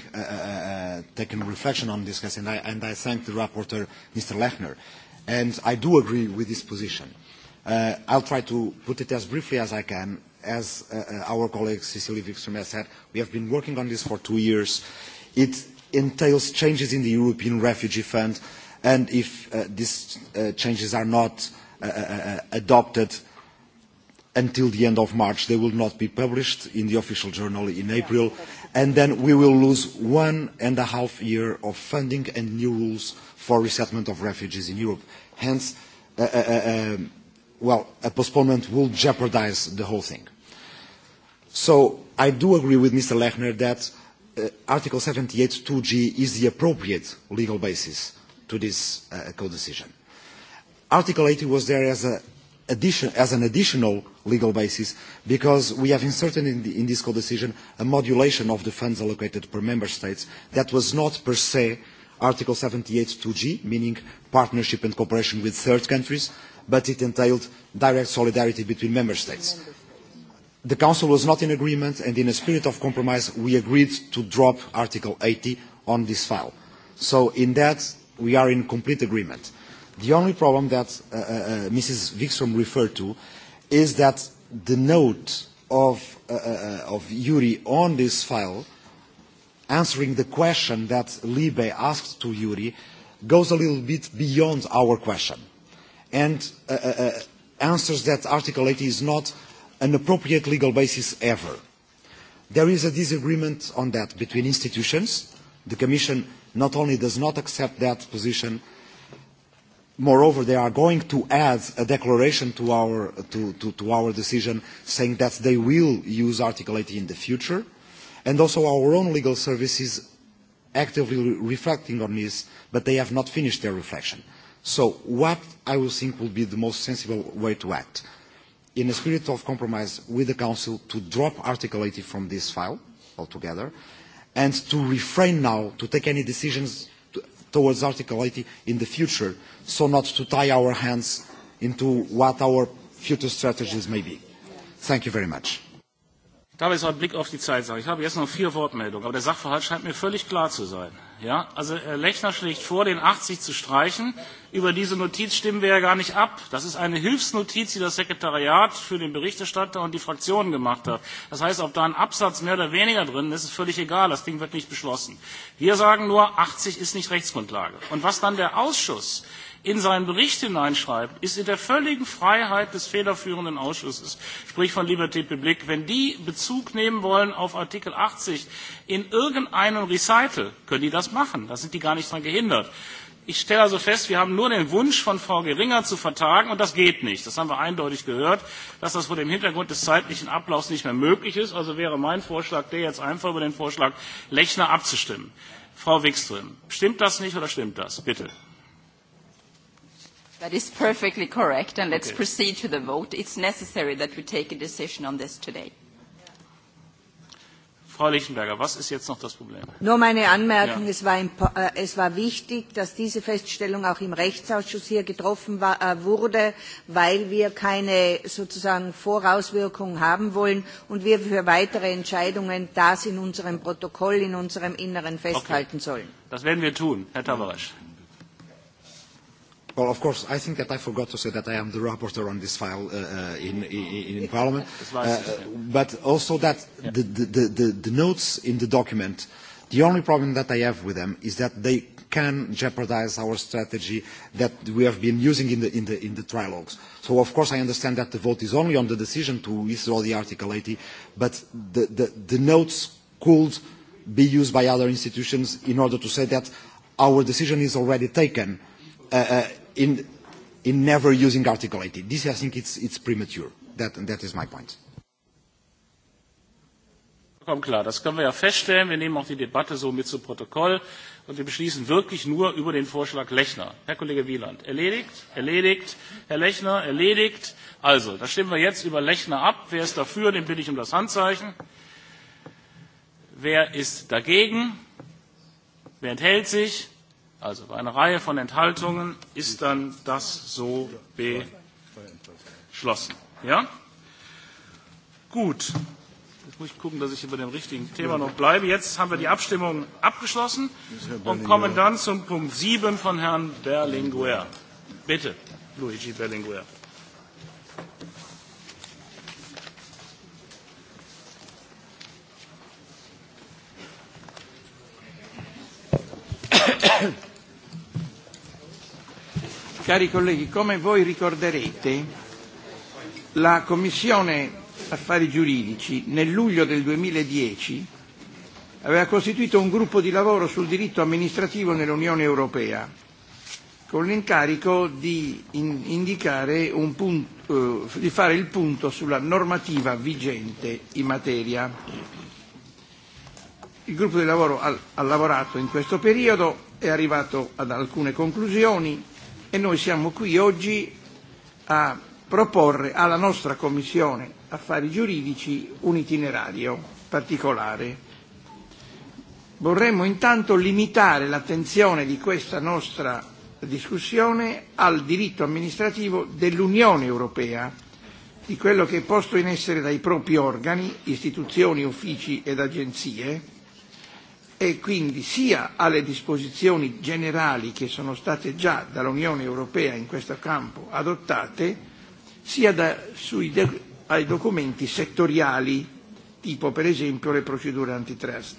Speaker 16: taken reflection on this case, and I, and I thank the rapporteur, Mr. Lechner and I do agree with this position. I'll try to put it as briefly as I can. As our colleague Cecilia Wikström has said, we have been working on this for two years. It entails changes in the European Refugee Fund, and if these changes are not adopted until the end of March, they will not be published in the official journal in April, and then we will lose one and a half year of funding and new rules for resettlement of refugees in Europe. Hence, well, a postponement will jeopardize the whole thing. So I do agree with Mr. Lechner that Article 78 2G is the appropriate legal basis to this co-decision. Article 80 was there as an additional legal basis because we have inserted in this co-decision a modulation of the funds allocated per member states that was not per se Article 78 2G, meaning partnership and cooperation with third countries, but it entailed direct solidarity between member states. The Council was not in agreement, and in a spirit of compromise, we agreed to drop Article 80 on this file. So in that, we are in complete agreement. The only problem that Mrs. Wikström referred to is that the note of Yuri on this file answering the question that Libe asked to Yuri goes a little bit beyond our question and answers that Article 80 is not an appropriate legal basis ever. There is a disagreement on that between institutions. The Commission not only does not accept that position, moreover, they are going to add a declaration to our decision saying that they will use Article 80 in the future and also our own legal services actively reflecting on this, but they have not finished their reflection. So what I will think will be the most sensible way to act, in a spirit of compromise with the Council, to drop Article 80 from this file altogether, and to refrain now to take any decisions towards Article 80 in the future, so not to tie our hands into what our future strategies may be. Thank you very much
Speaker 1: ich mal einen Blick auf die Zeit, sagen. ich. habe jetzt noch vier Wortmeldungen, aber der Sachverhalt scheint mir völlig klar zu sein. Ja? Also Herr Lechner schlägt vor, den 80 zu streichen. Über diese Notiz stimmen wir ja gar nicht ab. Das ist eine Hilfsnotiz, die das Sekretariat für den Berichterstatter und die Fraktionen gemacht hat. Das heißt, ob da ein Absatz mehr oder weniger drin ist, ist völlig egal. Das Ding wird nicht beschlossen. Wir sagen nur, 80 ist nicht Rechtsgrundlage. Und was dann der Ausschuss in seinen Bericht hineinschreibt, ist in der völligen Freiheit des federführenden Ausschusses, sprich von Liberté Publique. Wenn die Bezug nehmen wollen auf Artikel 80 in irgendeinem Recital, können die das machen. Da sind die gar nicht daran gehindert. Ich stelle also fest, wir haben nur den Wunsch von Frau Geringer zu vertagen, und das geht nicht. Das haben wir eindeutig gehört, dass das vor dem Hintergrund des zeitlichen Ablaufs nicht mehr möglich ist. Also wäre mein Vorschlag der jetzt einfach über den Vorschlag Lechner abzustimmen. Frau Wikström, stimmt das nicht oder stimmt das? Bitte.
Speaker 15: That is perfectly correct, and let's proceed to the vote. It's necessary that we take a decision on this today.
Speaker 1: Frau Lichtenberger, was ist jetzt noch das Problem?
Speaker 15: Nur meine Anmerkung, es war wichtig, dass diese
Speaker 14: Feststellung auch im Rechtsausschuss hier getroffen wurde, weil wir keine sozusagen Vorauswirkungen haben wollen und wir für weitere Entscheidungen das in unserem Protokoll, in unserem Inneren festhalten sollen.
Speaker 1: Das werden wir tun, Herr Tavares.
Speaker 16: Well, of course, I think that I forgot to say that I am the rapporteur on this file in Parliament, but also that the notes in the document, the only problem that I have with them is that they can jeopardize our strategy that we have been using in the trilogues. So, of course, I understand that the vote is only on the decision to withdraw the Article 80, but the notes could be used by other institutions in order to say that our decision is already taken in never using Article 80. This, I think, it's premature. That is my point.
Speaker 1: Vollkommen klar. Das können wir ja feststellen. Wir nehmen auch die Debatte so mit zu Protokoll. Und wir beschließen wirklich nur über den Vorschlag Lechner. Herr Kollege Wieland, erledigt, erledigt. Herr Lechner, erledigt. Also, da stimmen wir jetzt über Lechner ab. Wer ist dafür, den bitte ich um das Handzeichen. Wer ist dagegen? Wer enthält sich? Also bei einer Reihe von Enthaltungen ist dann das so beschlossen. Ja? Gut. Jetzt muss ich gucken, dass ich über dem richtigen Thema noch bleibe. Jetzt haben wir die Abstimmung abgeschlossen und kommen dann zum Punkt 7 von Herrn Berlinguer. Bitte, Luigi Berlinguer.
Speaker 4: Cari colleghi, come voi ricorderete, la Commissione Affari Giuridici nel luglio del 2010 aveva costituito un gruppo di lavoro sul diritto amministrativo nell'Unione Europea, con l'incarico di indicare di fare il punto sulla normativa vigente in materia. Il gruppo di lavoro ha lavorato in questo periodo, è arrivato ad alcune conclusioni e noi siamo qui oggi a proporre alla nostra Commissione Affari Giuridici un itinerario particolare. Vorremmo intanto limitare l'attenzione di questa nostra discussione al diritto amministrativo dell'Unione Europea, di quello che è posto in essere dai propri organi, istituzioni, uffici ed agenzie, e quindi sia alle disposizioni generali che sono state già dall'Unione Europea in questo campo adottate, sia ai documenti settoriali, tipo per esempio le procedure antitrust.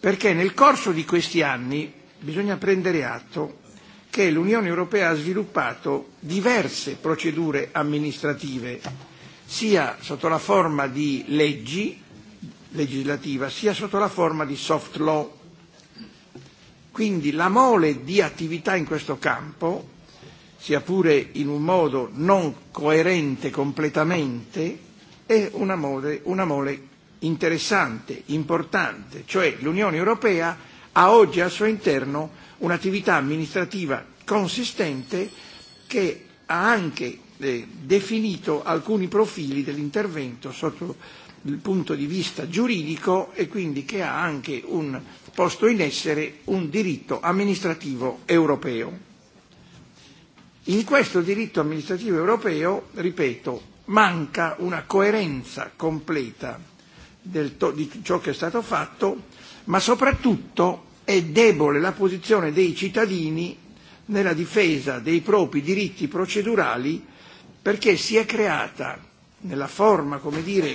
Speaker 4: Perché nel corso di questi anni bisogna prendere atto che l'Unione Europea ha sviluppato diverse procedure amministrative, sia sotto la forma di leggi legislativa sia sotto la forma di soft law. Quindi la mole di attività in questo campo, sia pure in un modo non coerente completamente, è una mole, una mole interessante, importante, cioè l'Unione Europea ha oggi al suo interno un'attività amministrativa consistente che ha anche definito alcuni profili dell'intervento sotto dal punto di vista giuridico e quindi che ha anche un posto in essere un diritto amministrativo europeo. In questo diritto amministrativo europeo, ripeto, manca una coerenza completa di ciò che è stato fatto, ma soprattutto è debole la posizione dei cittadini nella difesa dei propri diritti procedurali perché si è creata nella forma, come dire,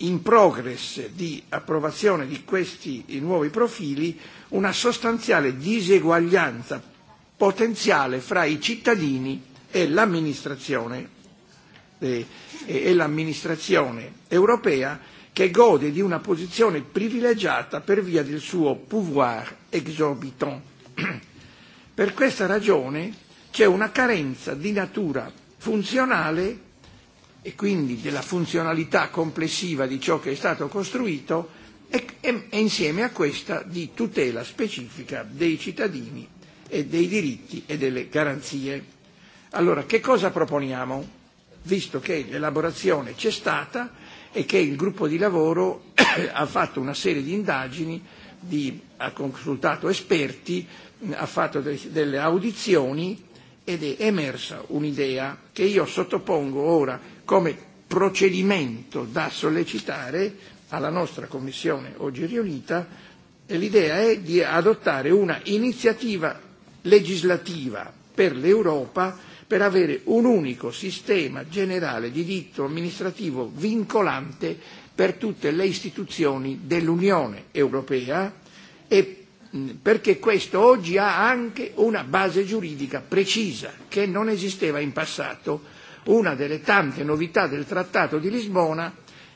Speaker 4: in progress di approvazione di questi nuovi profili una sostanziale diseguaglianza potenziale fra i cittadini e l'amministrazione e l'amministrazione europea che gode di una posizione privilegiata per via del suo pouvoir exorbitant. Per questa ragione c'è una carenza di natura funzionale e quindi della funzionalità complessiva di ciò che è stato costruito e, e, e insieme a questa di tutela specifica dei cittadini e dei diritti e delle garanzie. Allora, che cosa proponiamo? Visto che l'elaborazione c'è stata e che il gruppo di lavoro ha fatto una serie di indagini, di, ha consultato esperti, ha fatto delle audizioni ed è emersa un'idea che io sottopongo ora come procedimento da sollecitare alla nostra Commissione oggi riunita l'idea è di adottare una iniziativa legislativa per l'Europa per avere un unico sistema generale di diritto amministrativo vincolante per tutte le istituzioni dell'Unione Europea e perché questo oggi ha anche una base giuridica precisa che non esisteva in passato Una delle tante novità del Trattato di Lisbona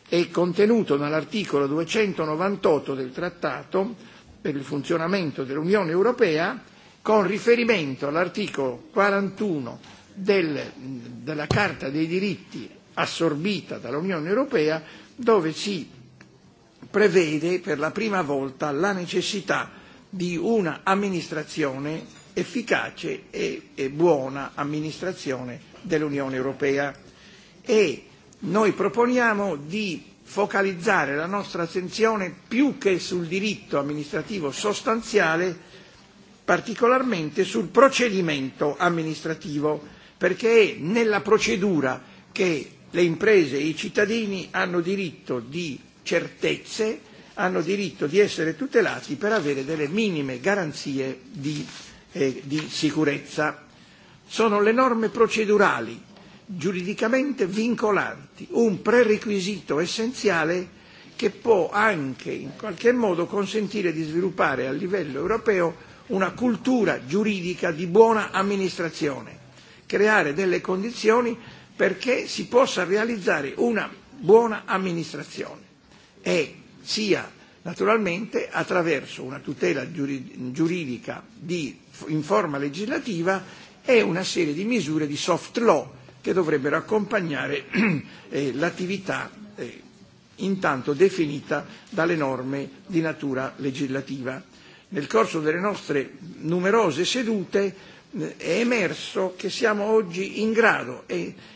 Speaker 4: è contenuto nell'articolo 298 del Trattato per il funzionamento dell'Unione Europea con riferimento all'articolo 41 della Carta dei diritti assorbita dall'Unione Europea dove si prevede per la prima volta la necessità di una amministrazione efficace e buona amministrazione dell'Unione Europea e noi proponiamo di focalizzare la nostra attenzione più che sul diritto amministrativo sostanziale, particolarmente sul procedimento amministrativo, perché è nella procedura che le imprese e i cittadini hanno diritto di certezze, hanno diritto di essere tutelati per avere delle minime garanzie di sicurezza sono le norme procedurali giuridicamente vincolanti, un prerequisito essenziale che può anche in qualche modo consentire di sviluppare a livello europeo una cultura giuridica di buona amministrazione, creare delle condizioni perché si possa realizzare una buona amministrazione e sia naturalmente attraverso una tutela giuridica in forma legislativa e una serie di misure di soft law che dovrebbero accompagnare l'attività intanto definita dalle norme di natura legislativa. Nel corso delle nostre numerose sedute è emerso che siamo oggi in grado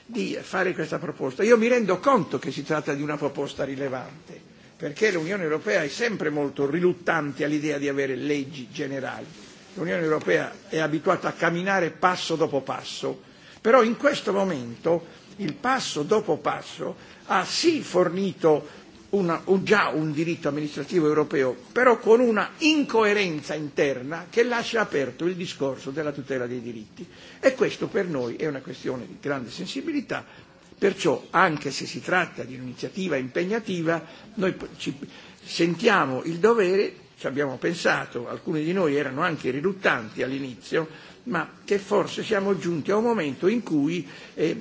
Speaker 4: di fare questa proposta. Io mi rendo conto che si tratta di una proposta rilevante, perché l'Unione Europea è sempre molto riluttante all'idea di avere leggi generali l'Unione Europea è abituata a camminare passo dopo passo, però in questo momento il passo dopo passo ha sì fornito una, un, già un diritto amministrativo europeo, però con una incoerenza interna che lascia aperto il discorso della tutela dei diritti. E questo per noi è una questione di grande sensibilità, perciò anche se si tratta di un'iniziativa impegnativa, noi ci sentiamo il dovere ci abbiamo pensato, alcuni di noi erano anche riluttanti all'inizio, ma che forse siamo giunti a un momento in cui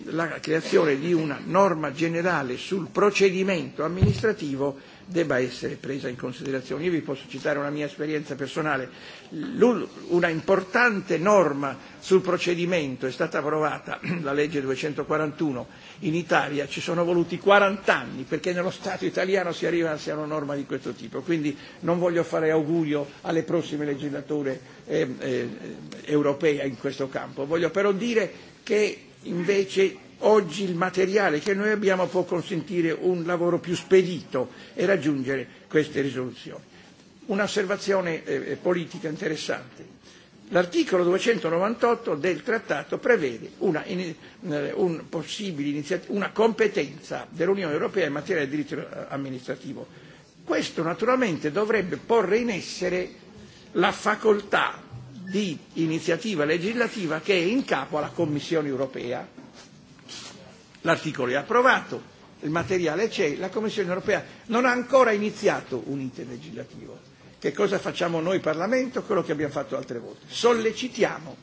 Speaker 4: la creazione di una norma generale sul procedimento amministrativo debba essere presa in considerazione. Io vi posso citare una mia esperienza personale. Una importante norma sul procedimento è stata approvata, la legge 241, in Italia ci sono voluti 40 anni perché nello Stato italiano si arriva a una norma di questo tipo. Quindi non voglio fare augurio alle prossime legislature europee in questo campo. Voglio però dire che invece Oggi il materiale che noi abbiamo può consentire un lavoro più spedito e raggiungere queste risoluzioni. Un'osservazione politica interessante. L'articolo 298 del trattato prevede una una competenza dell'Unione Europea in materia di diritto amministrativo. Questo naturalmente dovrebbe porre in essere la facoltà di iniziativa legislativa che è in capo alla Commissione Europea l'articolo è approvato, il materiale c'è, la Commissione europea non ha ancora iniziato un iter legislativo. Che cosa facciamo noi Parlamento? Quello che abbiamo fatto altre volte. Sollecitiamo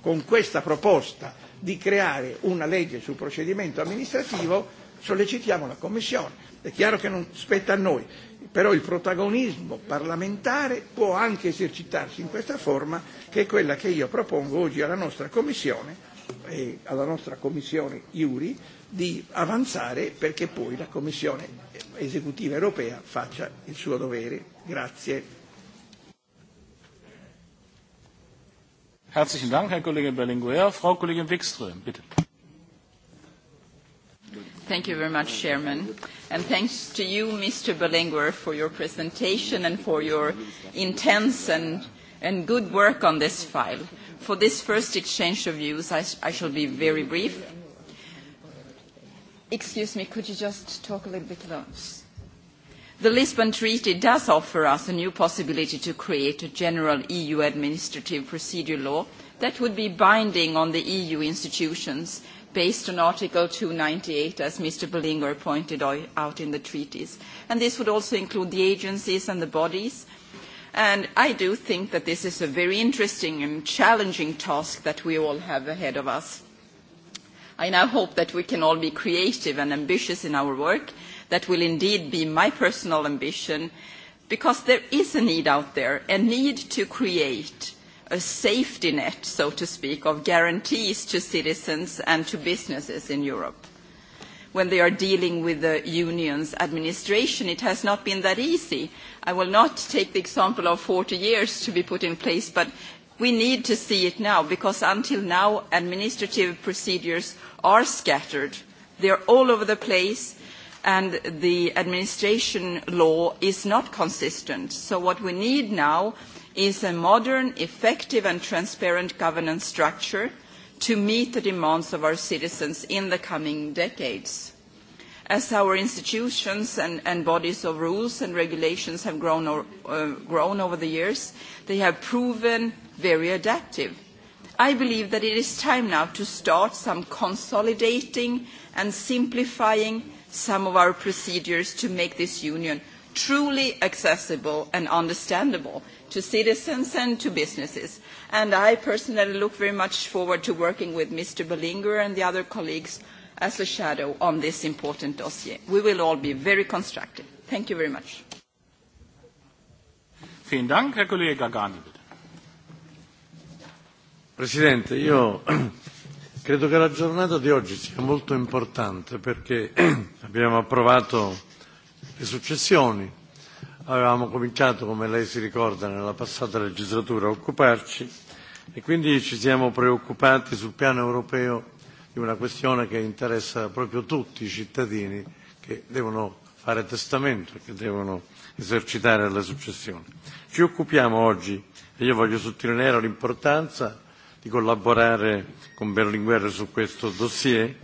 Speaker 4: con questa proposta di creare una legge sul procedimento amministrativo, sollecitiamo la Commissione. È chiaro che non spetta a noi, però il protagonismo parlamentare può anche esercitarsi in questa forma che è quella che io propongo oggi alla nostra Commissione e alla nostra Commissione Iuri di avanzare perché poi la Commissione esecutiva europea faccia il suo dovere. Grazie.
Speaker 1: Herzlichen Dank, Herr Kollege Berlinguer. Frau Kollegin Wikström, bitte.
Speaker 15: Thank you very much, Chairman. And thanks to you, Mr. Berlinguer, for your presentation and for your intense and, and good work on this file. For this first exchange of views, I, I shall be very brief Excuse me, could you just talk a little bit about The Lisbon Treaty does offer us a new possibility to create a general EU administrative procedure law that would be binding on the EU institutions based on Article 298, as Mr. Berlinguer pointed out in the treaties. And this would also include the agencies and the bodies. And I do think that this is a very interesting and challenging task that we all have ahead of us. I hope that we can all be creative and ambitious in our work. That will indeed be my personal ambition, because there is a need out there, a need to create a safety net, so to speak, of guarantees to citizens and to businesses in Europe. When they are dealing with the union's administration, it has not been that easy. I will not take the example of 40 years to be put in place, but we need to see it now because until now administrative procedures are scattered. They are all over the place and the administration law is not consistent. So what we need now is a modern, effective and transparent governance structure to meet the demands of our citizens in the coming decades. As our institutions and bodies of rules and regulations have grown over the years, they have proven very adaptive. I believe that it is time now to start some consolidating and simplifying some of our procedures to make this union truly accessible and understandable to citizens and to businesses. And I personally look very much forward to working with Mr. Berlinguer and the other colleagues as a shadow on this important dossier. We will all be very constructive. Thank you very much.
Speaker 12: Presidente, io credo che la giornata di oggi sia molto importante perché abbiamo approvato le successioni, avevamo cominciato, come lei si ricorda, nella passata legislatura a occuparci e quindi ci siamo preoccupati sul piano europeo di una questione che interessa proprio tutti i cittadini che devono fare testamento e che devono esercitare la successione. Ci occupiamo oggi, e io voglio sottolineare l'importanza di collaborare con Berlinguer su questo dossier,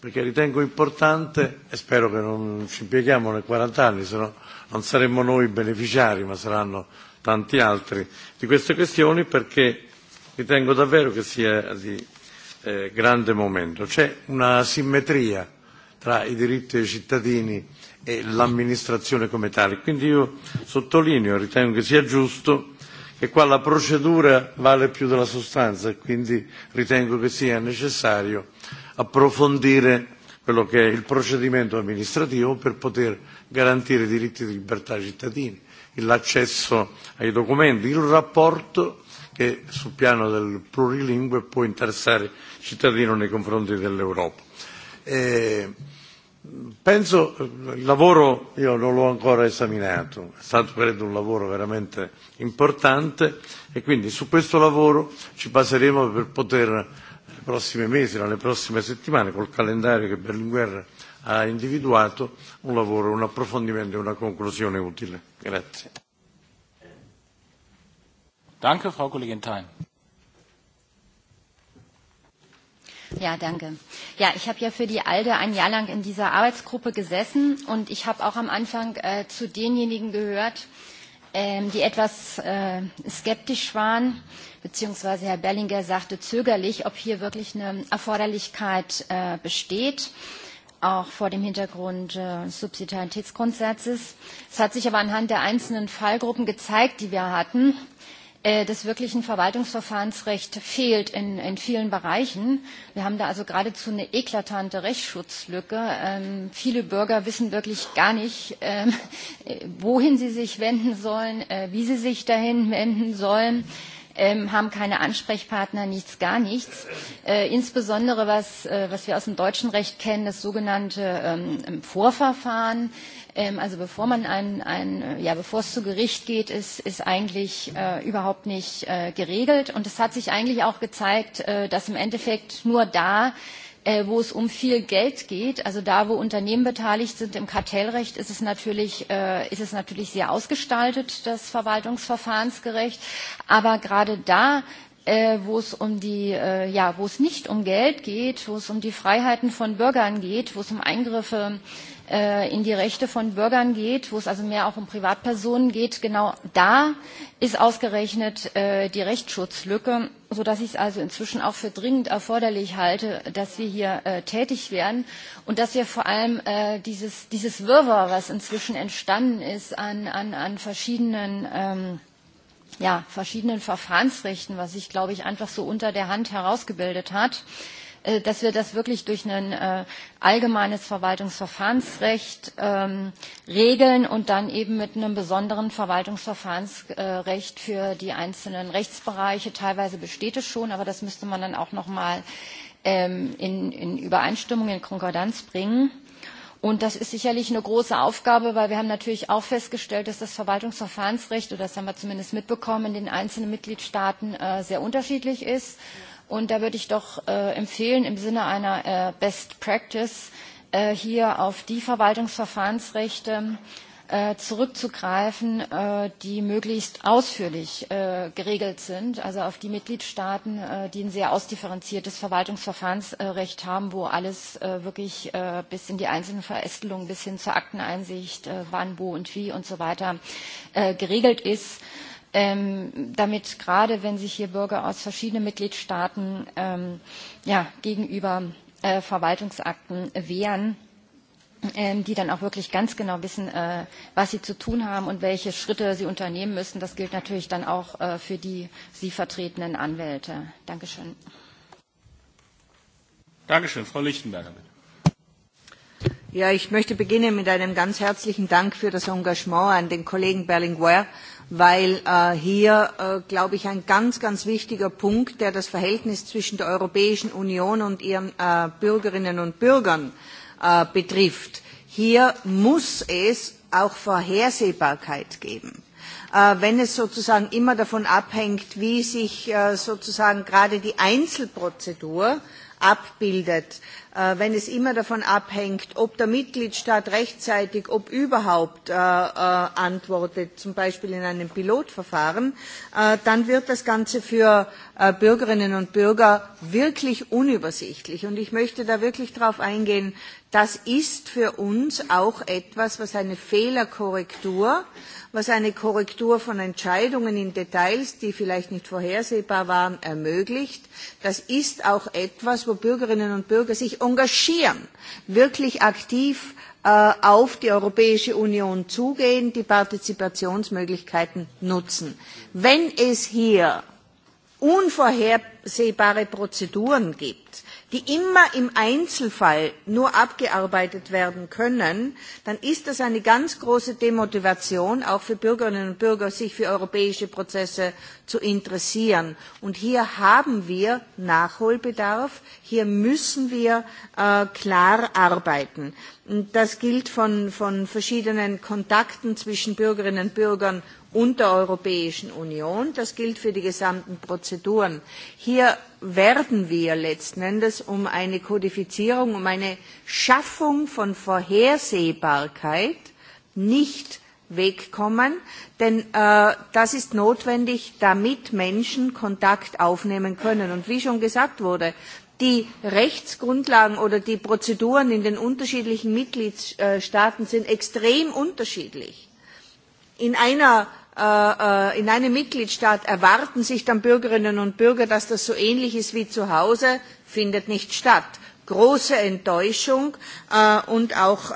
Speaker 12: perché ritengo importante, e spero che non ci impieghiamo nei 40 anni, se no non saremmo noi beneficiari, ma saranno tanti altri, di queste questioni, perché ritengo davvero che sia di grande momento. C'è una simmetria tra i diritti dei cittadini e l'amministrazione come tale. Quindi io sottolineo, ritengo che sia giusto, che qua la procedura vale più della sostanza e quindi ritengo che sia necessario approfondire quello che è il procedimento amministrativo per poter garantire i diritti di libertà ai cittadini, l'accesso ai documenti, il rapporto che sul piano del plurilingue può interessare cittadino nei confronti dell'Europa. Penso, il lavoro io non l'ho ancora esaminato, è stato credo un lavoro veramente importante e quindi su questo lavoro ci baseremo per poter nei prossimi mesi, nelle prossime settimane, col calendario che Berlinguer ha individuato, un lavoro, un approfondimento e una conclusione utile. Grazie.
Speaker 6: Ja, danke. Ja, ich habe ja für die ALDE ein Jahr lang in dieser Arbeitsgruppe gesessen und ich habe auch am Anfang zu denjenigen gehört, die etwas skeptisch waren, beziehungsweise Herr Berlinger sagte zögerlich, ob hier wirklich eine Erforderlichkeit besteht auch vor dem Hintergrund des Subsidiaritätsgrundsatzes. Es hat sich aber anhand der einzelnen Fallgruppen gezeigt, die wir hatten, des wirklichen Verwaltungsverfahrensrecht fehlt in vielen Bereichen. Wir haben da also geradezu eine eklatante Rechtsschutzlücke. Viele Bürger wissen wirklich gar nicht, wohin sie sich wenden sollen, wie sie sich dahin wenden sollen haben keine Ansprechpartner, nichts, gar nichts. Insbesondere was wir aus dem deutschen Recht kennen, das sogenannte Vorverfahren. Also bevor man ein, ja, bevor es zu Gericht geht, ist, ist eigentlich überhaupt nicht geregelt. Und es hat sich eigentlich auch gezeigt, dass im Endeffekt nur da wo es um viel Geld geht. Also da, wo Unternehmen beteiligt sind im Kartellrecht, ist es natürlich sehr ausgestaltet, das Verwaltungsverfahrensgerecht. Aber gerade da wo es um die ja wo es nicht um geld geht wo es um die freiheiten von bürgern geht wo es um eingriffe in die Rechte von Bürgern geht, wo es also mehr auch um Privatpersonen geht, genau da ist ausgerechnet die Rechtsschutzlücke, sodass ich es also inzwischen auch für dringend erforderlich halte, dass wir hier tätig werden und dass wir vor allem dieses Wirrwarr, was inzwischen entstanden ist an verschiedenen verschiedenen Verfahrensrechten, was sich, glaube ich, einfach so unter der Hand herausgebildet hat, dass wir das wirklich durch ein allgemeines Verwaltungsverfahrensrecht regeln und dann eben mit einem besonderen Verwaltungsverfahrensrecht für die einzelnen Rechtsbereiche. Teilweise besteht es schon, aber das müsste man dann auch noch mal in Übereinstimmung, in Konkordanz bringen. Und das ist sicherlich eine große Aufgabe, weil wir haben natürlich auch festgestellt, dass das Verwaltungsverfahrensrecht, oder das haben wir zumindest mitbekommen, in den einzelnen Mitgliedstaaten sehr unterschiedlich ist Und da würde ich doch empfehlen, im Sinne einer Best Practice hier auf die Verwaltungsverfahrensrechte zurückzugreifen, die möglichst ausführlich geregelt sind, also auf die Mitgliedstaaten, die ein sehr ausdifferenziertes Verwaltungsverfahrensrecht haben, wo alles wirklich bis in die einzelnen Verästelungen, bis hin zur Akteneinsicht, wann, wo und wie und so weiter geregelt ist damit gerade wenn sich hier Bürger aus verschiedenen Mitgliedstaaten gegenüber Verwaltungsakten wehren, die dann auch wirklich ganz genau wissen, was sie zu tun haben und welche Schritte sie unternehmen müssen. Das gilt natürlich dann auch für die sie vertretenen Anwälte. Dankeschön.
Speaker 1: Dankeschön. Frau Lichtenberger, bitte.
Speaker 14: Ja, ich möchte beginnen mit einem ganz herzlichen Dank für das Engagement an den Kollegen Berlinguer weil hier, glaube ich, ein ganz, ganz wichtiger Punkt, der das Verhältnis zwischen der Europäischen Union und ihren Bürgerinnen und Bürgern betrifft. Hier muss es auch Vorhersehbarkeit geben. Wenn es sozusagen immer davon abhängt, wie sich sozusagen gerade die Einzelprozedur abbildet, wenn es immer davon abhängt, ob der Mitgliedstaat rechtzeitig, ob überhaupt antwortet, zum Beispiel in einem Pilotverfahren, dann wird das Ganze für Bürgerinnen und Bürger wirklich unübersichtlich. Und ich möchte da wirklich darauf eingehen, das ist für uns auch etwas, was eine Fehlerkorrektur, was eine Korrektur von Entscheidungen in Details, die vielleicht nicht vorhersehbar waren, ermöglicht. Das ist auch etwas, wo Bürgerinnen und Bürger sich engagieren, wirklich aktiv auf die Europäische Union zugehen, die Partizipationsmöglichkeiten nutzen. Wenn es hier unvorhersehbare Prozeduren gibt, die immer im Einzelfall nur abgearbeitet werden können, dann ist das eine ganz große Demotivation, auch für Bürgerinnen und Bürger, sich für europäische Prozesse zu interessieren. Und hier haben wir Nachholbedarf, hier müssen wir klar arbeiten. Das gilt von verschiedenen Kontakten zwischen Bürgerinnen und Bürgern und der Europäischen Union, das gilt für die gesamten Prozeduren. Hier werden wir letzten Endes um eine Kodifizierung, um eine Schaffung von Vorhersehbarkeit nicht wegkommen, denn das ist notwendig, damit Menschen Kontakt aufnehmen können. Und wie schon gesagt wurde, die Rechtsgrundlagen oder die Prozeduren in den unterschiedlichen Mitgliedstaaten sind extrem unterschiedlich. In einer in einem Mitgliedstaat erwarten sich dann Bürgerinnen und Bürger, dass das so ähnlich ist wie zu Hause, findet nicht statt. Große Enttäuschung und auch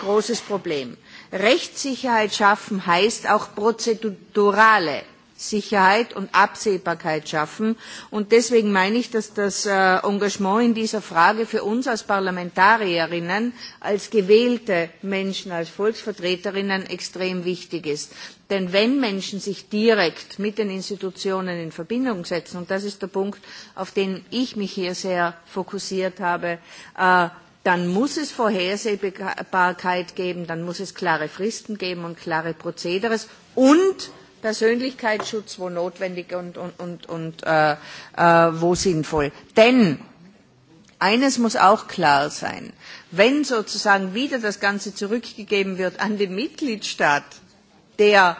Speaker 14: großes Problem. Rechtssicherheit schaffen heißt auch prozedurale Sicherheit und Absehbarkeit schaffen. Und deswegen meine ich, dass das Engagement in dieser Frage für uns als Parlamentarierinnen, als gewählte Menschen, als Volksvertreterinnen extrem wichtig ist. Denn wenn Menschen sich direkt mit den Institutionen in Verbindung setzen, und das ist der Punkt, auf den ich mich hier sehr fokussiert habe, dann muss es Vorhersehbarkeit geben, dann muss es klare Fristen geben und klare Prozederes und Persönlichkeitsschutz wo notwendig und wo sinnvoll. Denn eines muss auch klar sein wenn sozusagen wieder das Ganze zurückgegeben wird an den Mitgliedstaat, der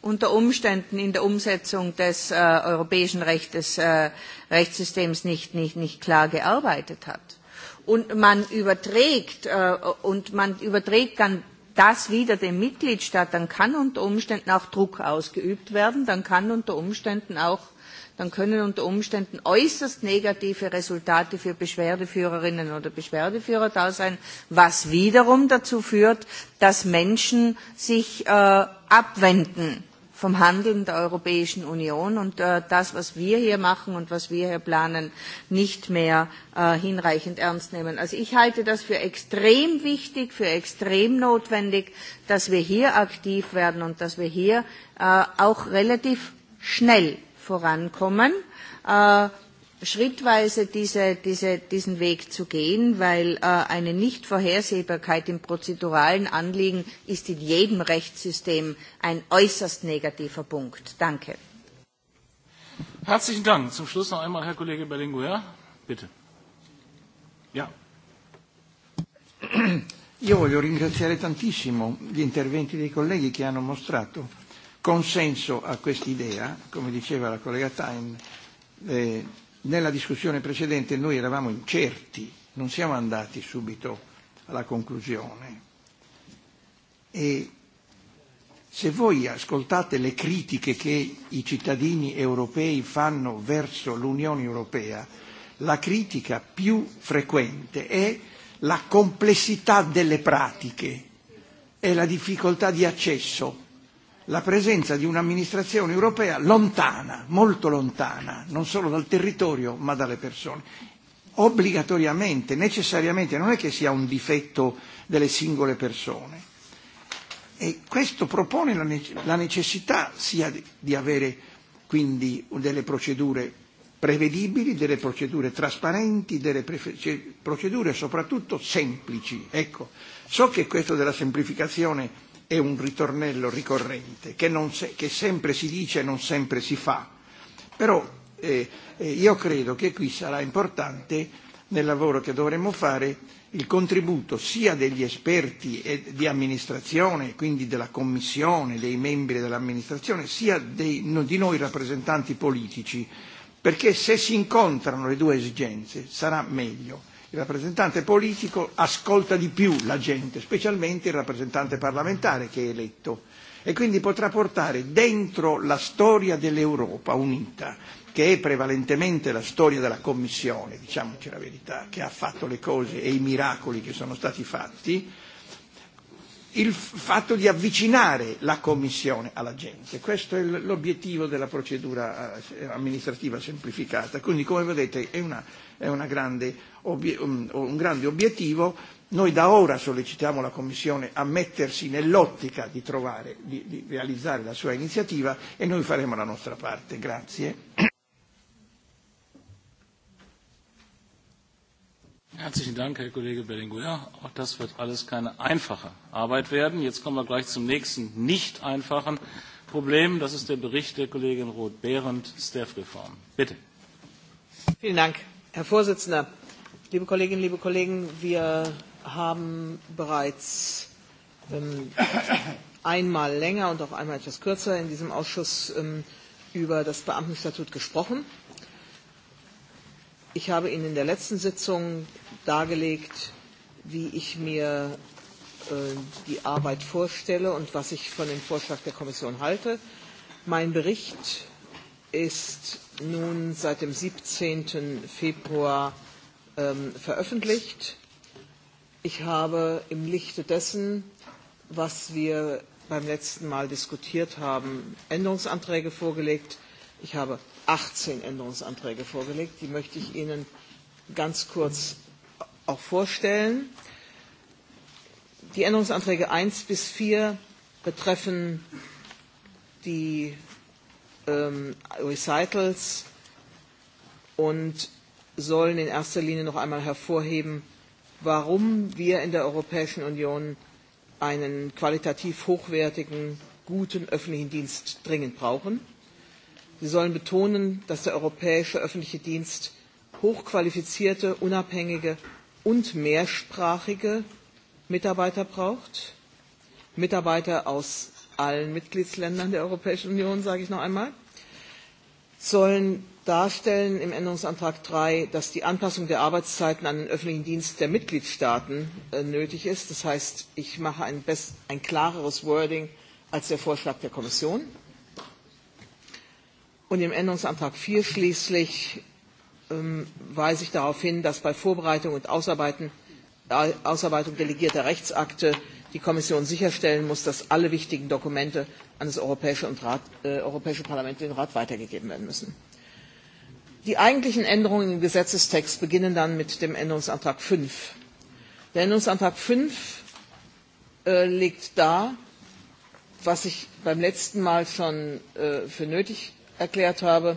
Speaker 14: unter Umständen in der Umsetzung des europäischen Rechtssystems nicht nicht klar gearbeitet hat. Und man überträgt und man überträgt das wieder dem Mitgliedstaat, dann kann unter Umständen auch Druck ausgeübt werden, dann kann unter Umständen auch dann können unter Umständen äußerst negative Resultate für Beschwerdeführerinnen oder Beschwerdeführer da sein, was wiederum dazu führt, dass Menschen sich abwenden vom Handeln der Europäischen Union und das, was wir hier machen und was wir hier planen, nicht mehr hinreichend ernst nehmen. Also ich halte das für extrem wichtig, für extrem notwendig, dass wir hier aktiv werden und dass wir hier auch relativ schnell vorankommen schrittweise diese, diese, diesen Weg zu gehen, weil äh, eine Nichtvorhersehbarkeit im prozeduralen Anliegen ist in jedem Rechtssystem ein äußerst negativer Punkt. Danke.
Speaker 1: Herzlichen Dank. Zum Schluss noch einmal Herr Kollege Berlinguer. Bitte. Ja. Io
Speaker 4: voglio ringraziare tantissimo gli interventi dei colleghi che hanno mostrato consenso a quest'idea, come diceva la collega Tain, eh, nella discussione precedente noi eravamo incerti, non siamo andati subito alla conclusione. E se voi ascoltate le critiche che i cittadini europei fanno verso l'Unione Europea, la critica più frequente è la complessità delle pratiche e la difficoltà di accesso la presenza di un'amministrazione europea lontana, molto lontana, non solo dal territorio ma dalle persone, obbligatoriamente, necessariamente, non è che sia un difetto delle singole persone. E questo propone la necessità sia di avere quindi delle procedure prevedibili, delle procedure trasparenti, delle procedure soprattutto semplici. Ecco, so che questo della semplificazione è un ritornello ricorrente che, non che sempre si dice e non sempre si fa. Però io credo che qui sarà importante nel lavoro che dovremmo fare il contributo sia degli esperti di amministrazione, quindi della Commissione, dei membri dell'amministrazione, sia dei, di noi rappresentanti politici, perché se si incontrano le due esigenze sarà meglio il rappresentante politico ascolta di più la gente, specialmente il rappresentante parlamentare che è eletto e quindi potrà portare dentro la storia dell'Europa unita, che è prevalentemente la storia della Commissione, diciamoci la verità, che ha fatto le cose e i miracoli che sono stati fatti, il fatto di avvicinare la Commissione alla gente. Questo è l'obiettivo della procedura amministrativa semplificata. Quindi, come vedete, è, una, è una grande, un grande obiettivo. Noi da ora sollecitiamo la Commissione a mettersi nell'ottica di trovare, di, di realizzare la sua iniziativa e noi faremo la nostra parte. Grazie.
Speaker 1: Herzlichen Dank, Herr Kollege Berlinguer. Auch das wird alles keine einfache Arbeit werden. Jetzt kommen wir gleich zum nächsten nicht einfachen Problem. Das ist der Bericht der Kollegin Roth-Behrendt, Staff reform Bitte.
Speaker 17: Vielen Dank, Herr Vorsitzender. Liebe Kolleginnen, liebe Kollegen, wir haben bereits einmal länger und auch einmal etwas kürzer in diesem Ausschuss über das Beamtenstatut gesprochen Ich habe Ihnen in der letzten Sitzung dargelegt, wie ich mir die Arbeit vorstelle und was ich von dem Vorschlag der Kommission halte. Mein Bericht ist nun seit dem 17. Februar veröffentlicht. Ich habe im Lichte dessen, was wir beim letzten Mal diskutiert haben, Änderungsanträge vorgelegt. Ich habe 18 Änderungsanträge vorgelegt. Die möchte ich Ihnen ganz kurz auch vorstellen. Die Änderungsanträge 1 bis 4 betreffen die Recitals und sollen in erster Linie noch einmal hervorheben, warum wir in der Europäischen Union einen qualitativ hochwertigen, guten öffentlichen Dienst dringend brauchen Sie sollen betonen, dass der europäische öffentliche Dienst hochqualifizierte, unabhängige und mehrsprachige Mitarbeiter braucht. Mitarbeiter aus allen Mitgliedsländern der Europäischen Union, sage ich noch einmal, sollen darstellen im Änderungsantrag 3, dass die Anpassung der Arbeitszeiten an den öffentlichen Dienst der Mitgliedstaaten nötig ist. Das heißt, ich mache ein klareres Wording als der Vorschlag der Kommission. Und im Änderungsantrag 4 schließlich weise ich darauf hin, dass bei Vorbereitung und Ausarbeitung delegierter Rechtsakte die Kommission sicherstellen muss, dass alle wichtigen Dokumente an das Europäische Parlament und den Rat weitergegeben werden müssen. Die eigentlichen Änderungen im Gesetzestext beginnen dann mit dem Änderungsantrag 5. Der Änderungsantrag 5 legt dar, was ich beim letzten Mal schon für nötig erklärt habe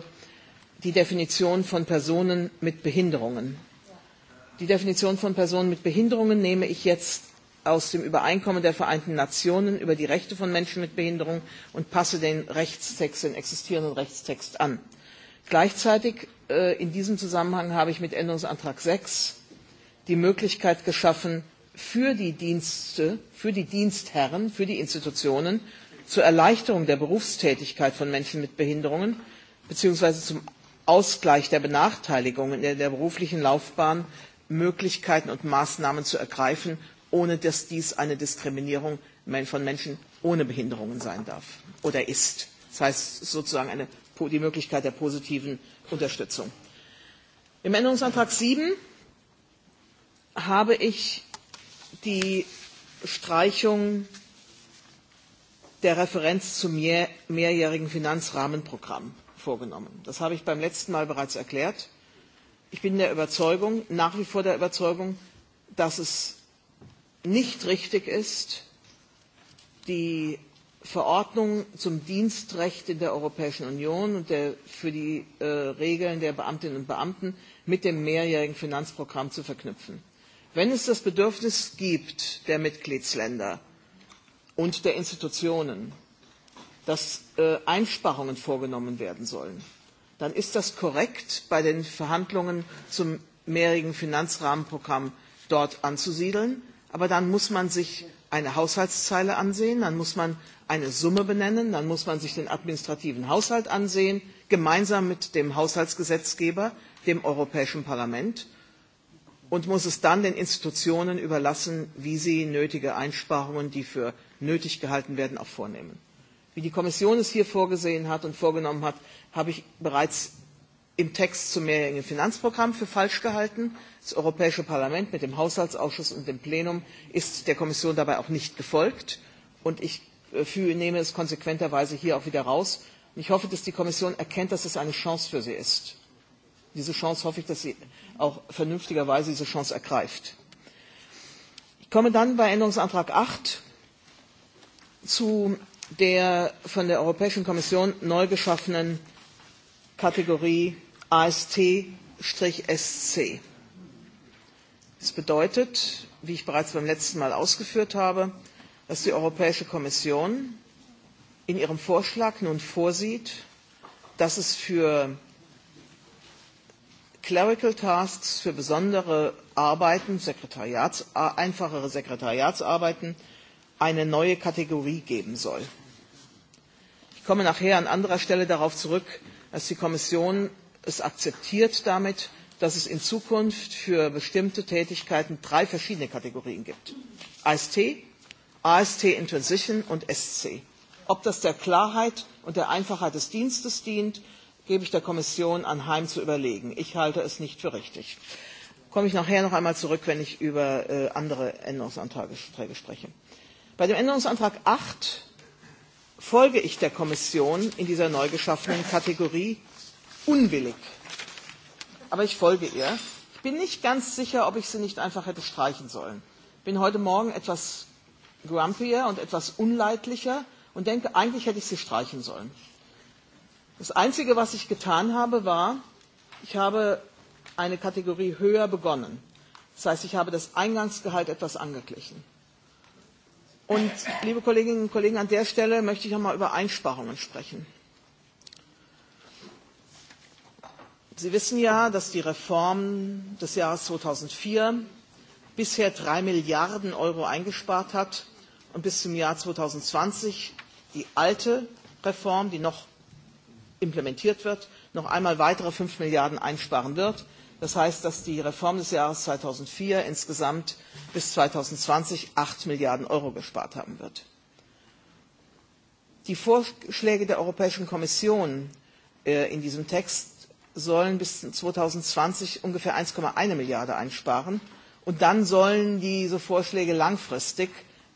Speaker 17: die definition von personen mit behinderungen. die definition von personen mit behinderungen nehme ich jetzt aus dem übereinkommen der vereinten nationen über die rechte von menschen mit behinderung und passe den rechtstext den existierenden rechtstext an. gleichzeitig in diesem zusammenhang habe ich mit änderungsantrag 6 die möglichkeit geschaffen für die dienste für die dienstherren für die institutionen zur Erleichterung der Berufstätigkeit von Menschen mit Behinderungen bzw. zum Ausgleich der Benachteiligungen in der beruflichen Laufbahn Möglichkeiten und Maßnahmen zu ergreifen, ohne dass dies eine Diskriminierung von Menschen ohne Behinderungen sein darf oder ist. Das heißt sozusagen die Möglichkeit der positiven Unterstützung. Im Änderungsantrag 7 habe ich die Streichung der Referenz zum mehrjährigen Finanzrahmenprogramm vorgenommen. Das habe ich beim letzten Mal bereits erklärt. Ich bin der Überzeugung, nach wie vor der Überzeugung, dass es nicht richtig ist, die Verordnung zum Dienstrecht in der Europäischen Union und für die Regeln der Beamtinnen und Beamten mit dem mehrjährigen Finanzprogramm zu verknüpfen. Wenn es das Bedürfnis der Mitgliedsländer, und der Institutionen, dass Einsparungen vorgenommen werden sollen, dann ist das korrekt, bei den Verhandlungen zum mehrjährigen Finanzrahmenprogramm dort anzusiedeln. Aber dann muss man sich eine Haushaltszeile ansehen, dann muss man eine Summe benennen, dann muss man sich den administrativen Haushalt ansehen, gemeinsam mit dem Haushaltsgesetzgeber, dem Europäischen Parlament, und muss es dann den Institutionen überlassen, wie sie nötige Einsparungen, die für nötig gehalten werden, auch vornehmen. Wie die Kommission es hier vorgesehen hat und vorgenommen hat, habe ich bereits im Text zum mehrjährigen Finanzprogramm für falsch gehalten. Das Europäische Parlament mit dem Haushaltsausschuss und dem Plenum ist der Kommission dabei auch nicht gefolgt. Und ich nehme es konsequenterweise hier auch wieder raus. Ich hoffe, dass die Kommission erkennt, dass es eine Chance für sie ist. Diese Chance hoffe ich, dass sie auch vernünftigerweise diese Chance ergreift. Ich komme dann bei Änderungsantrag 8 zu der von der Europäischen Kommission neu geschaffenen Kategorie AST-SC. Das bedeutet, wie ich bereits beim letzten Mal ausgeführt habe, dass die Europäische Kommission in ihrem Vorschlag nun vorsieht, dass es für Clerical Tasks, für besondere Arbeiten, einfachere Sekretariatsarbeiten eine neue Kategorie geben soll. Ich komme nachher an anderer Stelle darauf zurück, dass die Kommission es akzeptiert damit, dass es in Zukunft für bestimmte Tätigkeiten drei verschiedene Kategorien gibt. AST, AST in Transition und SC. Ob das der Klarheit und der Einfachheit des Dienstes dient, gebe ich der Kommission anheim zu überlegen. Ich halte es nicht für richtig. Komme ich nachher noch einmal zurück, wenn ich über andere Änderungsanträge spreche. Bei dem Änderungsantrag 8 folge ich der Kommission in dieser neu geschaffenen Kategorie unwillig. Aber ich folge ihr. Ich bin nicht ganz sicher, ob ich sie nicht einfach hätte streichen sollen. Ich bin heute Morgen etwas grumpier und etwas unleidlicher und denke, eigentlich hätte ich sie streichen sollen. Das Einzige, was ich getan habe, war, ich habe eine Kategorie höher begonnen. Das heißt, ich habe das Eingangsgehalt etwas angeglichen. Und, liebe Kolleginnen und Kollegen, an der Stelle möchte ich noch einmal über Einsparungen sprechen. Sie wissen ja, dass die Reform des Jahres 2004 bisher drei Milliarden Euro eingespart hat und bis zum Jahr 2020 die alte Reform, die noch implementiert wird, noch einmal weitere fünf Milliarden einsparen wird. Das heißt, dass die Reform des Jahres 2004 insgesamt bis 2020 8 Milliarden Euro gespart haben wird. Die Vorschläge der Europäischen Kommission in diesem Text sollen bis 2020 ungefähr 1,1 Milliarde einsparen. Und dann sollen diese Vorschläge langfristig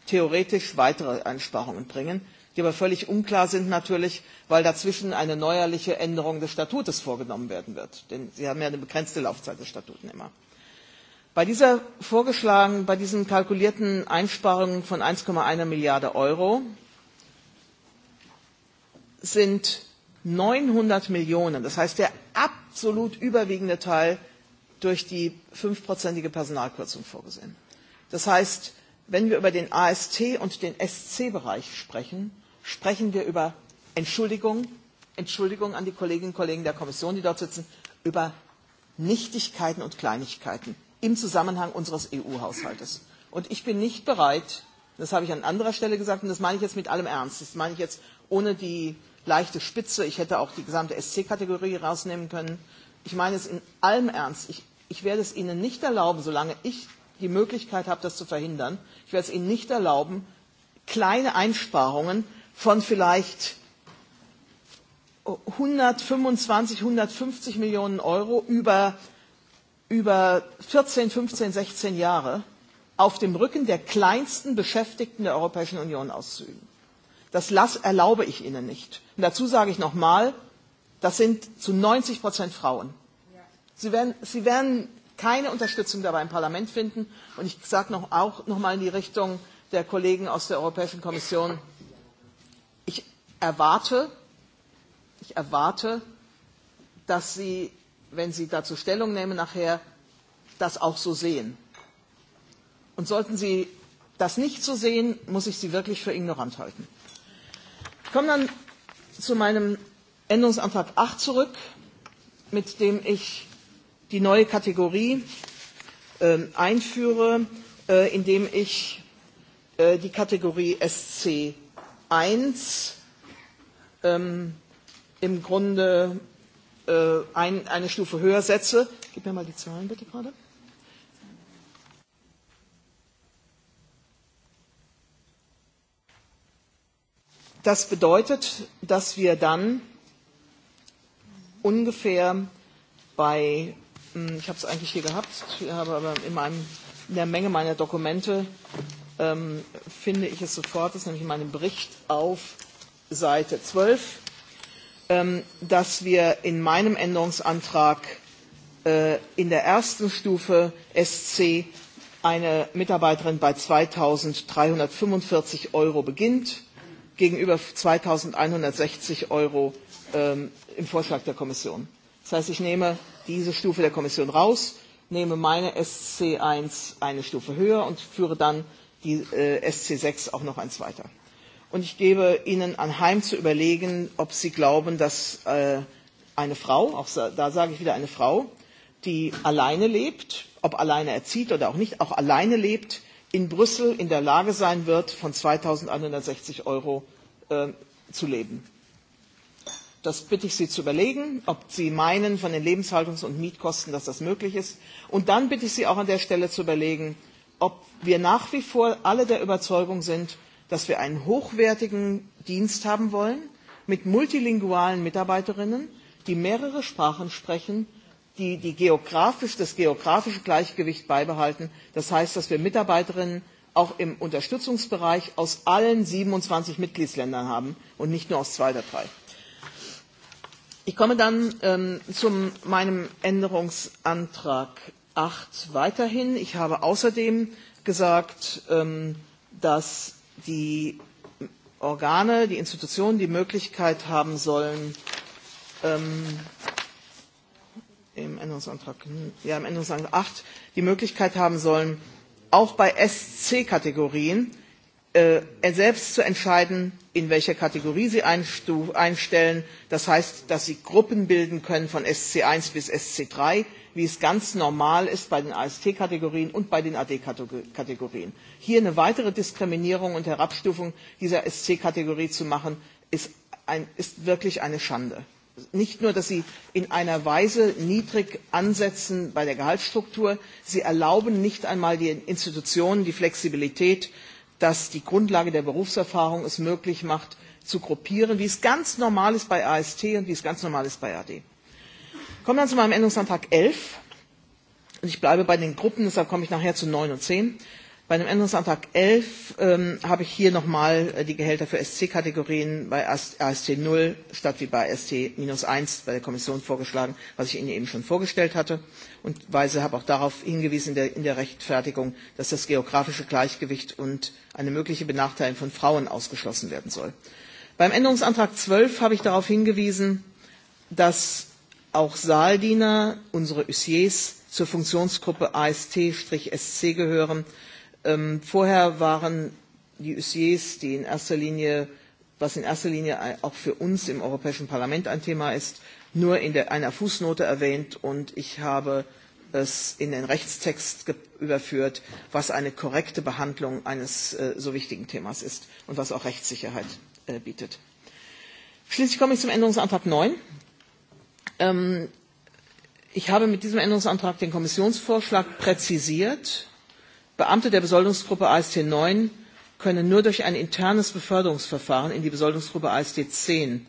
Speaker 17: theoretisch weitere Einsparungen bringen die aber völlig unklar sind natürlich, weil dazwischen eine neuerliche Änderung des Statutes vorgenommen werden wird. Denn Sie haben ja eine begrenzte Laufzeit des Statuten immer. Bei dieser vorgeschlagen, bei diesen kalkulierten Einsparungen von 1,1 Milliarde Euro sind 900 Millionen, das heißt der absolut überwiegende Teil, durch die fünfprozentige Personalkürzung vorgesehen. Das heißt, wenn wir über den AST und den SC-Bereich sprechen, sprechen wir über Entschuldigung, Entschuldigung an die Kolleginnen und Kollegen der Kommission, die dort sitzen, über Nichtigkeiten und Kleinigkeiten im Zusammenhang unseres EU-Haushaltes. Und ich bin nicht bereit, das habe ich an anderer Stelle gesagt, und das meine ich jetzt mit allem Ernst, das meine ich jetzt ohne die leichte Spitze, ich hätte auch die gesamte SC-Kategorie rausnehmen können. Ich meine es in allem Ernst. Ich werde es Ihnen nicht erlauben, solange ich die Möglichkeit habe, das zu verhindern, ich werde es Ihnen nicht erlauben, kleine Einsparungen von vielleicht 125, 150 Millionen Euro über, über 14, 15, 16 Jahre auf dem Rücken der kleinsten Beschäftigten der Europäischen Union auszuüben. Das erlaube ich Ihnen nicht. dazu sage ich noch nochmal, das sind zu 90 Prozent Frauen. Sie werden, Sie werden keine Unterstützung dabei im Parlament finden. Und ich sage noch, auch nochmal in die Richtung der Kollegen aus der Europäischen Kommission, erwarte, ich erwarte, dass Sie, wenn Sie dazu Stellung nehmen nachher, das auch so sehen. Und sollten Sie das nicht so sehen, muss ich Sie wirklich für ignorant halten. Ich komme dann zu meinem Änderungsantrag 8 zurück, mit dem ich die neue Kategorie einführe, indem ich die Kategorie SC1 im Grunde eine Stufe höher setze. Gib mir mal die Zahlen bitte gerade. Das bedeutet, dass wir dann ungefähr bei, ich habe es eigentlich hier gehabt, habe aber in, meinem, in der Menge meiner Dokumente finde ich es sofort, das nämlich in meinem Bericht auf Seite 12, dass wir in meinem Änderungsantrag in der ersten Stufe SC eine Mitarbeiterin bei 2.345 Euro beginnt, gegenüber 2.160 Euro im Vorschlag der Kommission. Das heißt, ich nehme diese Stufe der Kommission raus, nehme meine SC1 eine Stufe höher und führe dann die SC6 auch noch eins weiter. Und ich gebe Ihnen anheim zu überlegen, ob Sie glauben, dass eine Frau, auch da sage ich wieder eine Frau, die alleine lebt, ob alleine erzieht oder auch nicht, auch alleine lebt, in Brüssel in der Lage sein wird, von 2.160 Euro zu leben. Das bitte ich Sie zu überlegen, ob Sie meinen von den Lebenshaltungs- und Mietkosten, dass das möglich ist. Und dann bitte ich Sie auch an der Stelle zu überlegen, ob wir nach wie vor alle der Überzeugung sind, dass wir einen hochwertigen Dienst haben wollen mit multilingualen Mitarbeiterinnen, die mehrere Sprachen sprechen, die das geografische Gleichgewicht beibehalten. Das heißt, dass wir Mitarbeiterinnen auch im Unterstützungsbereich aus allen 27 Mitgliedsländern haben und nicht nur aus zwei oder drei. Ich komme dann zu meinem Änderungsantrag 8 weiterhin. Ich habe außerdem gesagt, dass die Organe, die Institutionen die Möglichkeit haben sollen, im Änderungsantrag, ja, im Änderungsantrag 8, die Möglichkeit haben sollen, auch bei SC-Kategorien Er selbst zu entscheiden, in welcher Kategorie sie einstellen. Das heißt, dass sie Gruppen bilden können von SC1 bis SC3, wie es ganz normal ist bei den AST-Kategorien und bei den AD-Kategorien. Hier eine weitere Diskriminierung und Herabstufung dieser SC-Kategorie zu machen, ist wirklich eine Schande. Nicht nur, dass sie in einer Weise niedrig ansetzen bei der Gehaltsstruktur, sie erlauben nicht einmal den Institutionen die Flexibilität, dass die Grundlage der Berufserfahrung es möglich macht, zu gruppieren, wie es ganz normal ist bei AST und wie es ganz normal ist bei AD. Kommen wir dann zu meinem Änderungsantrag 11. Und ich bleibe bei den Gruppen, deshalb komme ich nachher zu 9 und 10. Bei dem Änderungsantrag 11 habe ich hier nochmal die Gehälter für SC-Kategorien bei AST 0 statt wie bei ST-1 bei der Kommission vorgeschlagen, was ich Ihnen eben schon vorgestellt hatte. Und Weise habe auch darauf hingewiesen in der Rechtfertigung, dass das geografische Gleichgewicht und eine mögliche Benachteiligung von Frauen ausgeschlossen werden soll. Beim Änderungsantrag 12 habe ich darauf hingewiesen, dass auch Saaldiener, unsere Ussiers, zur Funktionsgruppe AST-SC gehören Vorher waren die Dossiers, die in erster Linie, was in erster Linie auch für uns im Europäischen Parlament ein Thema ist, nur in einer Fußnote erwähnt und ich habe es in den Rechtstext überführt, was eine korrekte Behandlung eines so wichtigen Themas ist und was auch Rechtssicherheit bietet. Schließlich komme ich zum Änderungsantrag 9. Ich habe mit diesem Änderungsantrag den Kommissionsvorschlag präzisiert Beamte der Besoldungsgruppe AST 9 können nur durch ein internes Beförderungsverfahren in die Besoldungsgruppe AST 10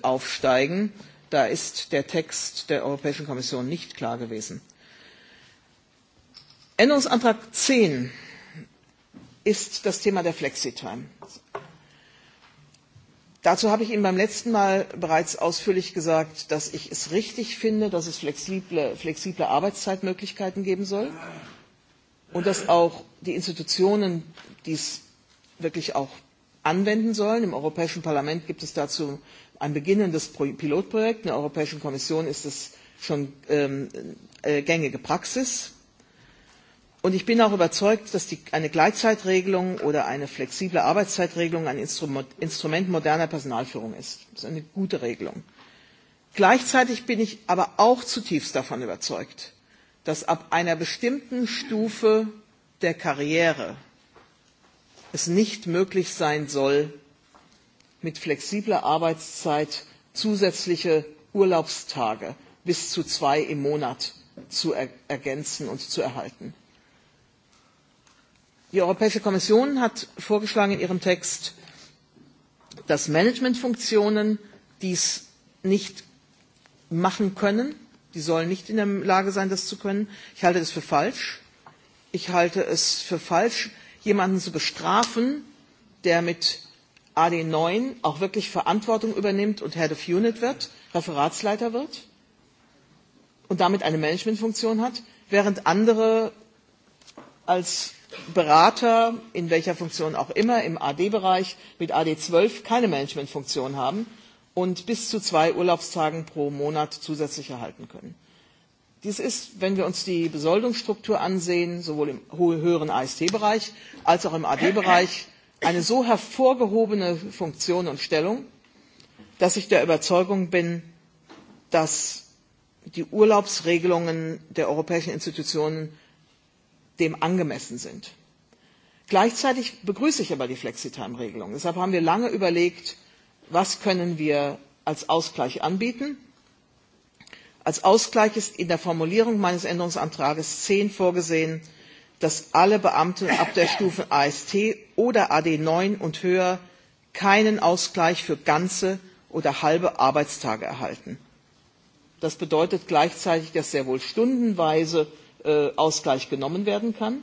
Speaker 17: aufsteigen. Da ist der Text der Europäischen Kommission nicht klar gewesen. Änderungsantrag 10 ist das Thema der Flexitime. Dazu habe ich Ihnen beim letzten Mal bereits ausführlich gesagt, dass ich es richtig finde, dass es flexible Arbeitszeitmöglichkeiten geben soll und dass auch die Institutionen dies wirklich auch anwenden sollen. Im Europäischen Parlament gibt es dazu ein beginnendes Pilotprojekt. In der Europäischen Kommission ist es schon gängige Praxis. Und ich bin auch überzeugt, dass eine Gleitzeitregelung oder eine flexible Arbeitszeitregelung ein Instrument moderner Personalführung ist. Das ist eine gute Regelung. Gleichzeitig bin ich aber auch zutiefst davon überzeugt, dass ab einer bestimmten Stufe der Karriere es nicht möglich sein soll, mit flexibler Arbeitszeit zusätzliche Urlaubstage bis zu zwei im Monat zu ergänzen und zu erhalten. Die Europäische Kommission hat vorgeschlagen in ihrem Text, dass Managementfunktionen dies nicht machen können Die sollen nicht in der Lage sein, das zu können. Ich halte es für falsch. Ich halte es für falsch, jemanden zu bestrafen, der mit AD9 auch wirklich Verantwortung übernimmt und Head of Unit wird, Referatsleiter wird und damit eine Managementfunktion hat, während andere als Berater, in welcher Funktion auch immer, im AD-Bereich mit AD12 keine Managementfunktion haben und bis zu zwei Urlaubstagen pro Monat zusätzlich erhalten können. Dies ist, wenn wir uns die Besoldungsstruktur ansehen, sowohl im höheren AST-Bereich als auch im AD-Bereich, eine so hervorgehobene Funktion und Stellung, dass ich der Überzeugung bin, dass die Urlaubsregelungen der europäischen Institutionen dem angemessen sind. Gleichzeitig begrüße ich aber die Flexitime-Regelung. Deshalb haben wir lange überlegt, was können wir als Ausgleich anbieten? Als Ausgleich ist in der Formulierung meines Änderungsantrags 10 vorgesehen, dass alle Beamten ab der Stufe AST oder AD 9 und höher keinen Ausgleich für ganze oder halbe Arbeitstage erhalten. Das bedeutet gleichzeitig, dass sehr wohl stundenweise Ausgleich genommen werden kann,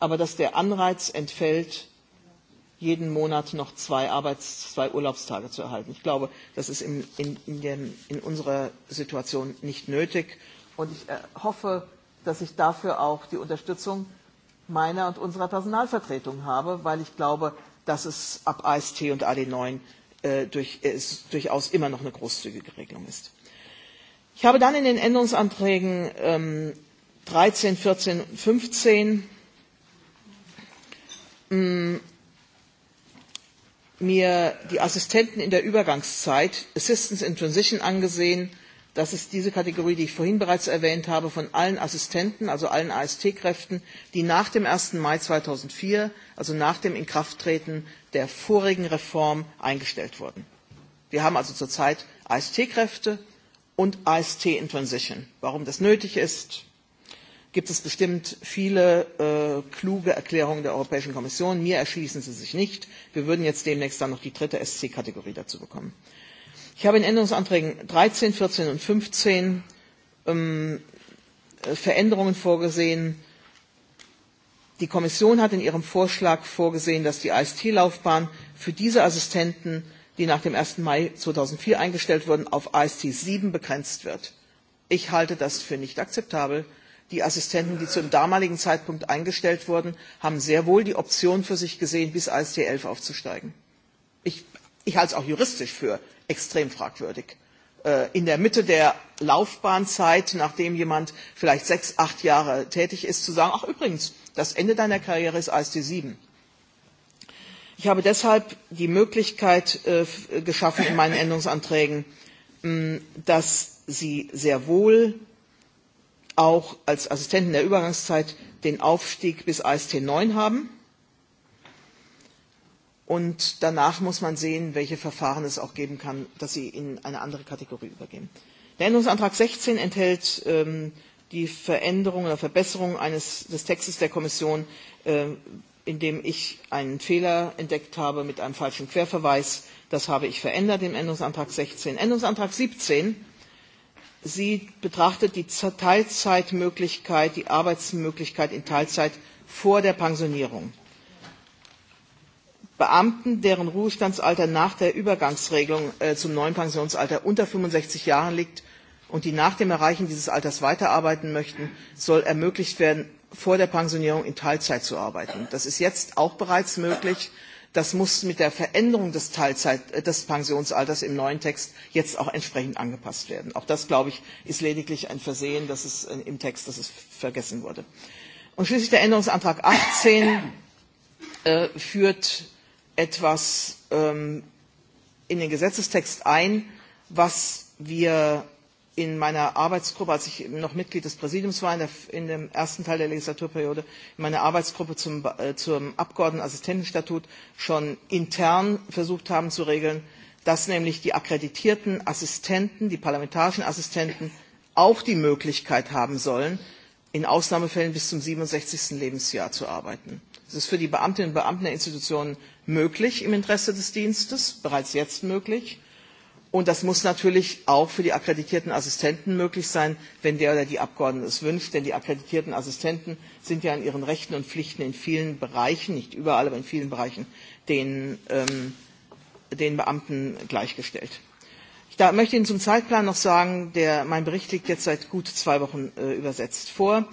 Speaker 17: aber dass der Anreiz entfällt, jeden Monat noch zwei Arbeits-, Urlaubstage zu erhalten. Ich glaube, das ist in, in unserer Situation nicht nötig. Und ich hoffe, dass ich dafür auch die Unterstützung meiner und unserer Personalvertretung habe, weil ich glaube, dass es ab AST und AD9 durchaus immer noch eine großzügige Regelung ist. Ich habe dann in den Änderungsanträgen 13, 14 und 15 mir die Assistenten in der Übergangszeit, Assistance in Transition, angesehen. Das ist diese Kategorie, die ich vorhin bereits erwähnt habe, von allen Assistenten, also allen AST-Kräften, die nach dem 1. Mai 2004, also nach dem Inkrafttreten der vorigen Reform, eingestellt wurden. Wir haben also zurzeit AST-Kräfte und AST in Transition. Warum das nötig ist, gibt es bestimmt viele kluge Erklärungen der Europäischen Kommission. Mir erschließen sie sich nicht. Wir würden jetzt demnächst dann noch die dritte SC-Kategorie dazu bekommen. Ich habe in Änderungsanträgen 13, 14 und 15 Veränderungen vorgesehen. Die Kommission hat in ihrem Vorschlag vorgesehen, dass die AST-Laufbahn für diese Assistenten, die nach dem 1. Mai 2004 eingestellt wurden, auf AST 7 begrenzt wird. Ich halte das für nicht akzeptabel die assistenten die zum damaligen zeitpunkt eingestellt wurden haben sehr wohl die option für sich gesehen bis AST 11 aufzusteigen. ich halte es auch juristisch für extrem fragwürdig in der mitte der laufbahnzeit nachdem jemand vielleicht sechs acht jahre tätig ist zu sagen ach übrigens das ende deiner karriere ist AST 7. ich habe deshalb die möglichkeit geschaffen in meinen änderungsanträgen dass sie sehr wohl auch als Assistenten der Übergangszeit den Aufstieg bis AST 9 haben. Und danach muss man sehen, welche Verfahren es auch geben kann, dass sie in eine andere Kategorie übergehen. Der Änderungsantrag 16 enthält die Veränderung oder Verbesserung eines des Textes der Kommission, in dem ich einen Fehler entdeckt habe mit einem falschen Querverweis. Das habe ich verändert im Änderungsantrag 16. Änderungsantrag 17 Sie betrachtet die Teilzeitmöglichkeit, die Arbeitsmöglichkeit in Teilzeit vor der Pensionierung. Beamten, deren Ruhestandsalter nach der Übergangsregelung zum neuen Pensionsalter unter 65 Jahren liegt und die nach dem Erreichen dieses Alters weiterarbeiten möchten, soll ermöglicht werden, vor der Pensionierung in Teilzeit zu arbeiten. Das ist jetzt auch bereits möglich das muss mit der veränderung des pensionsalters im neuen text jetzt auch entsprechend angepasst werden. auch das glaube ich ist lediglich ein versehen im text das vergessen wurde. und schließlich der änderungsantrag achtzehn führt etwas in den gesetzestext ein was wir in meiner Arbeitsgruppe, als ich noch Mitglied des Präsidiums war in dem ersten Teil der Legislaturperiode, in meiner Arbeitsgruppe zum Abgeordnetenassistentenstatut schon intern versucht haben zu regeln, dass nämlich die akkreditierten Assistenten, die parlamentarischen Assistenten, auch die Möglichkeit haben sollen, in Ausnahmefällen bis zum 67. Lebensjahr zu arbeiten. Das ist für die Beamtinnen und Beamten der Institutionen möglich im Interesse des Dienstes, bereits jetzt möglich Und das muss natürlich auch für die akkreditierten Assistenten möglich sein, wenn der oder die Abgeordnete es wünscht, denn die akkreditierten Assistenten sind ja in ihren Rechten und Pflichten in vielen Bereichen, nicht überall, aber in vielen Bereichen, den Beamten gleichgestellt. Ich möchte Ihnen zum Zeitplan noch sagen, mein Bericht liegt jetzt seit gut zwei Wochen übersetzt vor.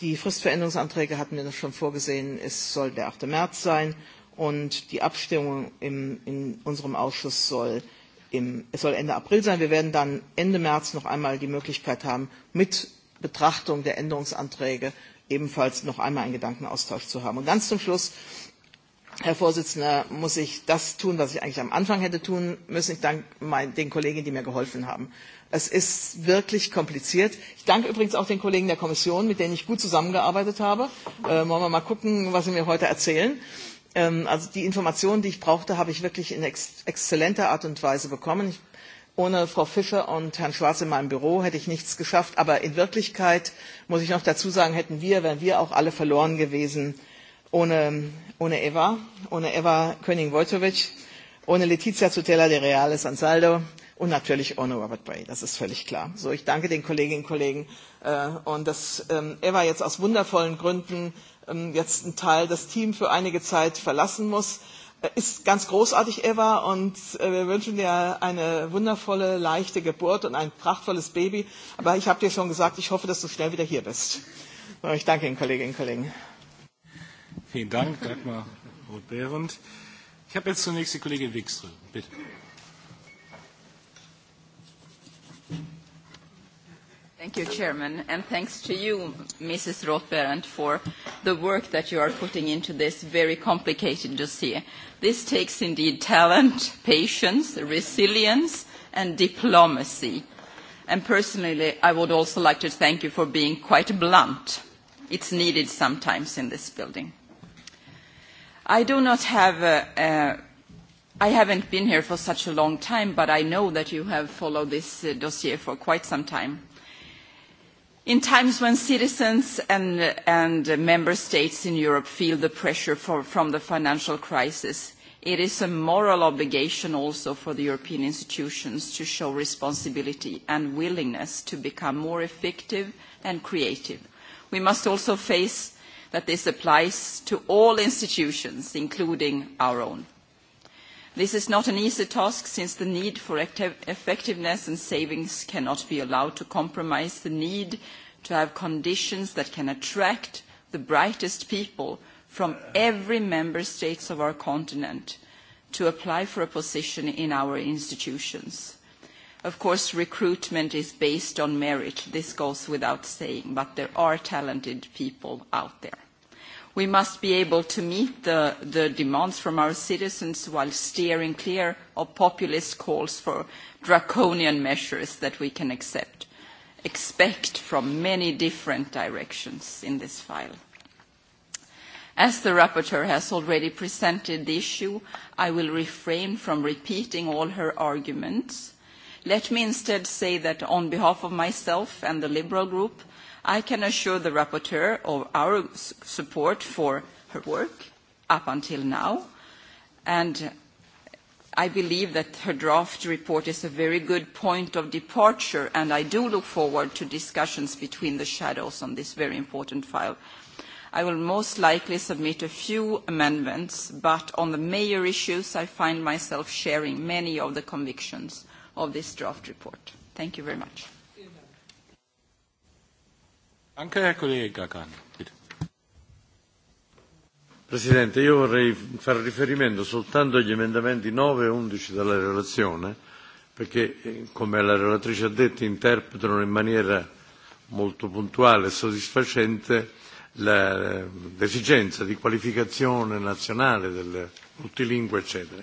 Speaker 17: Die Frist für Änderungsanträge hatten wir schon vorgesehen, es soll der 8. März sein und die Abstimmung in unserem Ausschuss soll Es soll Ende April sein. Wir werden dann Ende März noch einmal die Möglichkeit haben, mit Betrachtung der Änderungsanträge ebenfalls noch einmal einen Gedankenaustausch zu haben. Und ganz zum Schluss, Herr Vorsitzender, muss ich das tun, was ich eigentlich am Anfang hätte tun müssen. Ich danke den Kollegen, die mir geholfen haben. Es ist wirklich kompliziert. Ich danke übrigens auch den Kollegen der Kommission, mit denen ich gut zusammengearbeitet habe. Wollen wir mal gucken, was sie mir heute erzählen. Also die Informationen, die ich brauchte, habe ich wirklich in exzellenter Art und Weise bekommen. Ohne Frau Fischer und Herrn Schwarz in meinem Büro hätte ich nichts geschafft. Aber in Wirklichkeit, muss ich noch dazu sagen, hätten wir, wären wir auch alle verloren gewesen ohne Eva, ohne Eva konig Wojtovic, ohne Letizia Zutella de Reales Ansaldo, und natürlich ohne Robert Bray, das ist völlig klar. So, ich danke den Kolleginnen und Kollegen und dass Eva jetzt aus wundervollen Gründen jetzt ein Teil des Teams für einige Zeit verlassen muss, ist ganz großartig, Eva, und wir wünschen dir eine wundervolle, leichte Geburt und ein prachtvolles Baby. Aber ich habe dir schon gesagt, ich hoffe, dass du schnell wieder hier bist. Ich danke den Kolleginnen und Kollegen.
Speaker 1: Vielen Dank, Dagmar Roth-Behrendt. Ich habe jetzt zunächst die Kollegin Wikström. Bitte.
Speaker 15: Thank you, Chairman, and thanks to you, Mrs. Rothberg, for the work that you are putting into this very complicated dossier. This takes indeed talent, patience, resilience, and diplomacy. And personally, I would also like to thank you for being quite blunt. It's needed sometimes in this building. I do not have. I haven't been here for such a long time, but I know that you have followed this dossier for quite some time In times when citizens and member states in Europe feel the pressure from the financial crisis, it is a moral obligation also for the European institutions to show responsibility and willingness to become more effective and creative. We must also face that this applies to all institutions, including our own. This is not an easy task since the need for effectiveness and savings cannot be allowed to compromise the need to have conditions that can attract the brightest people from every member state of our continent to apply for a position in our institutions. Of course, recruitment is based on merit. This goes without saying, but there are talented people out there. We must be able to meet the demands from our citizens while steering clear of populist calls for draconian measures that we can accept expect from many different directions in this file. As the rapporteur has already presented the issue, I will refrain from repeating all her arguments. Let me instead say that on behalf of myself and the Liberal Group, I can assure the rapporteur of our support for her work up until now, and I believe that her draft report is a very good point of departure, and I do look forward to discussions between the shadows on this very important file. I will most likely submit a few amendments, but on the major issues I find myself sharing many of the convictions of this draft report. Thank you very much.
Speaker 1: Signor Herr
Speaker 12: Presidente, io vorrei fare riferimento soltanto agli emendamenti 9 e 11 della relazione, perché, come la relatrice ha detto, interpretano in maniera molto puntuale e soddisfacente l'esigenza di qualificazione nazionale delle multilingue, eccetera.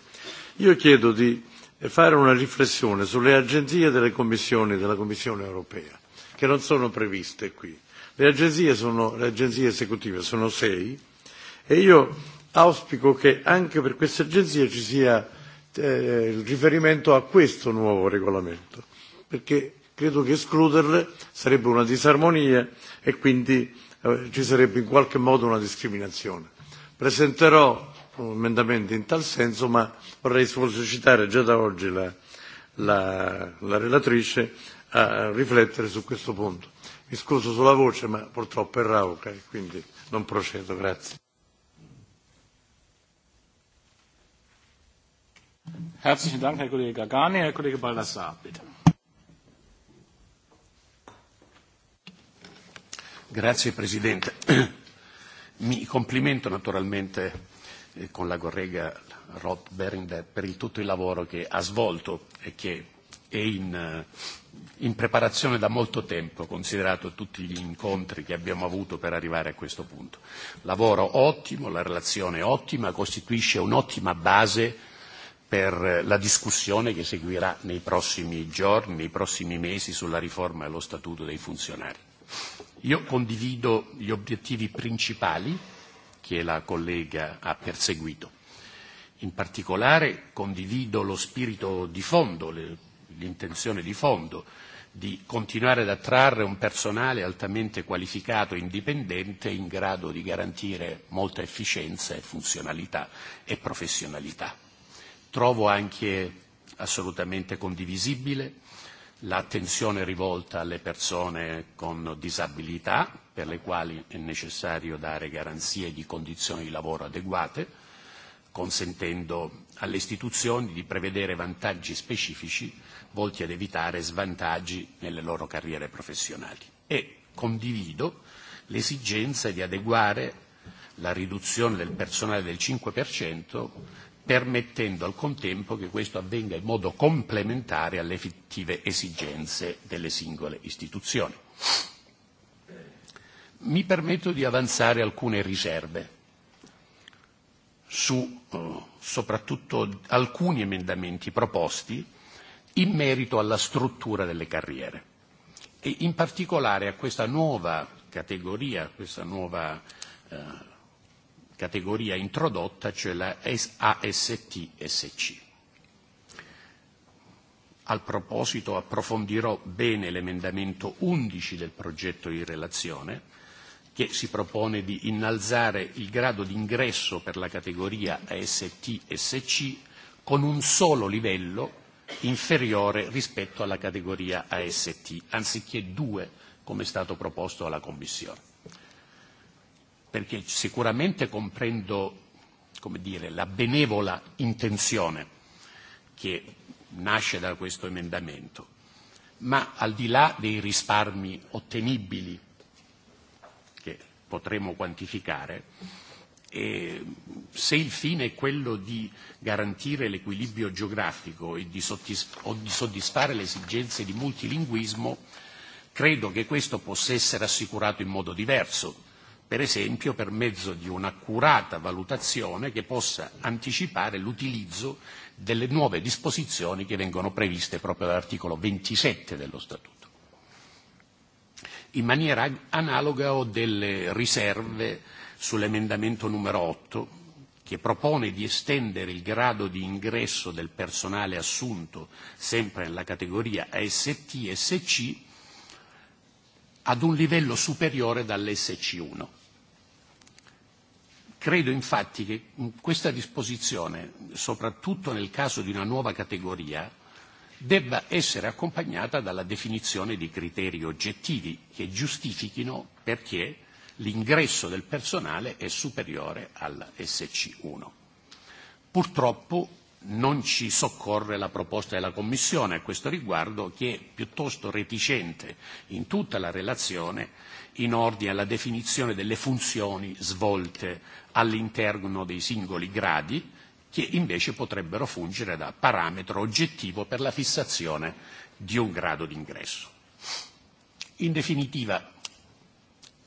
Speaker 12: Io chiedo di fare una riflessione sulle agenzie delle commissioni della Commissione europea, che non sono previste qui Le agenzie, sono, le agenzie esecutive sono sei e io auspico che anche per queste agenzie ci sia il riferimento a questo nuovo regolamento, perché credo che escluderle sarebbe una disarmonia e quindi ci sarebbe in qualche modo una discriminazione. Presenterò un emendamento in tal senso, ma vorrei sollecitare già da oggi la relatrice a riflettere su questo punto. Mi scuso sulla voce, ma purtroppo è rauca e quindi non procedo. Grazie. Herzlichen Dank, Herr Kollege Gagani. Herr Kollege
Speaker 1: Baldassar, bitte.
Speaker 18: Grazie Presidente. Mi complimento naturalmente con la collega Roth berendt per il tutto il lavoro che ha svolto e che è in in preparazione da molto tempo, considerato tutti gli incontri che abbiamo avuto per arrivare a questo punto. Lavoro ottimo, la relazione ottima, costituisce un'ottima base per la discussione che seguirà nei prossimi giorni, nei prossimi mesi sulla riforma dello Statuto dei funzionari. Io condivido gli obiettivi principali che la collega ha perseguito. In particolare condivido lo spirito di fondo, l'intenzione di fondo di continuare ad attrarre un personale altamente qualificato e indipendente in grado di garantire molta efficienza e funzionalità e professionalità. Trovo anche assolutamente condivisibile l'attenzione rivolta alle persone con disabilità, per le quali è necessario dare garanzie di condizioni di lavoro adeguate, consentendo alle istituzioni di prevedere vantaggi specifici volti ad evitare svantaggi nelle loro carriere professionali. E condivido l'esigenza di adeguare la riduzione del personale del 5% permettendo al contempo che questo avvenga in modo complementare alle effettive esigenze delle singole istituzioni. Mi permetto di avanzare alcune riserve su soprattutto alcuni emendamenti proposti in merito alla struttura delle carriere e in particolare a questa nuova categoria, questa nuova categoria introdotta, cioè la ASTSC. Al proposito approfondirò bene l'emendamento 11 del progetto di relazione che si propone di innalzare il grado di ingresso per la categoria AST-SC con un solo livello inferiore rispetto alla categoria AST, anziché due come è stato proposto alla Commissione. Perché sicuramente comprendo come dire, la benevola intenzione che nasce da questo emendamento, ma al di là dei risparmi ottenibili potremo quantificare, e se il fine è quello di garantire l'equilibrio geografico e di o di soddisfare le esigenze di multilinguismo, credo che questo possa essere assicurato in modo diverso, per esempio per mezzo di un'accurata valutazione che possa anticipare l'utilizzo delle nuove disposizioni che vengono previste proprio dall'articolo 27 dello Statuto in maniera analoga ho delle riserve sull'emendamento numero 8 che propone di estendere il grado di ingresso del personale assunto sempre nella categoria AST-SC ad un livello superiore dall'SC1. Credo infatti che questa disposizione, soprattutto nel caso di una nuova categoria, debba essere accompagnata dalla definizione di criteri oggettivi che giustifichino perché l'ingresso del personale è superiore al SC 1 Purtroppo non ci soccorre la proposta della Commissione a questo riguardo, che è piuttosto reticente in tutta la relazione in ordine alla definizione delle funzioni svolte all'interno dei singoli gradi, che invece potrebbero fungere da parametro oggettivo per la fissazione di un grado d'ingresso. In definitiva,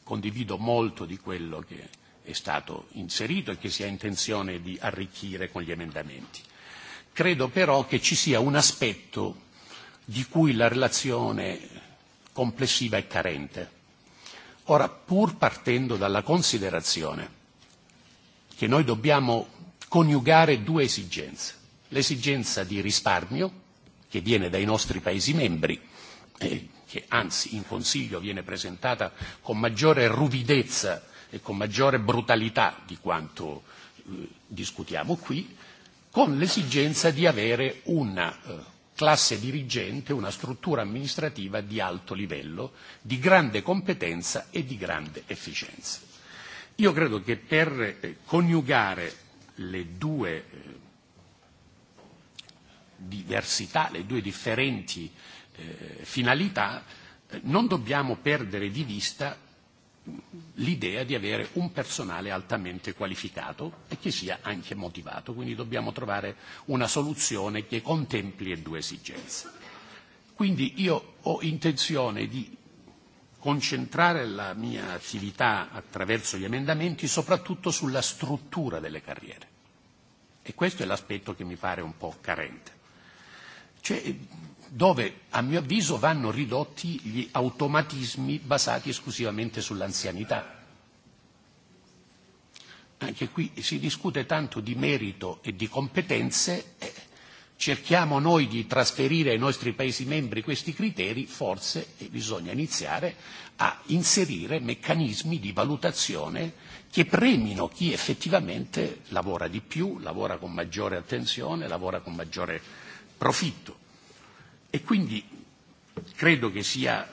Speaker 18: condivido molto di quello che è stato inserito e che si ha intenzione di arricchire con gli emendamenti. Credo però che ci sia un aspetto di cui la relazione complessiva è carente. Ora, pur partendo dalla considerazione che noi dobbiamo coniugare due esigenze. L'esigenza di risparmio, che viene dai nostri Paesi membri, che anzi in Consiglio viene presentata con maggiore ruvidezza e con maggiore brutalità di quanto discutiamo qui, con l'esigenza di avere una classe dirigente, una struttura amministrativa di alto livello, di grande competenza e di grande efficienza. Io credo che per coniugare le due diversità, le due differenti finalità, non dobbiamo perdere di vista l'idea di avere un personale altamente qualificato e che sia anche motivato, quindi dobbiamo trovare una soluzione che contempli le due esigenze. Quindi io ho intenzione di concentrare la mia attività attraverso gli emendamenti soprattutto sulla struttura delle carriere. E questo è l'aspetto che mi pare un po' carente. Cioè, dove, a mio avviso, vanno ridotti gli automatismi basati esclusivamente sull'anzianità. Anche qui si discute tanto di merito e di competenze, cerchiamo noi di trasferire ai nostri Paesi membri questi criteri, forse bisogna iniziare a inserire meccanismi di valutazione che premino chi effettivamente lavora di più, lavora con maggiore attenzione, lavora con maggiore profitto. E quindi credo che sia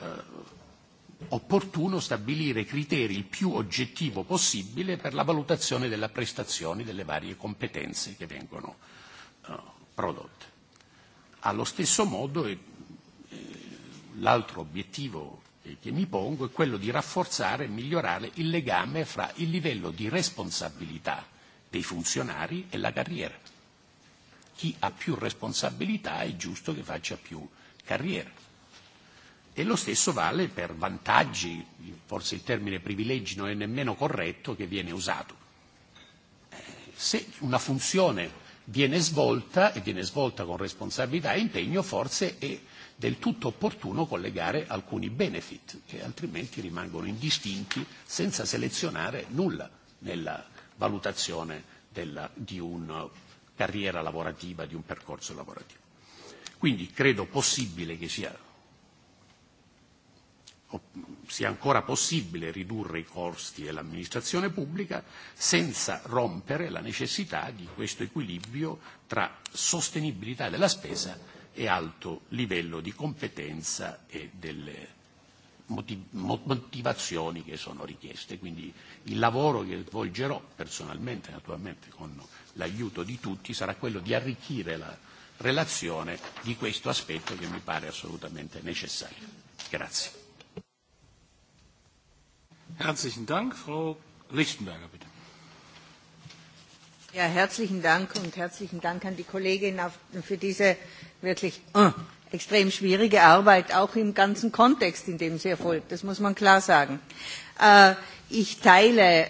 Speaker 18: opportuno stabilire criteri il più oggettivo possibile per la valutazione della prestazione delle varie competenze che vengono prodotte. Allo stesso modo l'altro obiettivo che mi pongo è quello di rafforzare e migliorare il legame fra il livello di responsabilità dei funzionari e la carriera. Chi ha più responsabilità è giusto che faccia più carriera. E lo stesso vale per vantaggi, forse il termine privilegi non è nemmeno corretto, che viene usato. Se una funzione viene svolta e viene svolta con responsabilità e impegno, forse è del tutto opportuno collegare alcuni benefit che altrimenti rimangono indistinti senza selezionare nulla nella valutazione della, di una carriera lavorativa, di un percorso lavorativo. Quindi credo possibile che sia sia ancora possibile ridurre i costi dell'amministrazione pubblica senza rompere la necessità di questo equilibrio tra sostenibilità della spesa e alto livello di competenza e delle motivazioni che sono richieste. Quindi il lavoro che svolgerò personalmente, naturalmente con l'aiuto di tutti, sarà quello di arricchire la relazione di questo aspetto che
Speaker 1: mi pare assolutamente necessario. Grazie. Herzlichen Dank, Frau Lichtenberger, bitte.
Speaker 17: Ja,
Speaker 14: herzlichen Dank und herzlichen Dank an die Kollegin für diese wirklich extrem schwierige Arbeit, auch im ganzen Kontext, in dem sie erfolgt. Das muss man klar sagen. Ich teile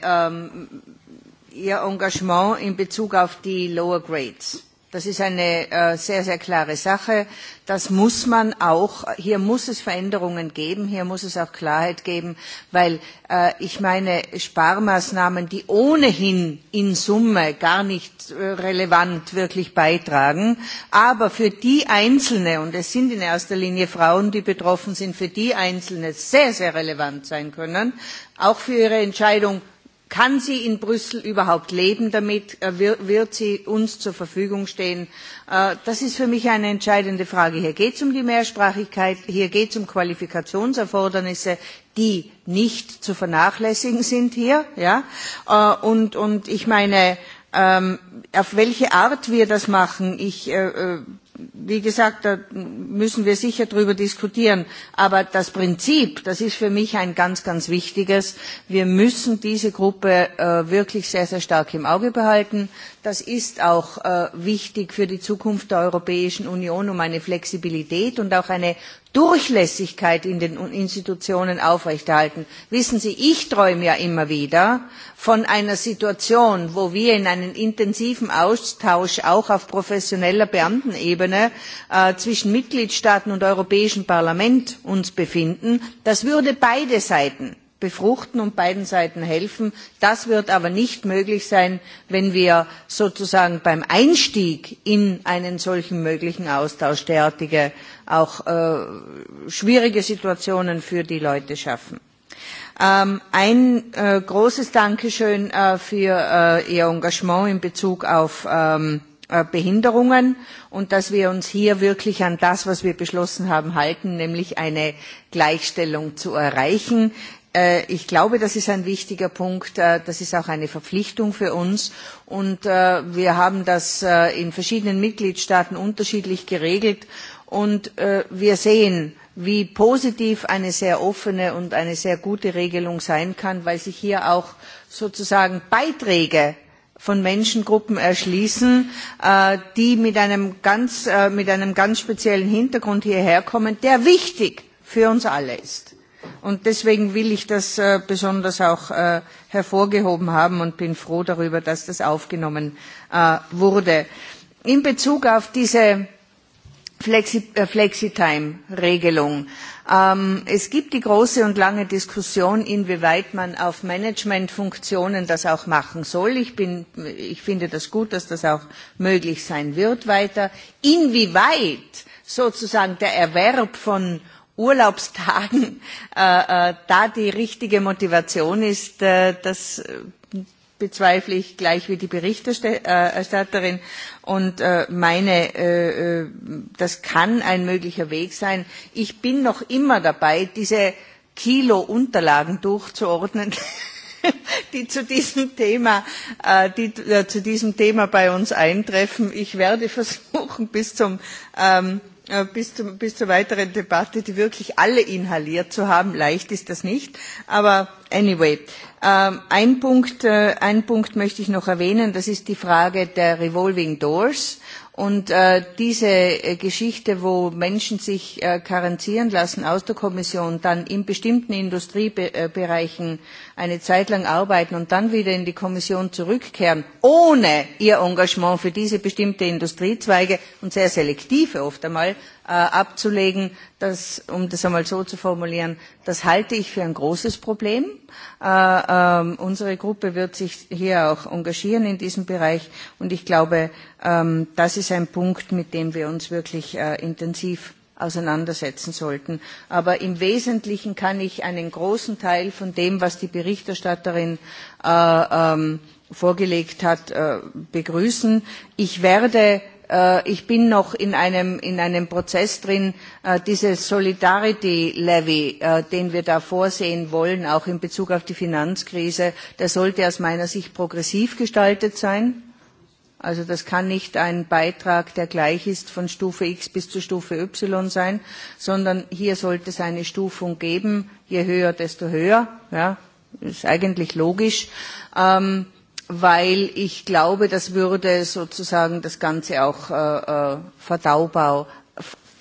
Speaker 14: Ihr Engagement in Bezug auf die Lower Grades Das ist eine sehr, sehr klare Sache. Das muss man auch, hier muss es Veränderungen geben, hier muss es auch Klarheit geben, weil ich meine, Sparmaßnahmen, die ohnehin in Summe gar nicht relevant wirklich beitragen, aber für die Einzelne, und es sind in erster Linie Frauen, die betroffen sind, für die Einzelne sehr, sehr relevant sein können, auch für ihre Entscheidung, Kann sie in Brüssel überhaupt leben damit? Wird sie uns zur Verfügung stehen? Das ist für mich eine entscheidende Frage. Hier geht es um die Mehrsprachigkeit, hier geht es um Qualifikationserfordernisse, die nicht zu vernachlässigen sind hier. Und ich meine, auf welche Art wir das machen, ich wie gesagt, da müssen wir sicher darüber diskutieren. Aber das Prinzip, das ist für mich ein ganz, ganz wichtiges. Wir müssen diese Gruppe wirklich sehr, sehr stark im Auge behalten. Das ist auch wichtig für die Zukunft der Europäischen Union, um eine Flexibilität und auch eine Durchlässigkeit in den Institutionen aufrechterhalten. Wissen Sie, ich träume ja immer wieder von einer Situation, wo wir in einen intensiven Austausch auch auf professioneller Beamtenebene zwischen Mitgliedstaaten und Europäischem Parlament uns befinden. Das würde beide Seiten befruchten und beiden Seiten helfen. Das wird aber nicht möglich sein, wenn wir sozusagen beim Einstieg in einen solchen möglichen Austausch derartige auch schwierige Situationen für die Leute schaffen. Ein großes Dankeschön für Ihr Engagement in Bezug auf Behinderungen und dass wir uns hier wirklich an das, was wir beschlossen haben, halten, nämlich eine Gleichstellung zu erreichen. Ich glaube, das ist ein wichtiger Punkt. Das ist auch eine Verpflichtung für uns. Und wir haben das in verschiedenen Mitgliedstaaten unterschiedlich geregelt. Und wir sehen, wie positiv eine sehr offene und eine sehr gute Regelung sein kann, weil sich hier auch sozusagen Beiträge von Menschengruppen erschließen, die mit einem ganz speziellen Hintergrund hierher kommen, der wichtig für uns alle ist. Und deswegen will ich das besonders auch hervorgehoben haben und bin froh darüber, dass das aufgenommen wurde. In Bezug auf diese Flexitime-Regelung. Es gibt die große und lange Diskussion, inwieweit man auf Managementfunktionen das auch machen soll. Ich finde das gut, dass das auch möglich sein wird weiter. Inwieweit sozusagen der Erwerb von Urlaubstagen da die richtige Motivation ist, das bezweifle ich gleich wie die Berichterstatterin. Und meine, das kann ein möglicher Weg sein. Ich bin noch immer dabei, diese Kilo Unterlagen durchzuordnen die zu diesem Thema, die zu diesem Thema bei uns eintreffen. Ich werde versuchen, bis zum bis zur weiteren Debatte, die wirklich alle inhaliert zu haben. Leicht ist das nicht. Aber anyway, ein Punkt möchte ich noch erwähnen, das ist die Frage der Revolving Doors. Und diese Geschichte, wo Menschen sich karenzieren lassen aus der Kommission, dann in bestimmten Industriebereichen eine Zeit lang arbeiten und dann wieder in die Kommission zurückkehren, ohne ihr Engagement für diese bestimmte Industriezweige und sehr selektive oft einmal abzulegen, um das einmal so zu formulieren, das halte ich für ein großes Problem. Unsere Gruppe wird sich hier auch engagieren in diesem Bereich und ich glaube, das ist ein Punkt, mit dem wir uns wirklich intensiv auseinandersetzen sollten. Aber im Wesentlichen kann ich einen großen Teil von dem, was die Berichterstatterin vorgelegt hat, begrüßen. Ich werde ich bin noch in einem Prozess drin, diese Solidarity Levy, den wir da vorsehen wollen, auch in Bezug auf die Finanzkrise, der sollte aus meiner Sicht progressiv gestaltet sein Also das kann nicht ein Beitrag, der gleich ist von Stufe X bis zu Stufe Y sein, sondern hier sollte es eine Stufung geben, je höher, desto höher. Ja, ist eigentlich logisch, weil ich glaube, das würde sozusagen das Ganze auch verdaubar,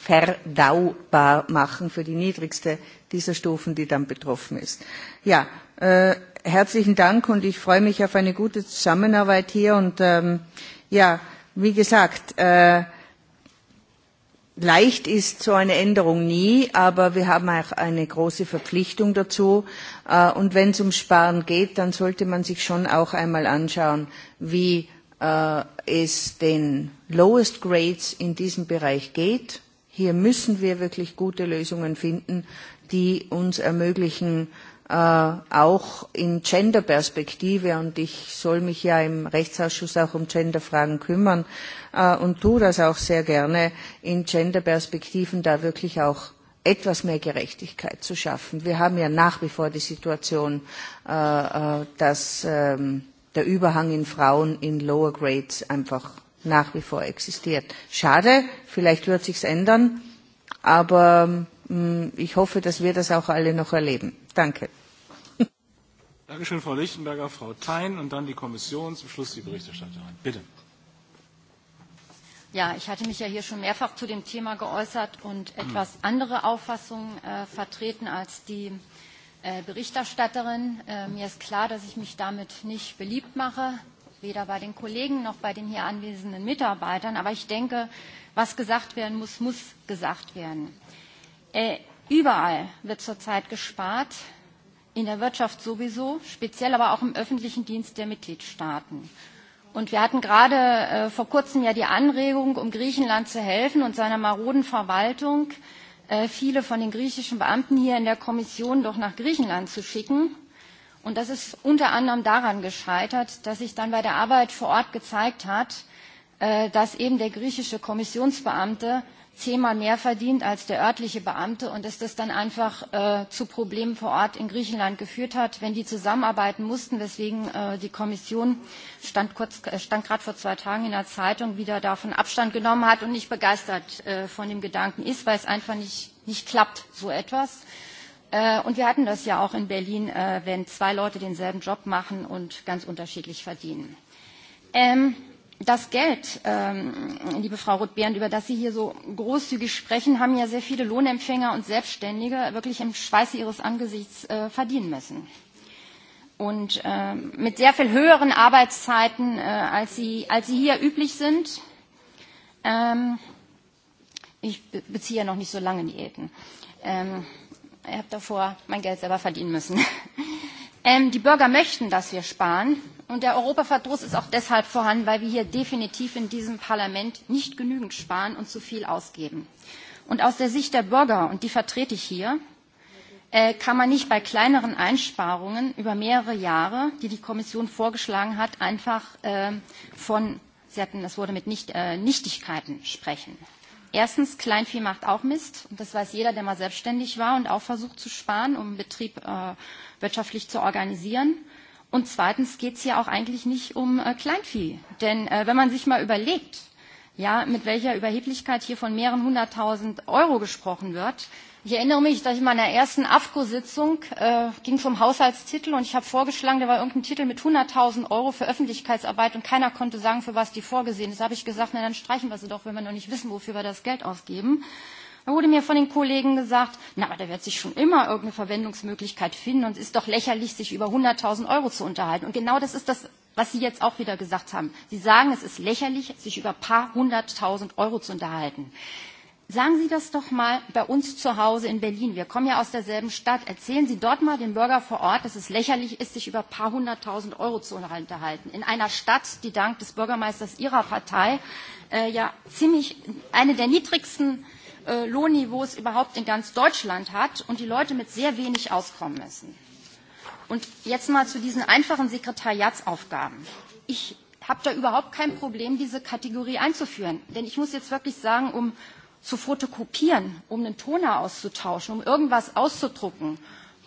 Speaker 14: verdaubar machen für die niedrigste dieser Stufen, die dann betroffen ist. Ja, herzlichen Dank und ich freue mich auf eine gute Zusammenarbeit hier. Und ja, wie gesagt, leicht ist so eine Änderung nie, aber wir haben auch eine große Verpflichtung dazu. Und wenn es um Sparen geht, dann sollte man sich schon auch einmal anschauen, wie es den Lowest Grades in diesem Bereich geht. Hier müssen wir wirklich gute Lösungen finden, die uns ermöglichen, auch in Genderperspektive und ich soll mich ja im Rechtsausschuss auch um Genderfragen fragen kümmern und tue das auch sehr gerne, in Genderperspektiven da wirklich auch etwas mehr Gerechtigkeit zu schaffen. Wir haben ja nach wie vor die Situation, dass der Überhang in Frauen in Lower Grades einfach nach wie vor existiert. Schade, vielleicht wird sich's ändern, aber Ich hoffe, dass wir das auch alle noch erleben. Danke.
Speaker 1: Dankeschön, Frau Lichtenberger, Frau Thein und dann die Kommission, zum Schluss die Berichterstatterin. Bitte.
Speaker 6: Ja, ich hatte mich ja hier schon mehrfach zu dem Thema geäußert und etwas andere Auffassungen vertreten als die Berichterstatterin. Mir ist klar, dass ich mich damit nicht beliebt mache, weder bei den Kollegen noch bei den hier anwesenden Mitarbeitern. Aber ich denke, was gesagt werden muss, muss gesagt werden. Überall wird zurzeit gespart, in der Wirtschaft sowieso, speziell aber auch im öffentlichen Dienst der Mitgliedstaaten. Und wir hatten gerade vor kurzem ja die Anregung, um Griechenland zu helfen und seiner maroden Verwaltung, viele von den griechischen Beamten hier in der Kommission doch nach Griechenland zu schicken. Und das ist unter anderem daran gescheitert, dass sich dann bei der Arbeit vor Ort gezeigt hat, dass eben der griechische Kommissionsbeamte zehnmal mehr verdient als der örtliche Beamte und dass das dann einfach zu Problemen vor Ort in Griechenland geführt hat, wenn die zusammenarbeiten mussten, weswegen die Kommission stand gerade vor zwei Tagen in der Zeitung wieder davon Abstand genommen hat und nicht begeistert von dem Gedanken ist, weil es einfach nicht klappt, so etwas. Und wir hatten das ja auch in Berlin, wenn zwei Leute denselben Job machen und ganz unterschiedlich verdienen. Das Geld, liebe Frau roth über das Sie hier so großzügig sprechen, haben ja sehr viele Lohnempfänger und Selbstständige wirklich im Schweiße ihres Angesichts verdienen müssen. Und mit sehr viel höheren Arbeitszeiten, als sie hier üblich sind. Ich beziehe ja noch nicht so lange Diäten. Ich habe davor mein Geld selber verdienen müssen. Die Bürger möchten, dass wir sparen. Und der Europaverdruss ist auch deshalb vorhanden, weil wir hier definitiv in diesem Parlament nicht genügend sparen und zu viel ausgeben. Und aus der Sicht der Bürger, und die vertrete ich hier, kann man nicht bei kleineren Einsparungen über mehrere Jahre, die die Kommission vorgeschlagen hat, einfach von, Sie hatten, das wurde mit Nichtigkeiten sprechen. Erstens, Kleinvieh macht auch Mist. Und das weiß jeder, der mal selbstständig war und auch versucht zu sparen, um Betrieb wirtschaftlich zu organisieren. Und zweitens geht es hier auch eigentlich nicht um Kleinvieh. Denn wenn man sich mal überlegt, ja, mit welcher Überheblichkeit hier von mehreren hunderttausend Euro gesprochen wird, Ich erinnere mich, dass ich in meiner ersten AFCO-Sitzung äh, ging vom Haushaltstitel und ich habe vorgeschlagen, da war irgendein Titel mit 100.000 Euro für Öffentlichkeitsarbeit und keiner konnte sagen, für was die vorgesehen ist. Da habe ich gesagt, na dann streichen wir sie doch, wenn wir noch nicht wissen, wofür wir das Geld ausgeben. Da wurde mir von den Kollegen gesagt, na, aber da wird sich schon immer irgendeine Verwendungsmöglichkeit finden und es ist doch lächerlich, sich über 100.000 Euro zu unterhalten. Und genau das ist das, was Sie jetzt auch wieder gesagt haben. Sie sagen, es ist lächerlich, sich über ein paar hunderttausend Euro zu unterhalten. Sagen Sie das doch mal bei uns zu Hause in Berlin. Wir kommen ja aus derselben Stadt. Erzählen Sie dort mal den Bürger vor Ort, dass es lächerlich ist, sich über ein paar hunderttausend Euro zu unterhalten. In einer Stadt, die dank des Bürgermeisters Ihrer Partei ja ziemlich eine der niedrigsten Lohnniveaus überhaupt in ganz Deutschland hat und die Leute mit sehr wenig auskommen müssen. Und jetzt mal zu diesen einfachen Sekretariatsaufgaben. Ich habe da überhaupt kein Problem, diese Kategorie einzuführen. Denn ich muss jetzt wirklich sagen, um zu fotokopieren, um einen Toner auszutauschen, um irgendwas auszudrucken,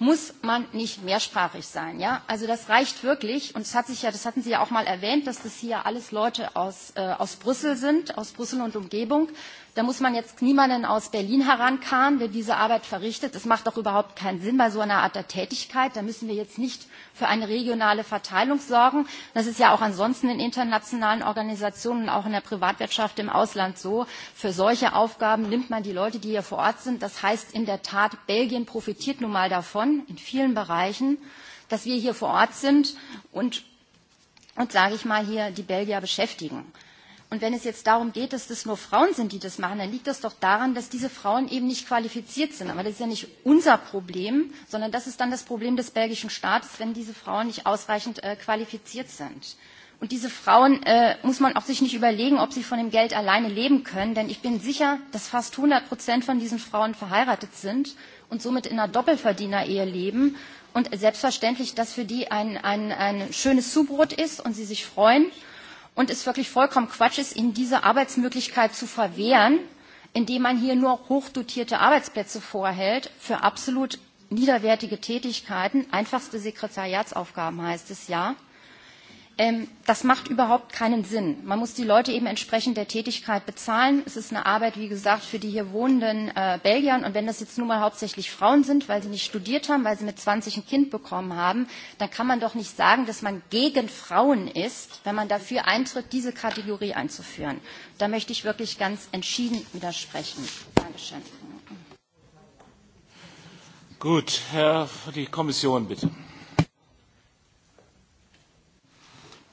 Speaker 6: muss man nicht mehrsprachig sein. Ja? Also das reicht wirklich. Und das, hat sich ja, das hatten Sie ja auch mal erwähnt, dass das hier alles Leute aus, aus Brüssel sind, aus Brüssel und Umgebung. Da muss man jetzt niemanden aus Berlin herankarren, der diese Arbeit verrichtet. Das macht doch überhaupt keinen Sinn bei so einer Art der Tätigkeit. Da müssen wir jetzt nicht für eine regionale Verteilung sorgen. Das ist ja auch ansonsten in internationalen Organisationen und auch in der Privatwirtschaft im Ausland so. Für solche Aufgaben nimmt man die Leute, die hier vor Ort sind. Das heißt in der Tat, Belgien profitiert nun mal davon, in vielen Bereichen, dass wir hier vor Ort sind und, sage ich mal, hier die Belgier beschäftigen. Und wenn es jetzt darum geht, dass das nur Frauen sind, die das machen, dann liegt das doch daran, dass diese Frauen eben nicht qualifiziert sind. Aber das ist ja nicht unser Problem, sondern das ist dann das Problem des belgischen Staates, wenn diese Frauen nicht ausreichend qualifiziert sind. Und diese Frauen muss man auch sich nicht überlegen, ob sie von dem Geld alleine leben können, denn ich bin sicher, dass fast 100 von diesen Frauen verheiratet sind und somit in einer doppelverdiener leben. Und selbstverständlich, dass für die ein schönes Zubrot ist und sie sich freuen und ist wirklich vollkommen Quatsch ist, ihnen diese Arbeitsmöglichkeit zu verwehren, indem man hier nur hochdotierte Arbeitsplätze vorhält für absolut niederwertige Tätigkeiten. Einfachste Sekretariatsaufgaben heißt es ja. Das macht überhaupt keinen Sinn. Man muss die Leute eben entsprechend der Tätigkeit bezahlen. Es ist eine Arbeit, wie gesagt, für die hier wohnenden Belgier. Und wenn das jetzt nun mal hauptsächlich Frauen sind, weil sie nicht studiert haben, weil sie mit 20 ein Kind bekommen haben, dann kann man doch nicht sagen, dass man gegen Frauen ist, wenn man dafür eintritt, diese Kategorie einzuführen. Da möchte ich wirklich ganz entschieden widersprechen. Dankeschön.
Speaker 1: Gut, Herr, die Kommission bitte.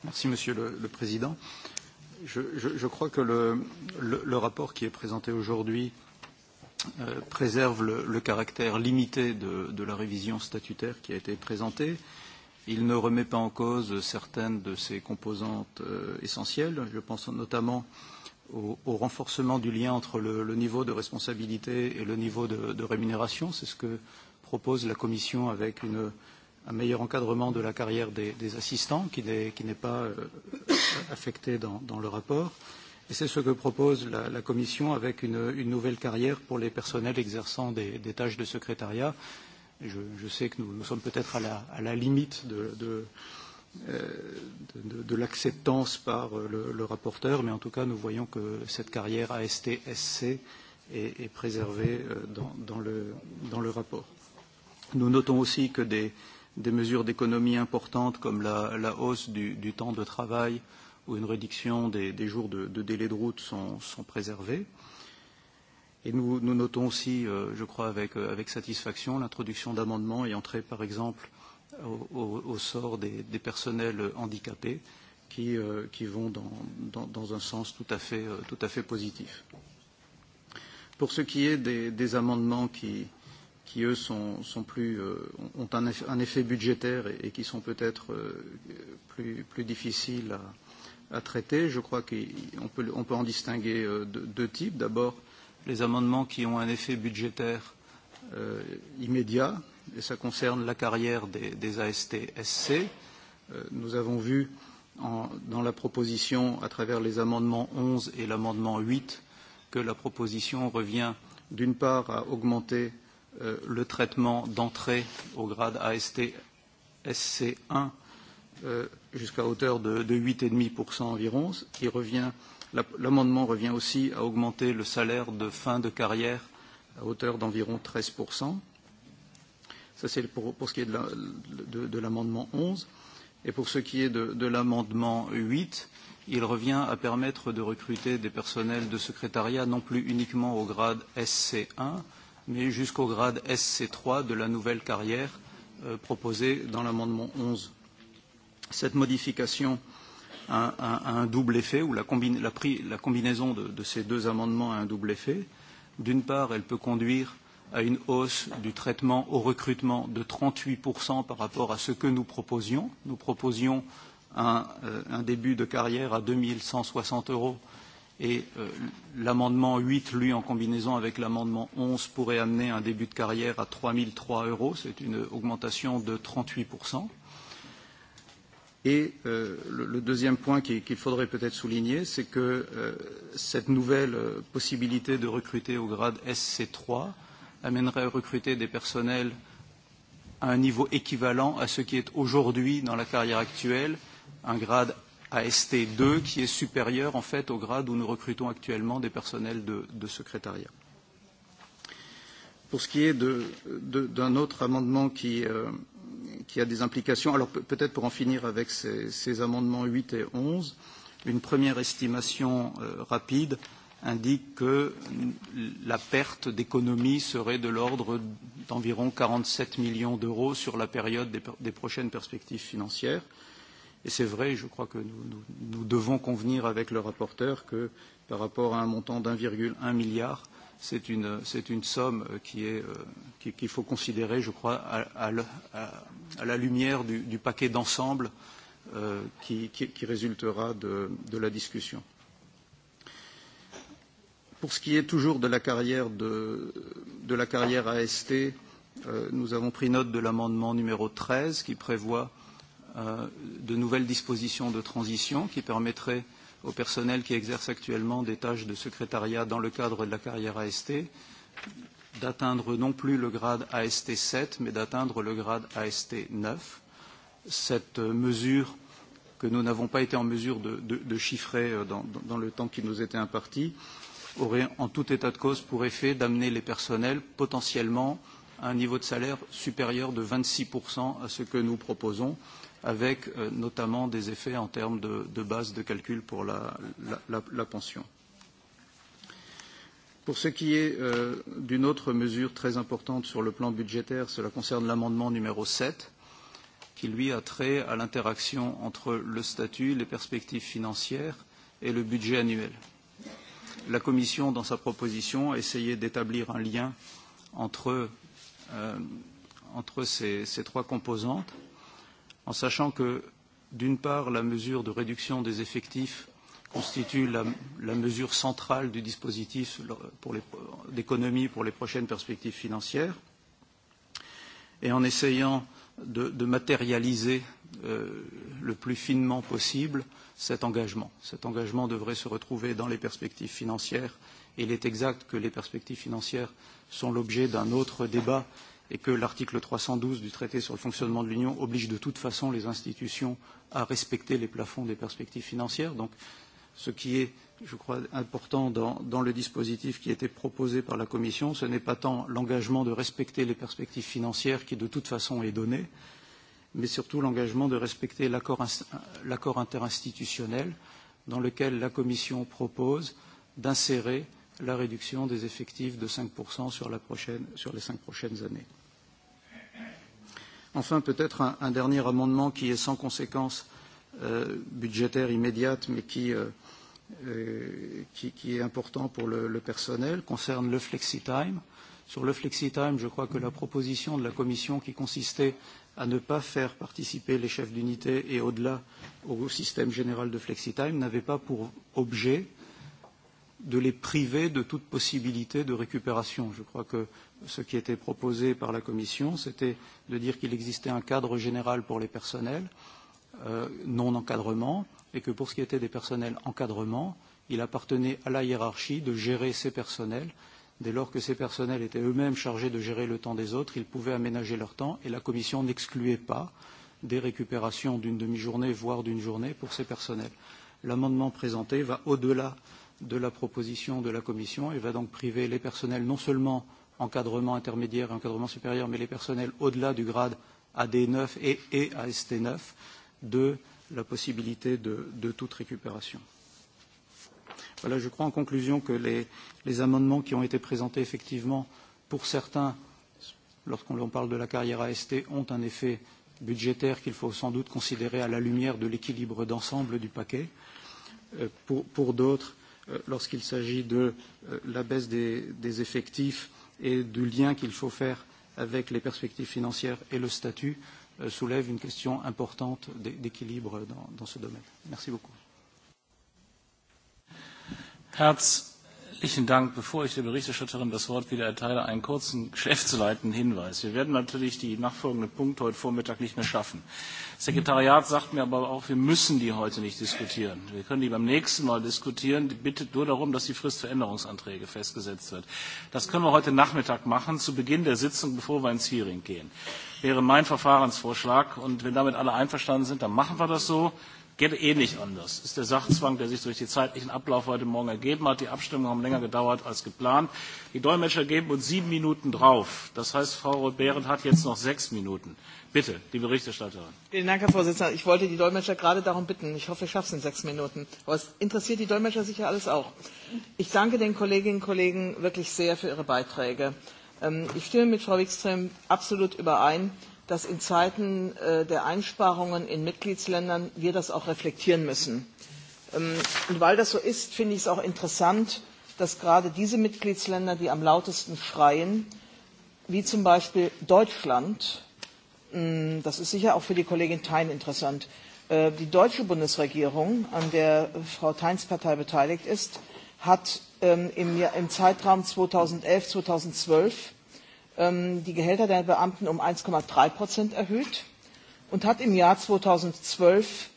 Speaker 13: Merci, Monsieur le Président. Je crois que le rapport qui est présenté aujourd'hui préserve le caractère limité de la révision statutaire qui a été présentée. Il ne remet pas en cause certaines de ses composantes essentielles. Je pense notamment au renforcement du lien entre le niveau de responsabilité et le niveau de rémunération. C'est ce que propose la Commission avec une un meilleur encadrement de la carrière des assistants qui n'est pas affecté dans le rapport. Et c'est ce que propose la Commission avec une nouvelle carrière pour les personnels exerçant des tâches de secrétariat. Je sais que nous sommes peut-être à la limite de l'acceptance par le rapporteur, mais en tout cas, nous voyons que cette carriere ASTSC est, est préservée dans le rapport. Nous notons aussi que des des mesures d'économie importantes comme la hausse du temps de travail ou une réduction des jours de délai de route sont préservés. Et nous notons aussi, je crois, avec satisfaction l'introduction d'amendements ayant trait, par exemple, au sort des personnels handicapés qui vont dans un sens tout à fait positif. Pour ce qui est des amendements qui qui eux sont, sont plus, ont un, un effet budgétaire et, qui sont peut-être plus, plus difficiles à, traiter. Je crois qu'on peut, on peut en distinguer deux types. D'abord, les amendements qui ont un effet budgétaire immédiat, et ça concerne la carrière des, des AST-SC. nous avons vu en, dans la proposition, à travers les amendements 11 et l'amendement 8, que la proposition revient d'une part à augmenter le traitement d'entrée au grade AST SC1 jusqu'à hauteur de 8,5% environ, ce revient L'amendement revient aussi à augmenter le salaire de fin de carrière à hauteur d'environ 13%. Ça, c'est pour ce qui est de l'amendement 11. Et pour ce qui est de l'amendement 8, il revient à permettre de recruter des personnels de secrétariat non plus uniquement au grade SC1, mais jusqu'au grade SC3 de la nouvelle carrière proposée dans l'amendement 11. Cette modification a un double effet, ou la combinaison de ces deux amendements a un double effet. D'une part, elle peut conduire à une hausse du traitement au recrutement de 38% par rapport à ce que nous proposions. Nous proposions un début de carrière à 2160 euros et l'amendement 8, lui, en combinaison avec l'amendement 11, pourrait amener un début de carrière à 3003 euros. C'est une augmentation de 38%. Et le deuxième point qu'il faudrait peut-être souligner, c'est que cette nouvelle possibilité de recruter au grade SC3 amènerait à recruter des personnels à un niveau équivalent à ce qui est aujourd'hui dans la carrière actuelle, un grade à St 2 qui est supérieur en fait au grade où nous recrutons actuellement des personnels de secrétariat. Pour ce qui est d'un autre amendement qui a des implications, alors peut-être pour en finir avec ces amendements 8 et 11, une première estimation rapide indique que la perte d'économie serait de l'ordre d'environ 47 millions d'euros sur la période des prochaines perspectives financières. Et c'est vrai, je crois que nous devons convenir avec le rapporteur que par rapport à un montant d'1,1 milliard, c'est une somme qu'il faut considérer, je crois, à la lumière du paquet d'ensemble qui résultera de la discussion. Pour ce qui est toujours de la carrière de la carrière AST, nous avons pris note de l'amendement numéro 13 qui prévoit de nouvelles dispositions de transition qui permettraient au personnel qui exerce actuellement des tâches de secrétariat dans le cadre de la carrière AST d'atteindre non plus le grade AST 7, mais d'atteindre le grade AST 9. Cette mesure que nous n'avons pas été en mesure de chiffrer dans le temps qui nous était imparti, aurait en tout état de cause pour effet d'amener les personnels potentiellement un niveau de salaire supérieur de 26% à ce que nous proposons, avec notamment des effets en termes de base de calcul pour la pension. Pour ce qui est d'une autre mesure très importante sur le plan budgétaire, cela concerne l'amendement numéro 7, qui lui a trait à l'interaction entre le statut, les perspectives financières et le budget annuel. La Commission, dans sa proposition, a essayé d'établir un lien entre entre ces trois composantes, en sachant que, d'une part, la mesure de réduction des effectifs constitue la mesure centrale du dispositif d'économie pour les prochaines perspectives financières, et en essayant de matérialiser le plus finement possible cet engagement. Cet engagement devrait se retrouver dans les perspectives financières, et il est exact que les perspectives financières sont l'objet d'un autre débat et que l'article 312 du traité sur le fonctionnement de l'Union oblige de toute façon les institutions à respecter les plafonds des perspectives financières. Donc, ce qui est, je crois, important dans le dispositif qui a été proposé par la Commission, ce n'est pas tant l'engagement de respecter les perspectives financières qui, de toute façon, est donné, mais surtout l'engagement de respecter l'accord interinstitutionnel dans lequel la Commission propose d'insérer la réduction des effectifs de 5% sur la prochaine sur les cinq prochaines années. Enfin, peut-être un dernier amendement qui est sans conséquence budgétaire immédiate, mais qui qui est important pour le personnel, concerne le flexi-time. Sur le flexi-time, je crois que la proposition de la Commission qui consistait à ne pas faire participer les chefs d'unité et au-delà au système général de flexi-time n'avait pas pour objet de les priver de toute possibilité de récupération. Je crois que ce qui était proposé par la Commission, c'était de dire qu'il existait un cadre général pour les personnels non-encadrement et que pour ce qui était des personnels encadrement, il appartenait à la hiérarchie de gérer ces personnels. Dès lors que ces personnels étaient eux-mêmes chargés de gérer le temps des autres, ils pouvaient aménager leur temps et la Commission n'excluait pas des récupérations d'une demi-journée, voire d'une journée pour ces personnels. L'amendement présenté va au-delà de la proposition de la Commission et va donc priver les personnels non seulement encadrement intermédiaire et encadrement supérieur, mais les personnels au-delà du grade AD9 et AST9 de la possibilité de toute récupération. Voilà, je crois en conclusion que les amendements qui ont été présentés, effectivement, pour certains, lorsqu'on parle de la carrière AST, ont un effet budgétaire qu'il faut sans doute considérer à la lumière de l'équilibre d'ensemble du paquet. Pour d'autres, lorsqu'il s'agit de la baisse des effectifs et du lien qu'il faut faire avec les perspectives financières et le statut, soulève une question importante d'équilibre dans ce domaine. Merci beaucoup.
Speaker 1: Herzlichen Dank. Bevor ich der Berichterstatterin das Wort wieder erteile, einen kurzen geschäftsleitenden Hinweis. Wir werden natürlich die nachfolgenden Punkte heute Vormittag nicht mehr schaffen. Das Sekretariat sagt mir aber auch, wir müssen die heute nicht diskutieren. Wir können die beim nächsten Mal diskutieren. bitte nur darum, dass die Frist für Änderungsanträge festgesetzt wird. Das können wir heute Nachmittag machen, zu Beginn der Sitzung, bevor wir ins Hearing gehen. Wäre mein Verfahrensvorschlag. Und wenn damit alle einverstanden sind, dann machen wir das so geht eh nicht anders. Das ist der Sachzwang, der sich durch den zeitlichen Ablauf heute Morgen ergeben hat. Die Abstimmungen haben länger gedauert als geplant. Die Dolmetscher geben uns sieben Minuten drauf. Das heißt, Frau Roth-Behrendt hat jetzt noch sechs Minuten. Bitte, die Berichterstatterin.
Speaker 17: Vielen Dank, Herr Vorsitzender. Ich wollte die Dolmetscher gerade darum bitten. Ich hoffe, ich schaffe es in sechs Minuten. Aber es interessiert die Dolmetscher sicher alles auch. Ich danke den Kolleginnen und Kollegen wirklich sehr für ihre Beiträge. Ich stimme mit Frau Wikström absolut überein dass in Zeiten der Einsparungen in Mitgliedsländern wir das auch reflektieren müssen. Und weil das so ist, finde ich es auch interessant, dass gerade diese Mitgliedsländer, die am lautesten schreien, wie zum Beispiel Deutschland, das ist sicher auch für die Kollegin Thein interessant, die deutsche Bundesregierung, an der Frau Theins Partei beteiligt ist, hat im Zeitraum 2011, 2012 die Gehälter der Beamten um 1,3 erhöht und hat im Jahr 2012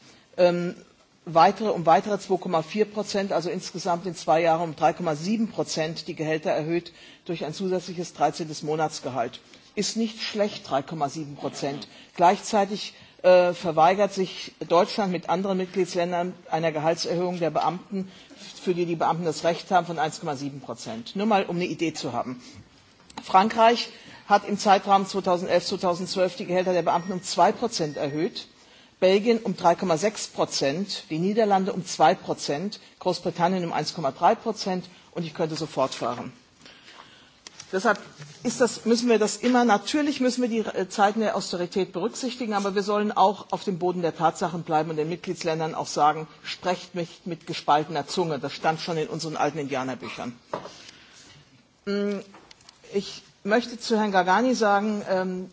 Speaker 17: weitere, um weitere 2,4 also insgesamt in zwei Jahren um 3,7 die Gehälter erhöht durch ein zusätzliches 13. Monatsgehalt. Ist nicht schlecht, 3,7 Gleichzeitig verweigert sich Deutschland mit anderen Mitgliedsländern einer Gehaltserhöhung der Beamten, für die die Beamten das Recht haben, von 1,7 Nur mal, um eine Idee zu haben. Frankreich hat im Zeitraum 2011-2012 die Gehälter der Beamten um 2 erhöht, Belgien um 3,6 die Niederlande um 2 Großbritannien um 1,3 und ich könnte so fortfahren. Deshalb müssen wir das immer, natürlich müssen wir die Zeiten der Austerität berücksichtigen, aber wir sollen auch auf dem Boden der Tatsachen bleiben und den Mitgliedsländern auch sagen, sprecht nicht mit gespaltener Zunge. Das stand schon in unseren alten Indianerbüchern. Ich möchte zu Herrn Gargani sagen,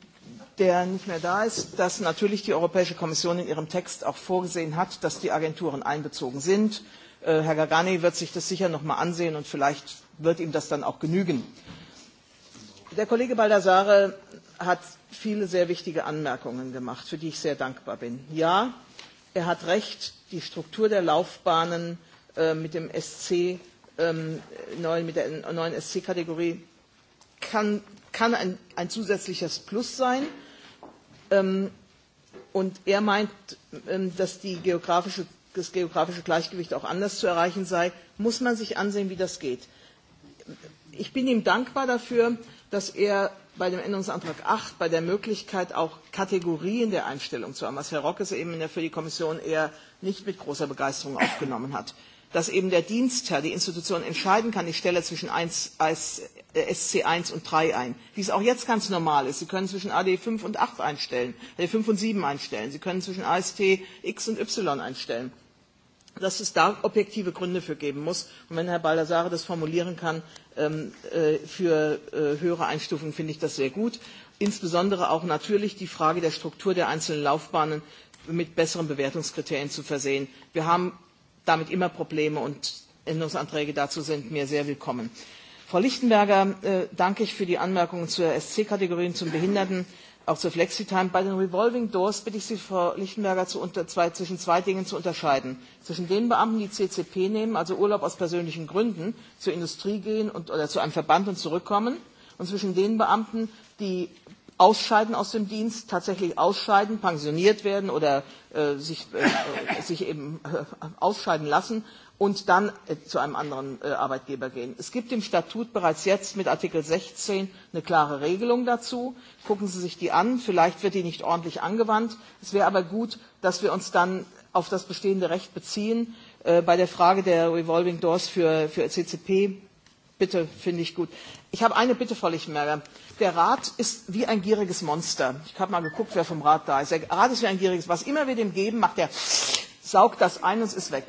Speaker 17: der nicht mehr da ist, dass natürlich die Europäische Kommission in ihrem Text auch vorgesehen hat, dass die Agenturen einbezogen sind. Herr Gargani wird sich das sicher noch mal ansehen und vielleicht wird ihm das dann auch genügen. Der Kollege Baldassare hat viele sehr wichtige Anmerkungen gemacht, für die ich sehr dankbar bin. Ja, er hat recht, die Struktur der Laufbahnen mit dem SC, mit der neuen SC-Kategorie kann ein zusätzliches Plus sein. Und er meint, dass das geografische Gleichgewicht auch anders zu erreichen sei, muss man sich ansehen, wie das geht. Ich bin ihm dankbar dafür, dass er bei dem Änderungsantrag 8 bei der Möglichkeit auch Kategorien der Einstellung zu haben, was Herr Rock es eben für die Kommission eher nicht mit großer Begeisterung aufgenommen hat, dass eben der Dienstherr, die Institution entscheiden kann, die stelle zwischen SC1 und 3 ein, wie es auch jetzt ganz normal ist. Sie können zwischen AD5 und 8 einstellen, AD5 und 7 einstellen. Sie können zwischen AST X und Y einstellen. Dass es da objektive Gründe für geben muss. Und wenn Herr Baldassare das formulieren kann für höhere Einstufungen, finde ich das sehr gut. Insbesondere auch natürlich die Frage der Struktur der einzelnen Laufbahnen mit besseren Bewertungskriterien zu versehen. Wir haben damit immer Probleme und Änderungsanträge dazu sind mir sehr willkommen. Frau Lichtenberger danke ich für die Anmerkungen zur SC-Kategorien, zum Behinderten, auch zur Flexitime. Bei den Revolving Doors bitte ich Sie, Frau Lichtenberger, zwischen zwei Dingen zu unterscheiden. Zwischen den Beamten, die CCP nehmen, also Urlaub aus persönlichen Gründen, zur Industrie gehen oder zu einem Verband und zurückkommen, und zwischen den Beamten, die ausscheiden aus dem Dienst, tatsächlich ausscheiden, pensioniert werden oder sich eben ausscheiden lassen und dann zu einem anderen Arbeitgeber gehen. Es gibt im Statut bereits jetzt mit Artikel 16 eine klare Regelung dazu. Gucken Sie sich die an. Vielleicht wird die nicht ordentlich angewandt. Es wäre aber gut, dass wir uns dann auf das bestehende Recht beziehen. Bei der Frage der Revolving Doors für CCP, bitte, finde ich gut. Ich habe eine Bitte, Frau Lichtenberger. Der Rat ist wie ein gieriges Monster. Ich habe mal geguckt, wer vom Rat da ist. Der Rat ist wie ein gieriges. Was immer wir dem geben, macht er, saugt das ein und ist weg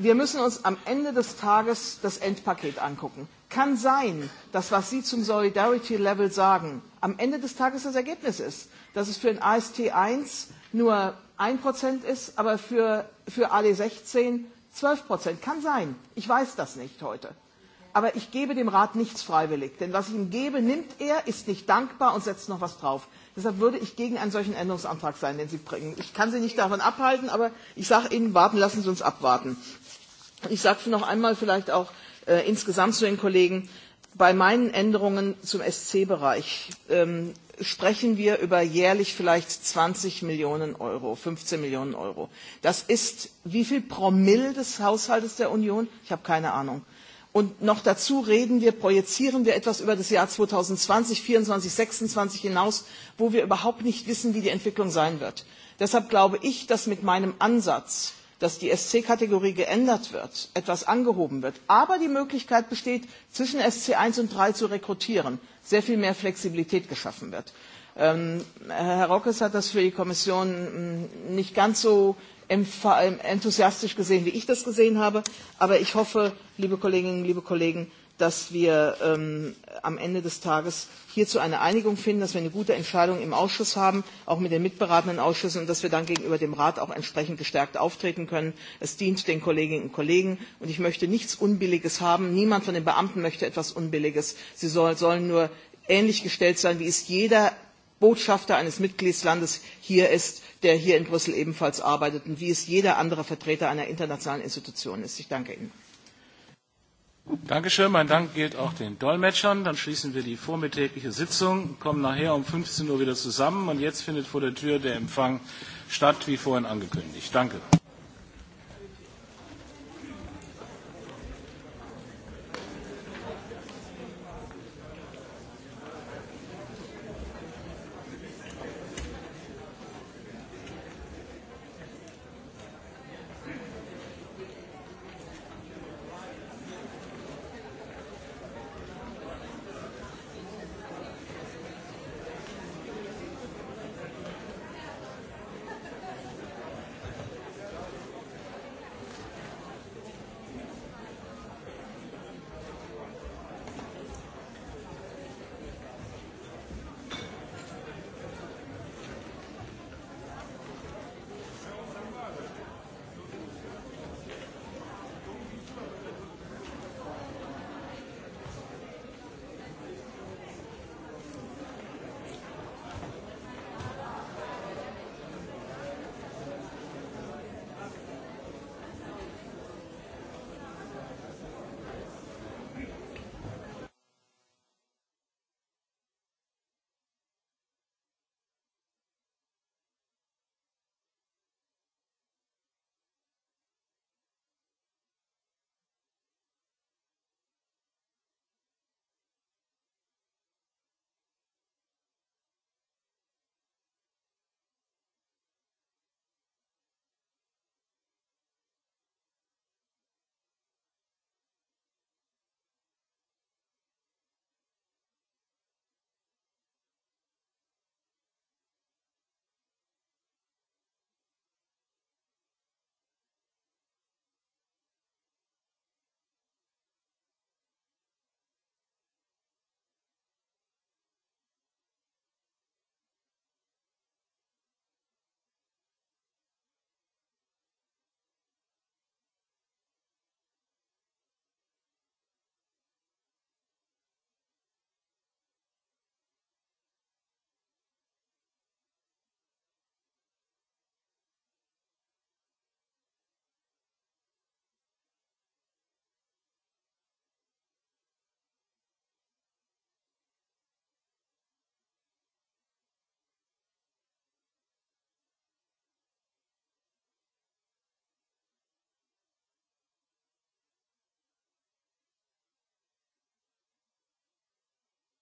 Speaker 17: wir müssen uns am Ende des Tages das Endpaket angucken. Kann sein, dass was Sie zum Solidarity Level sagen, am Ende des Tages das Ergebnis ist, dass es für den AST 1 nur 1% ist, aber für AD 16 12%. Kann sein. Ich weiß das nicht heute. Aber ich gebe dem Rat nichts freiwillig. Denn was ich ihm gebe, nimmt er, ist nicht dankbar und setzt noch was drauf. Deshalb würde ich gegen einen solchen Änderungsantrag sein, den Sie bringen. Ich kann Sie nicht davon abhalten, aber ich sage Ihnen, warten, lassen Sie uns abwarten. Ich sage noch einmal vielleicht auch insgesamt zu den Kollegen, bei meinen Änderungen zum SC-Bereich sprechen wir über jährlich vielleicht 20 Millionen Euro, 15 Millionen Euro. Das ist wie viel Promille des Haushalts der Union? Ich habe keine Ahnung. Und noch dazu reden wir, projizieren wir etwas über das Jahr 2020, 2024, 26 hinaus, wo wir überhaupt nicht wissen, wie die Entwicklung sein wird. Deshalb glaube ich, dass mit meinem Ansatz dass die SC-Kategorie geändert wird, etwas angehoben wird, aber die Möglichkeit besteht, zwischen SC1 und 3 zu rekrutieren, sehr viel mehr Flexibilität geschaffen wird. Herr Rockes hat das für die Kommission nicht ganz so enthusiastisch gesehen, wie ich das gesehen habe, aber ich hoffe, liebe Kolleginnen, liebe Kollegen, dass wir am Ende des Tages hierzu eine Einigung finden, dass wir eine gute Entscheidung im Ausschuss haben, auch mit den mitberatenden Ausschüssen, und dass wir dann gegenüber dem Rat auch entsprechend gestärkt auftreten können. Es dient den Kolleginnen und Kollegen, und ich möchte nichts Unbilliges haben. Niemand von den Beamten möchte etwas Unbilliges. Sie sollen nur ähnlich gestellt sein, wie es jeder Botschafter eines Mitgliedslandes hier ist, der hier in Brüssel ebenfalls arbeitet und wie es jeder andere Vertreter einer internationalen Institution ist. Ich danke Ihnen.
Speaker 1: Dankeschön. Mein Dank gilt auch den Dolmetschern. Dann schließen wir die vormittägliche Sitzung, kommen nachher um 15 Uhr wieder zusammen. Und jetzt findet vor der Tür der Empfang statt, wie vorhin angekündigt. Danke.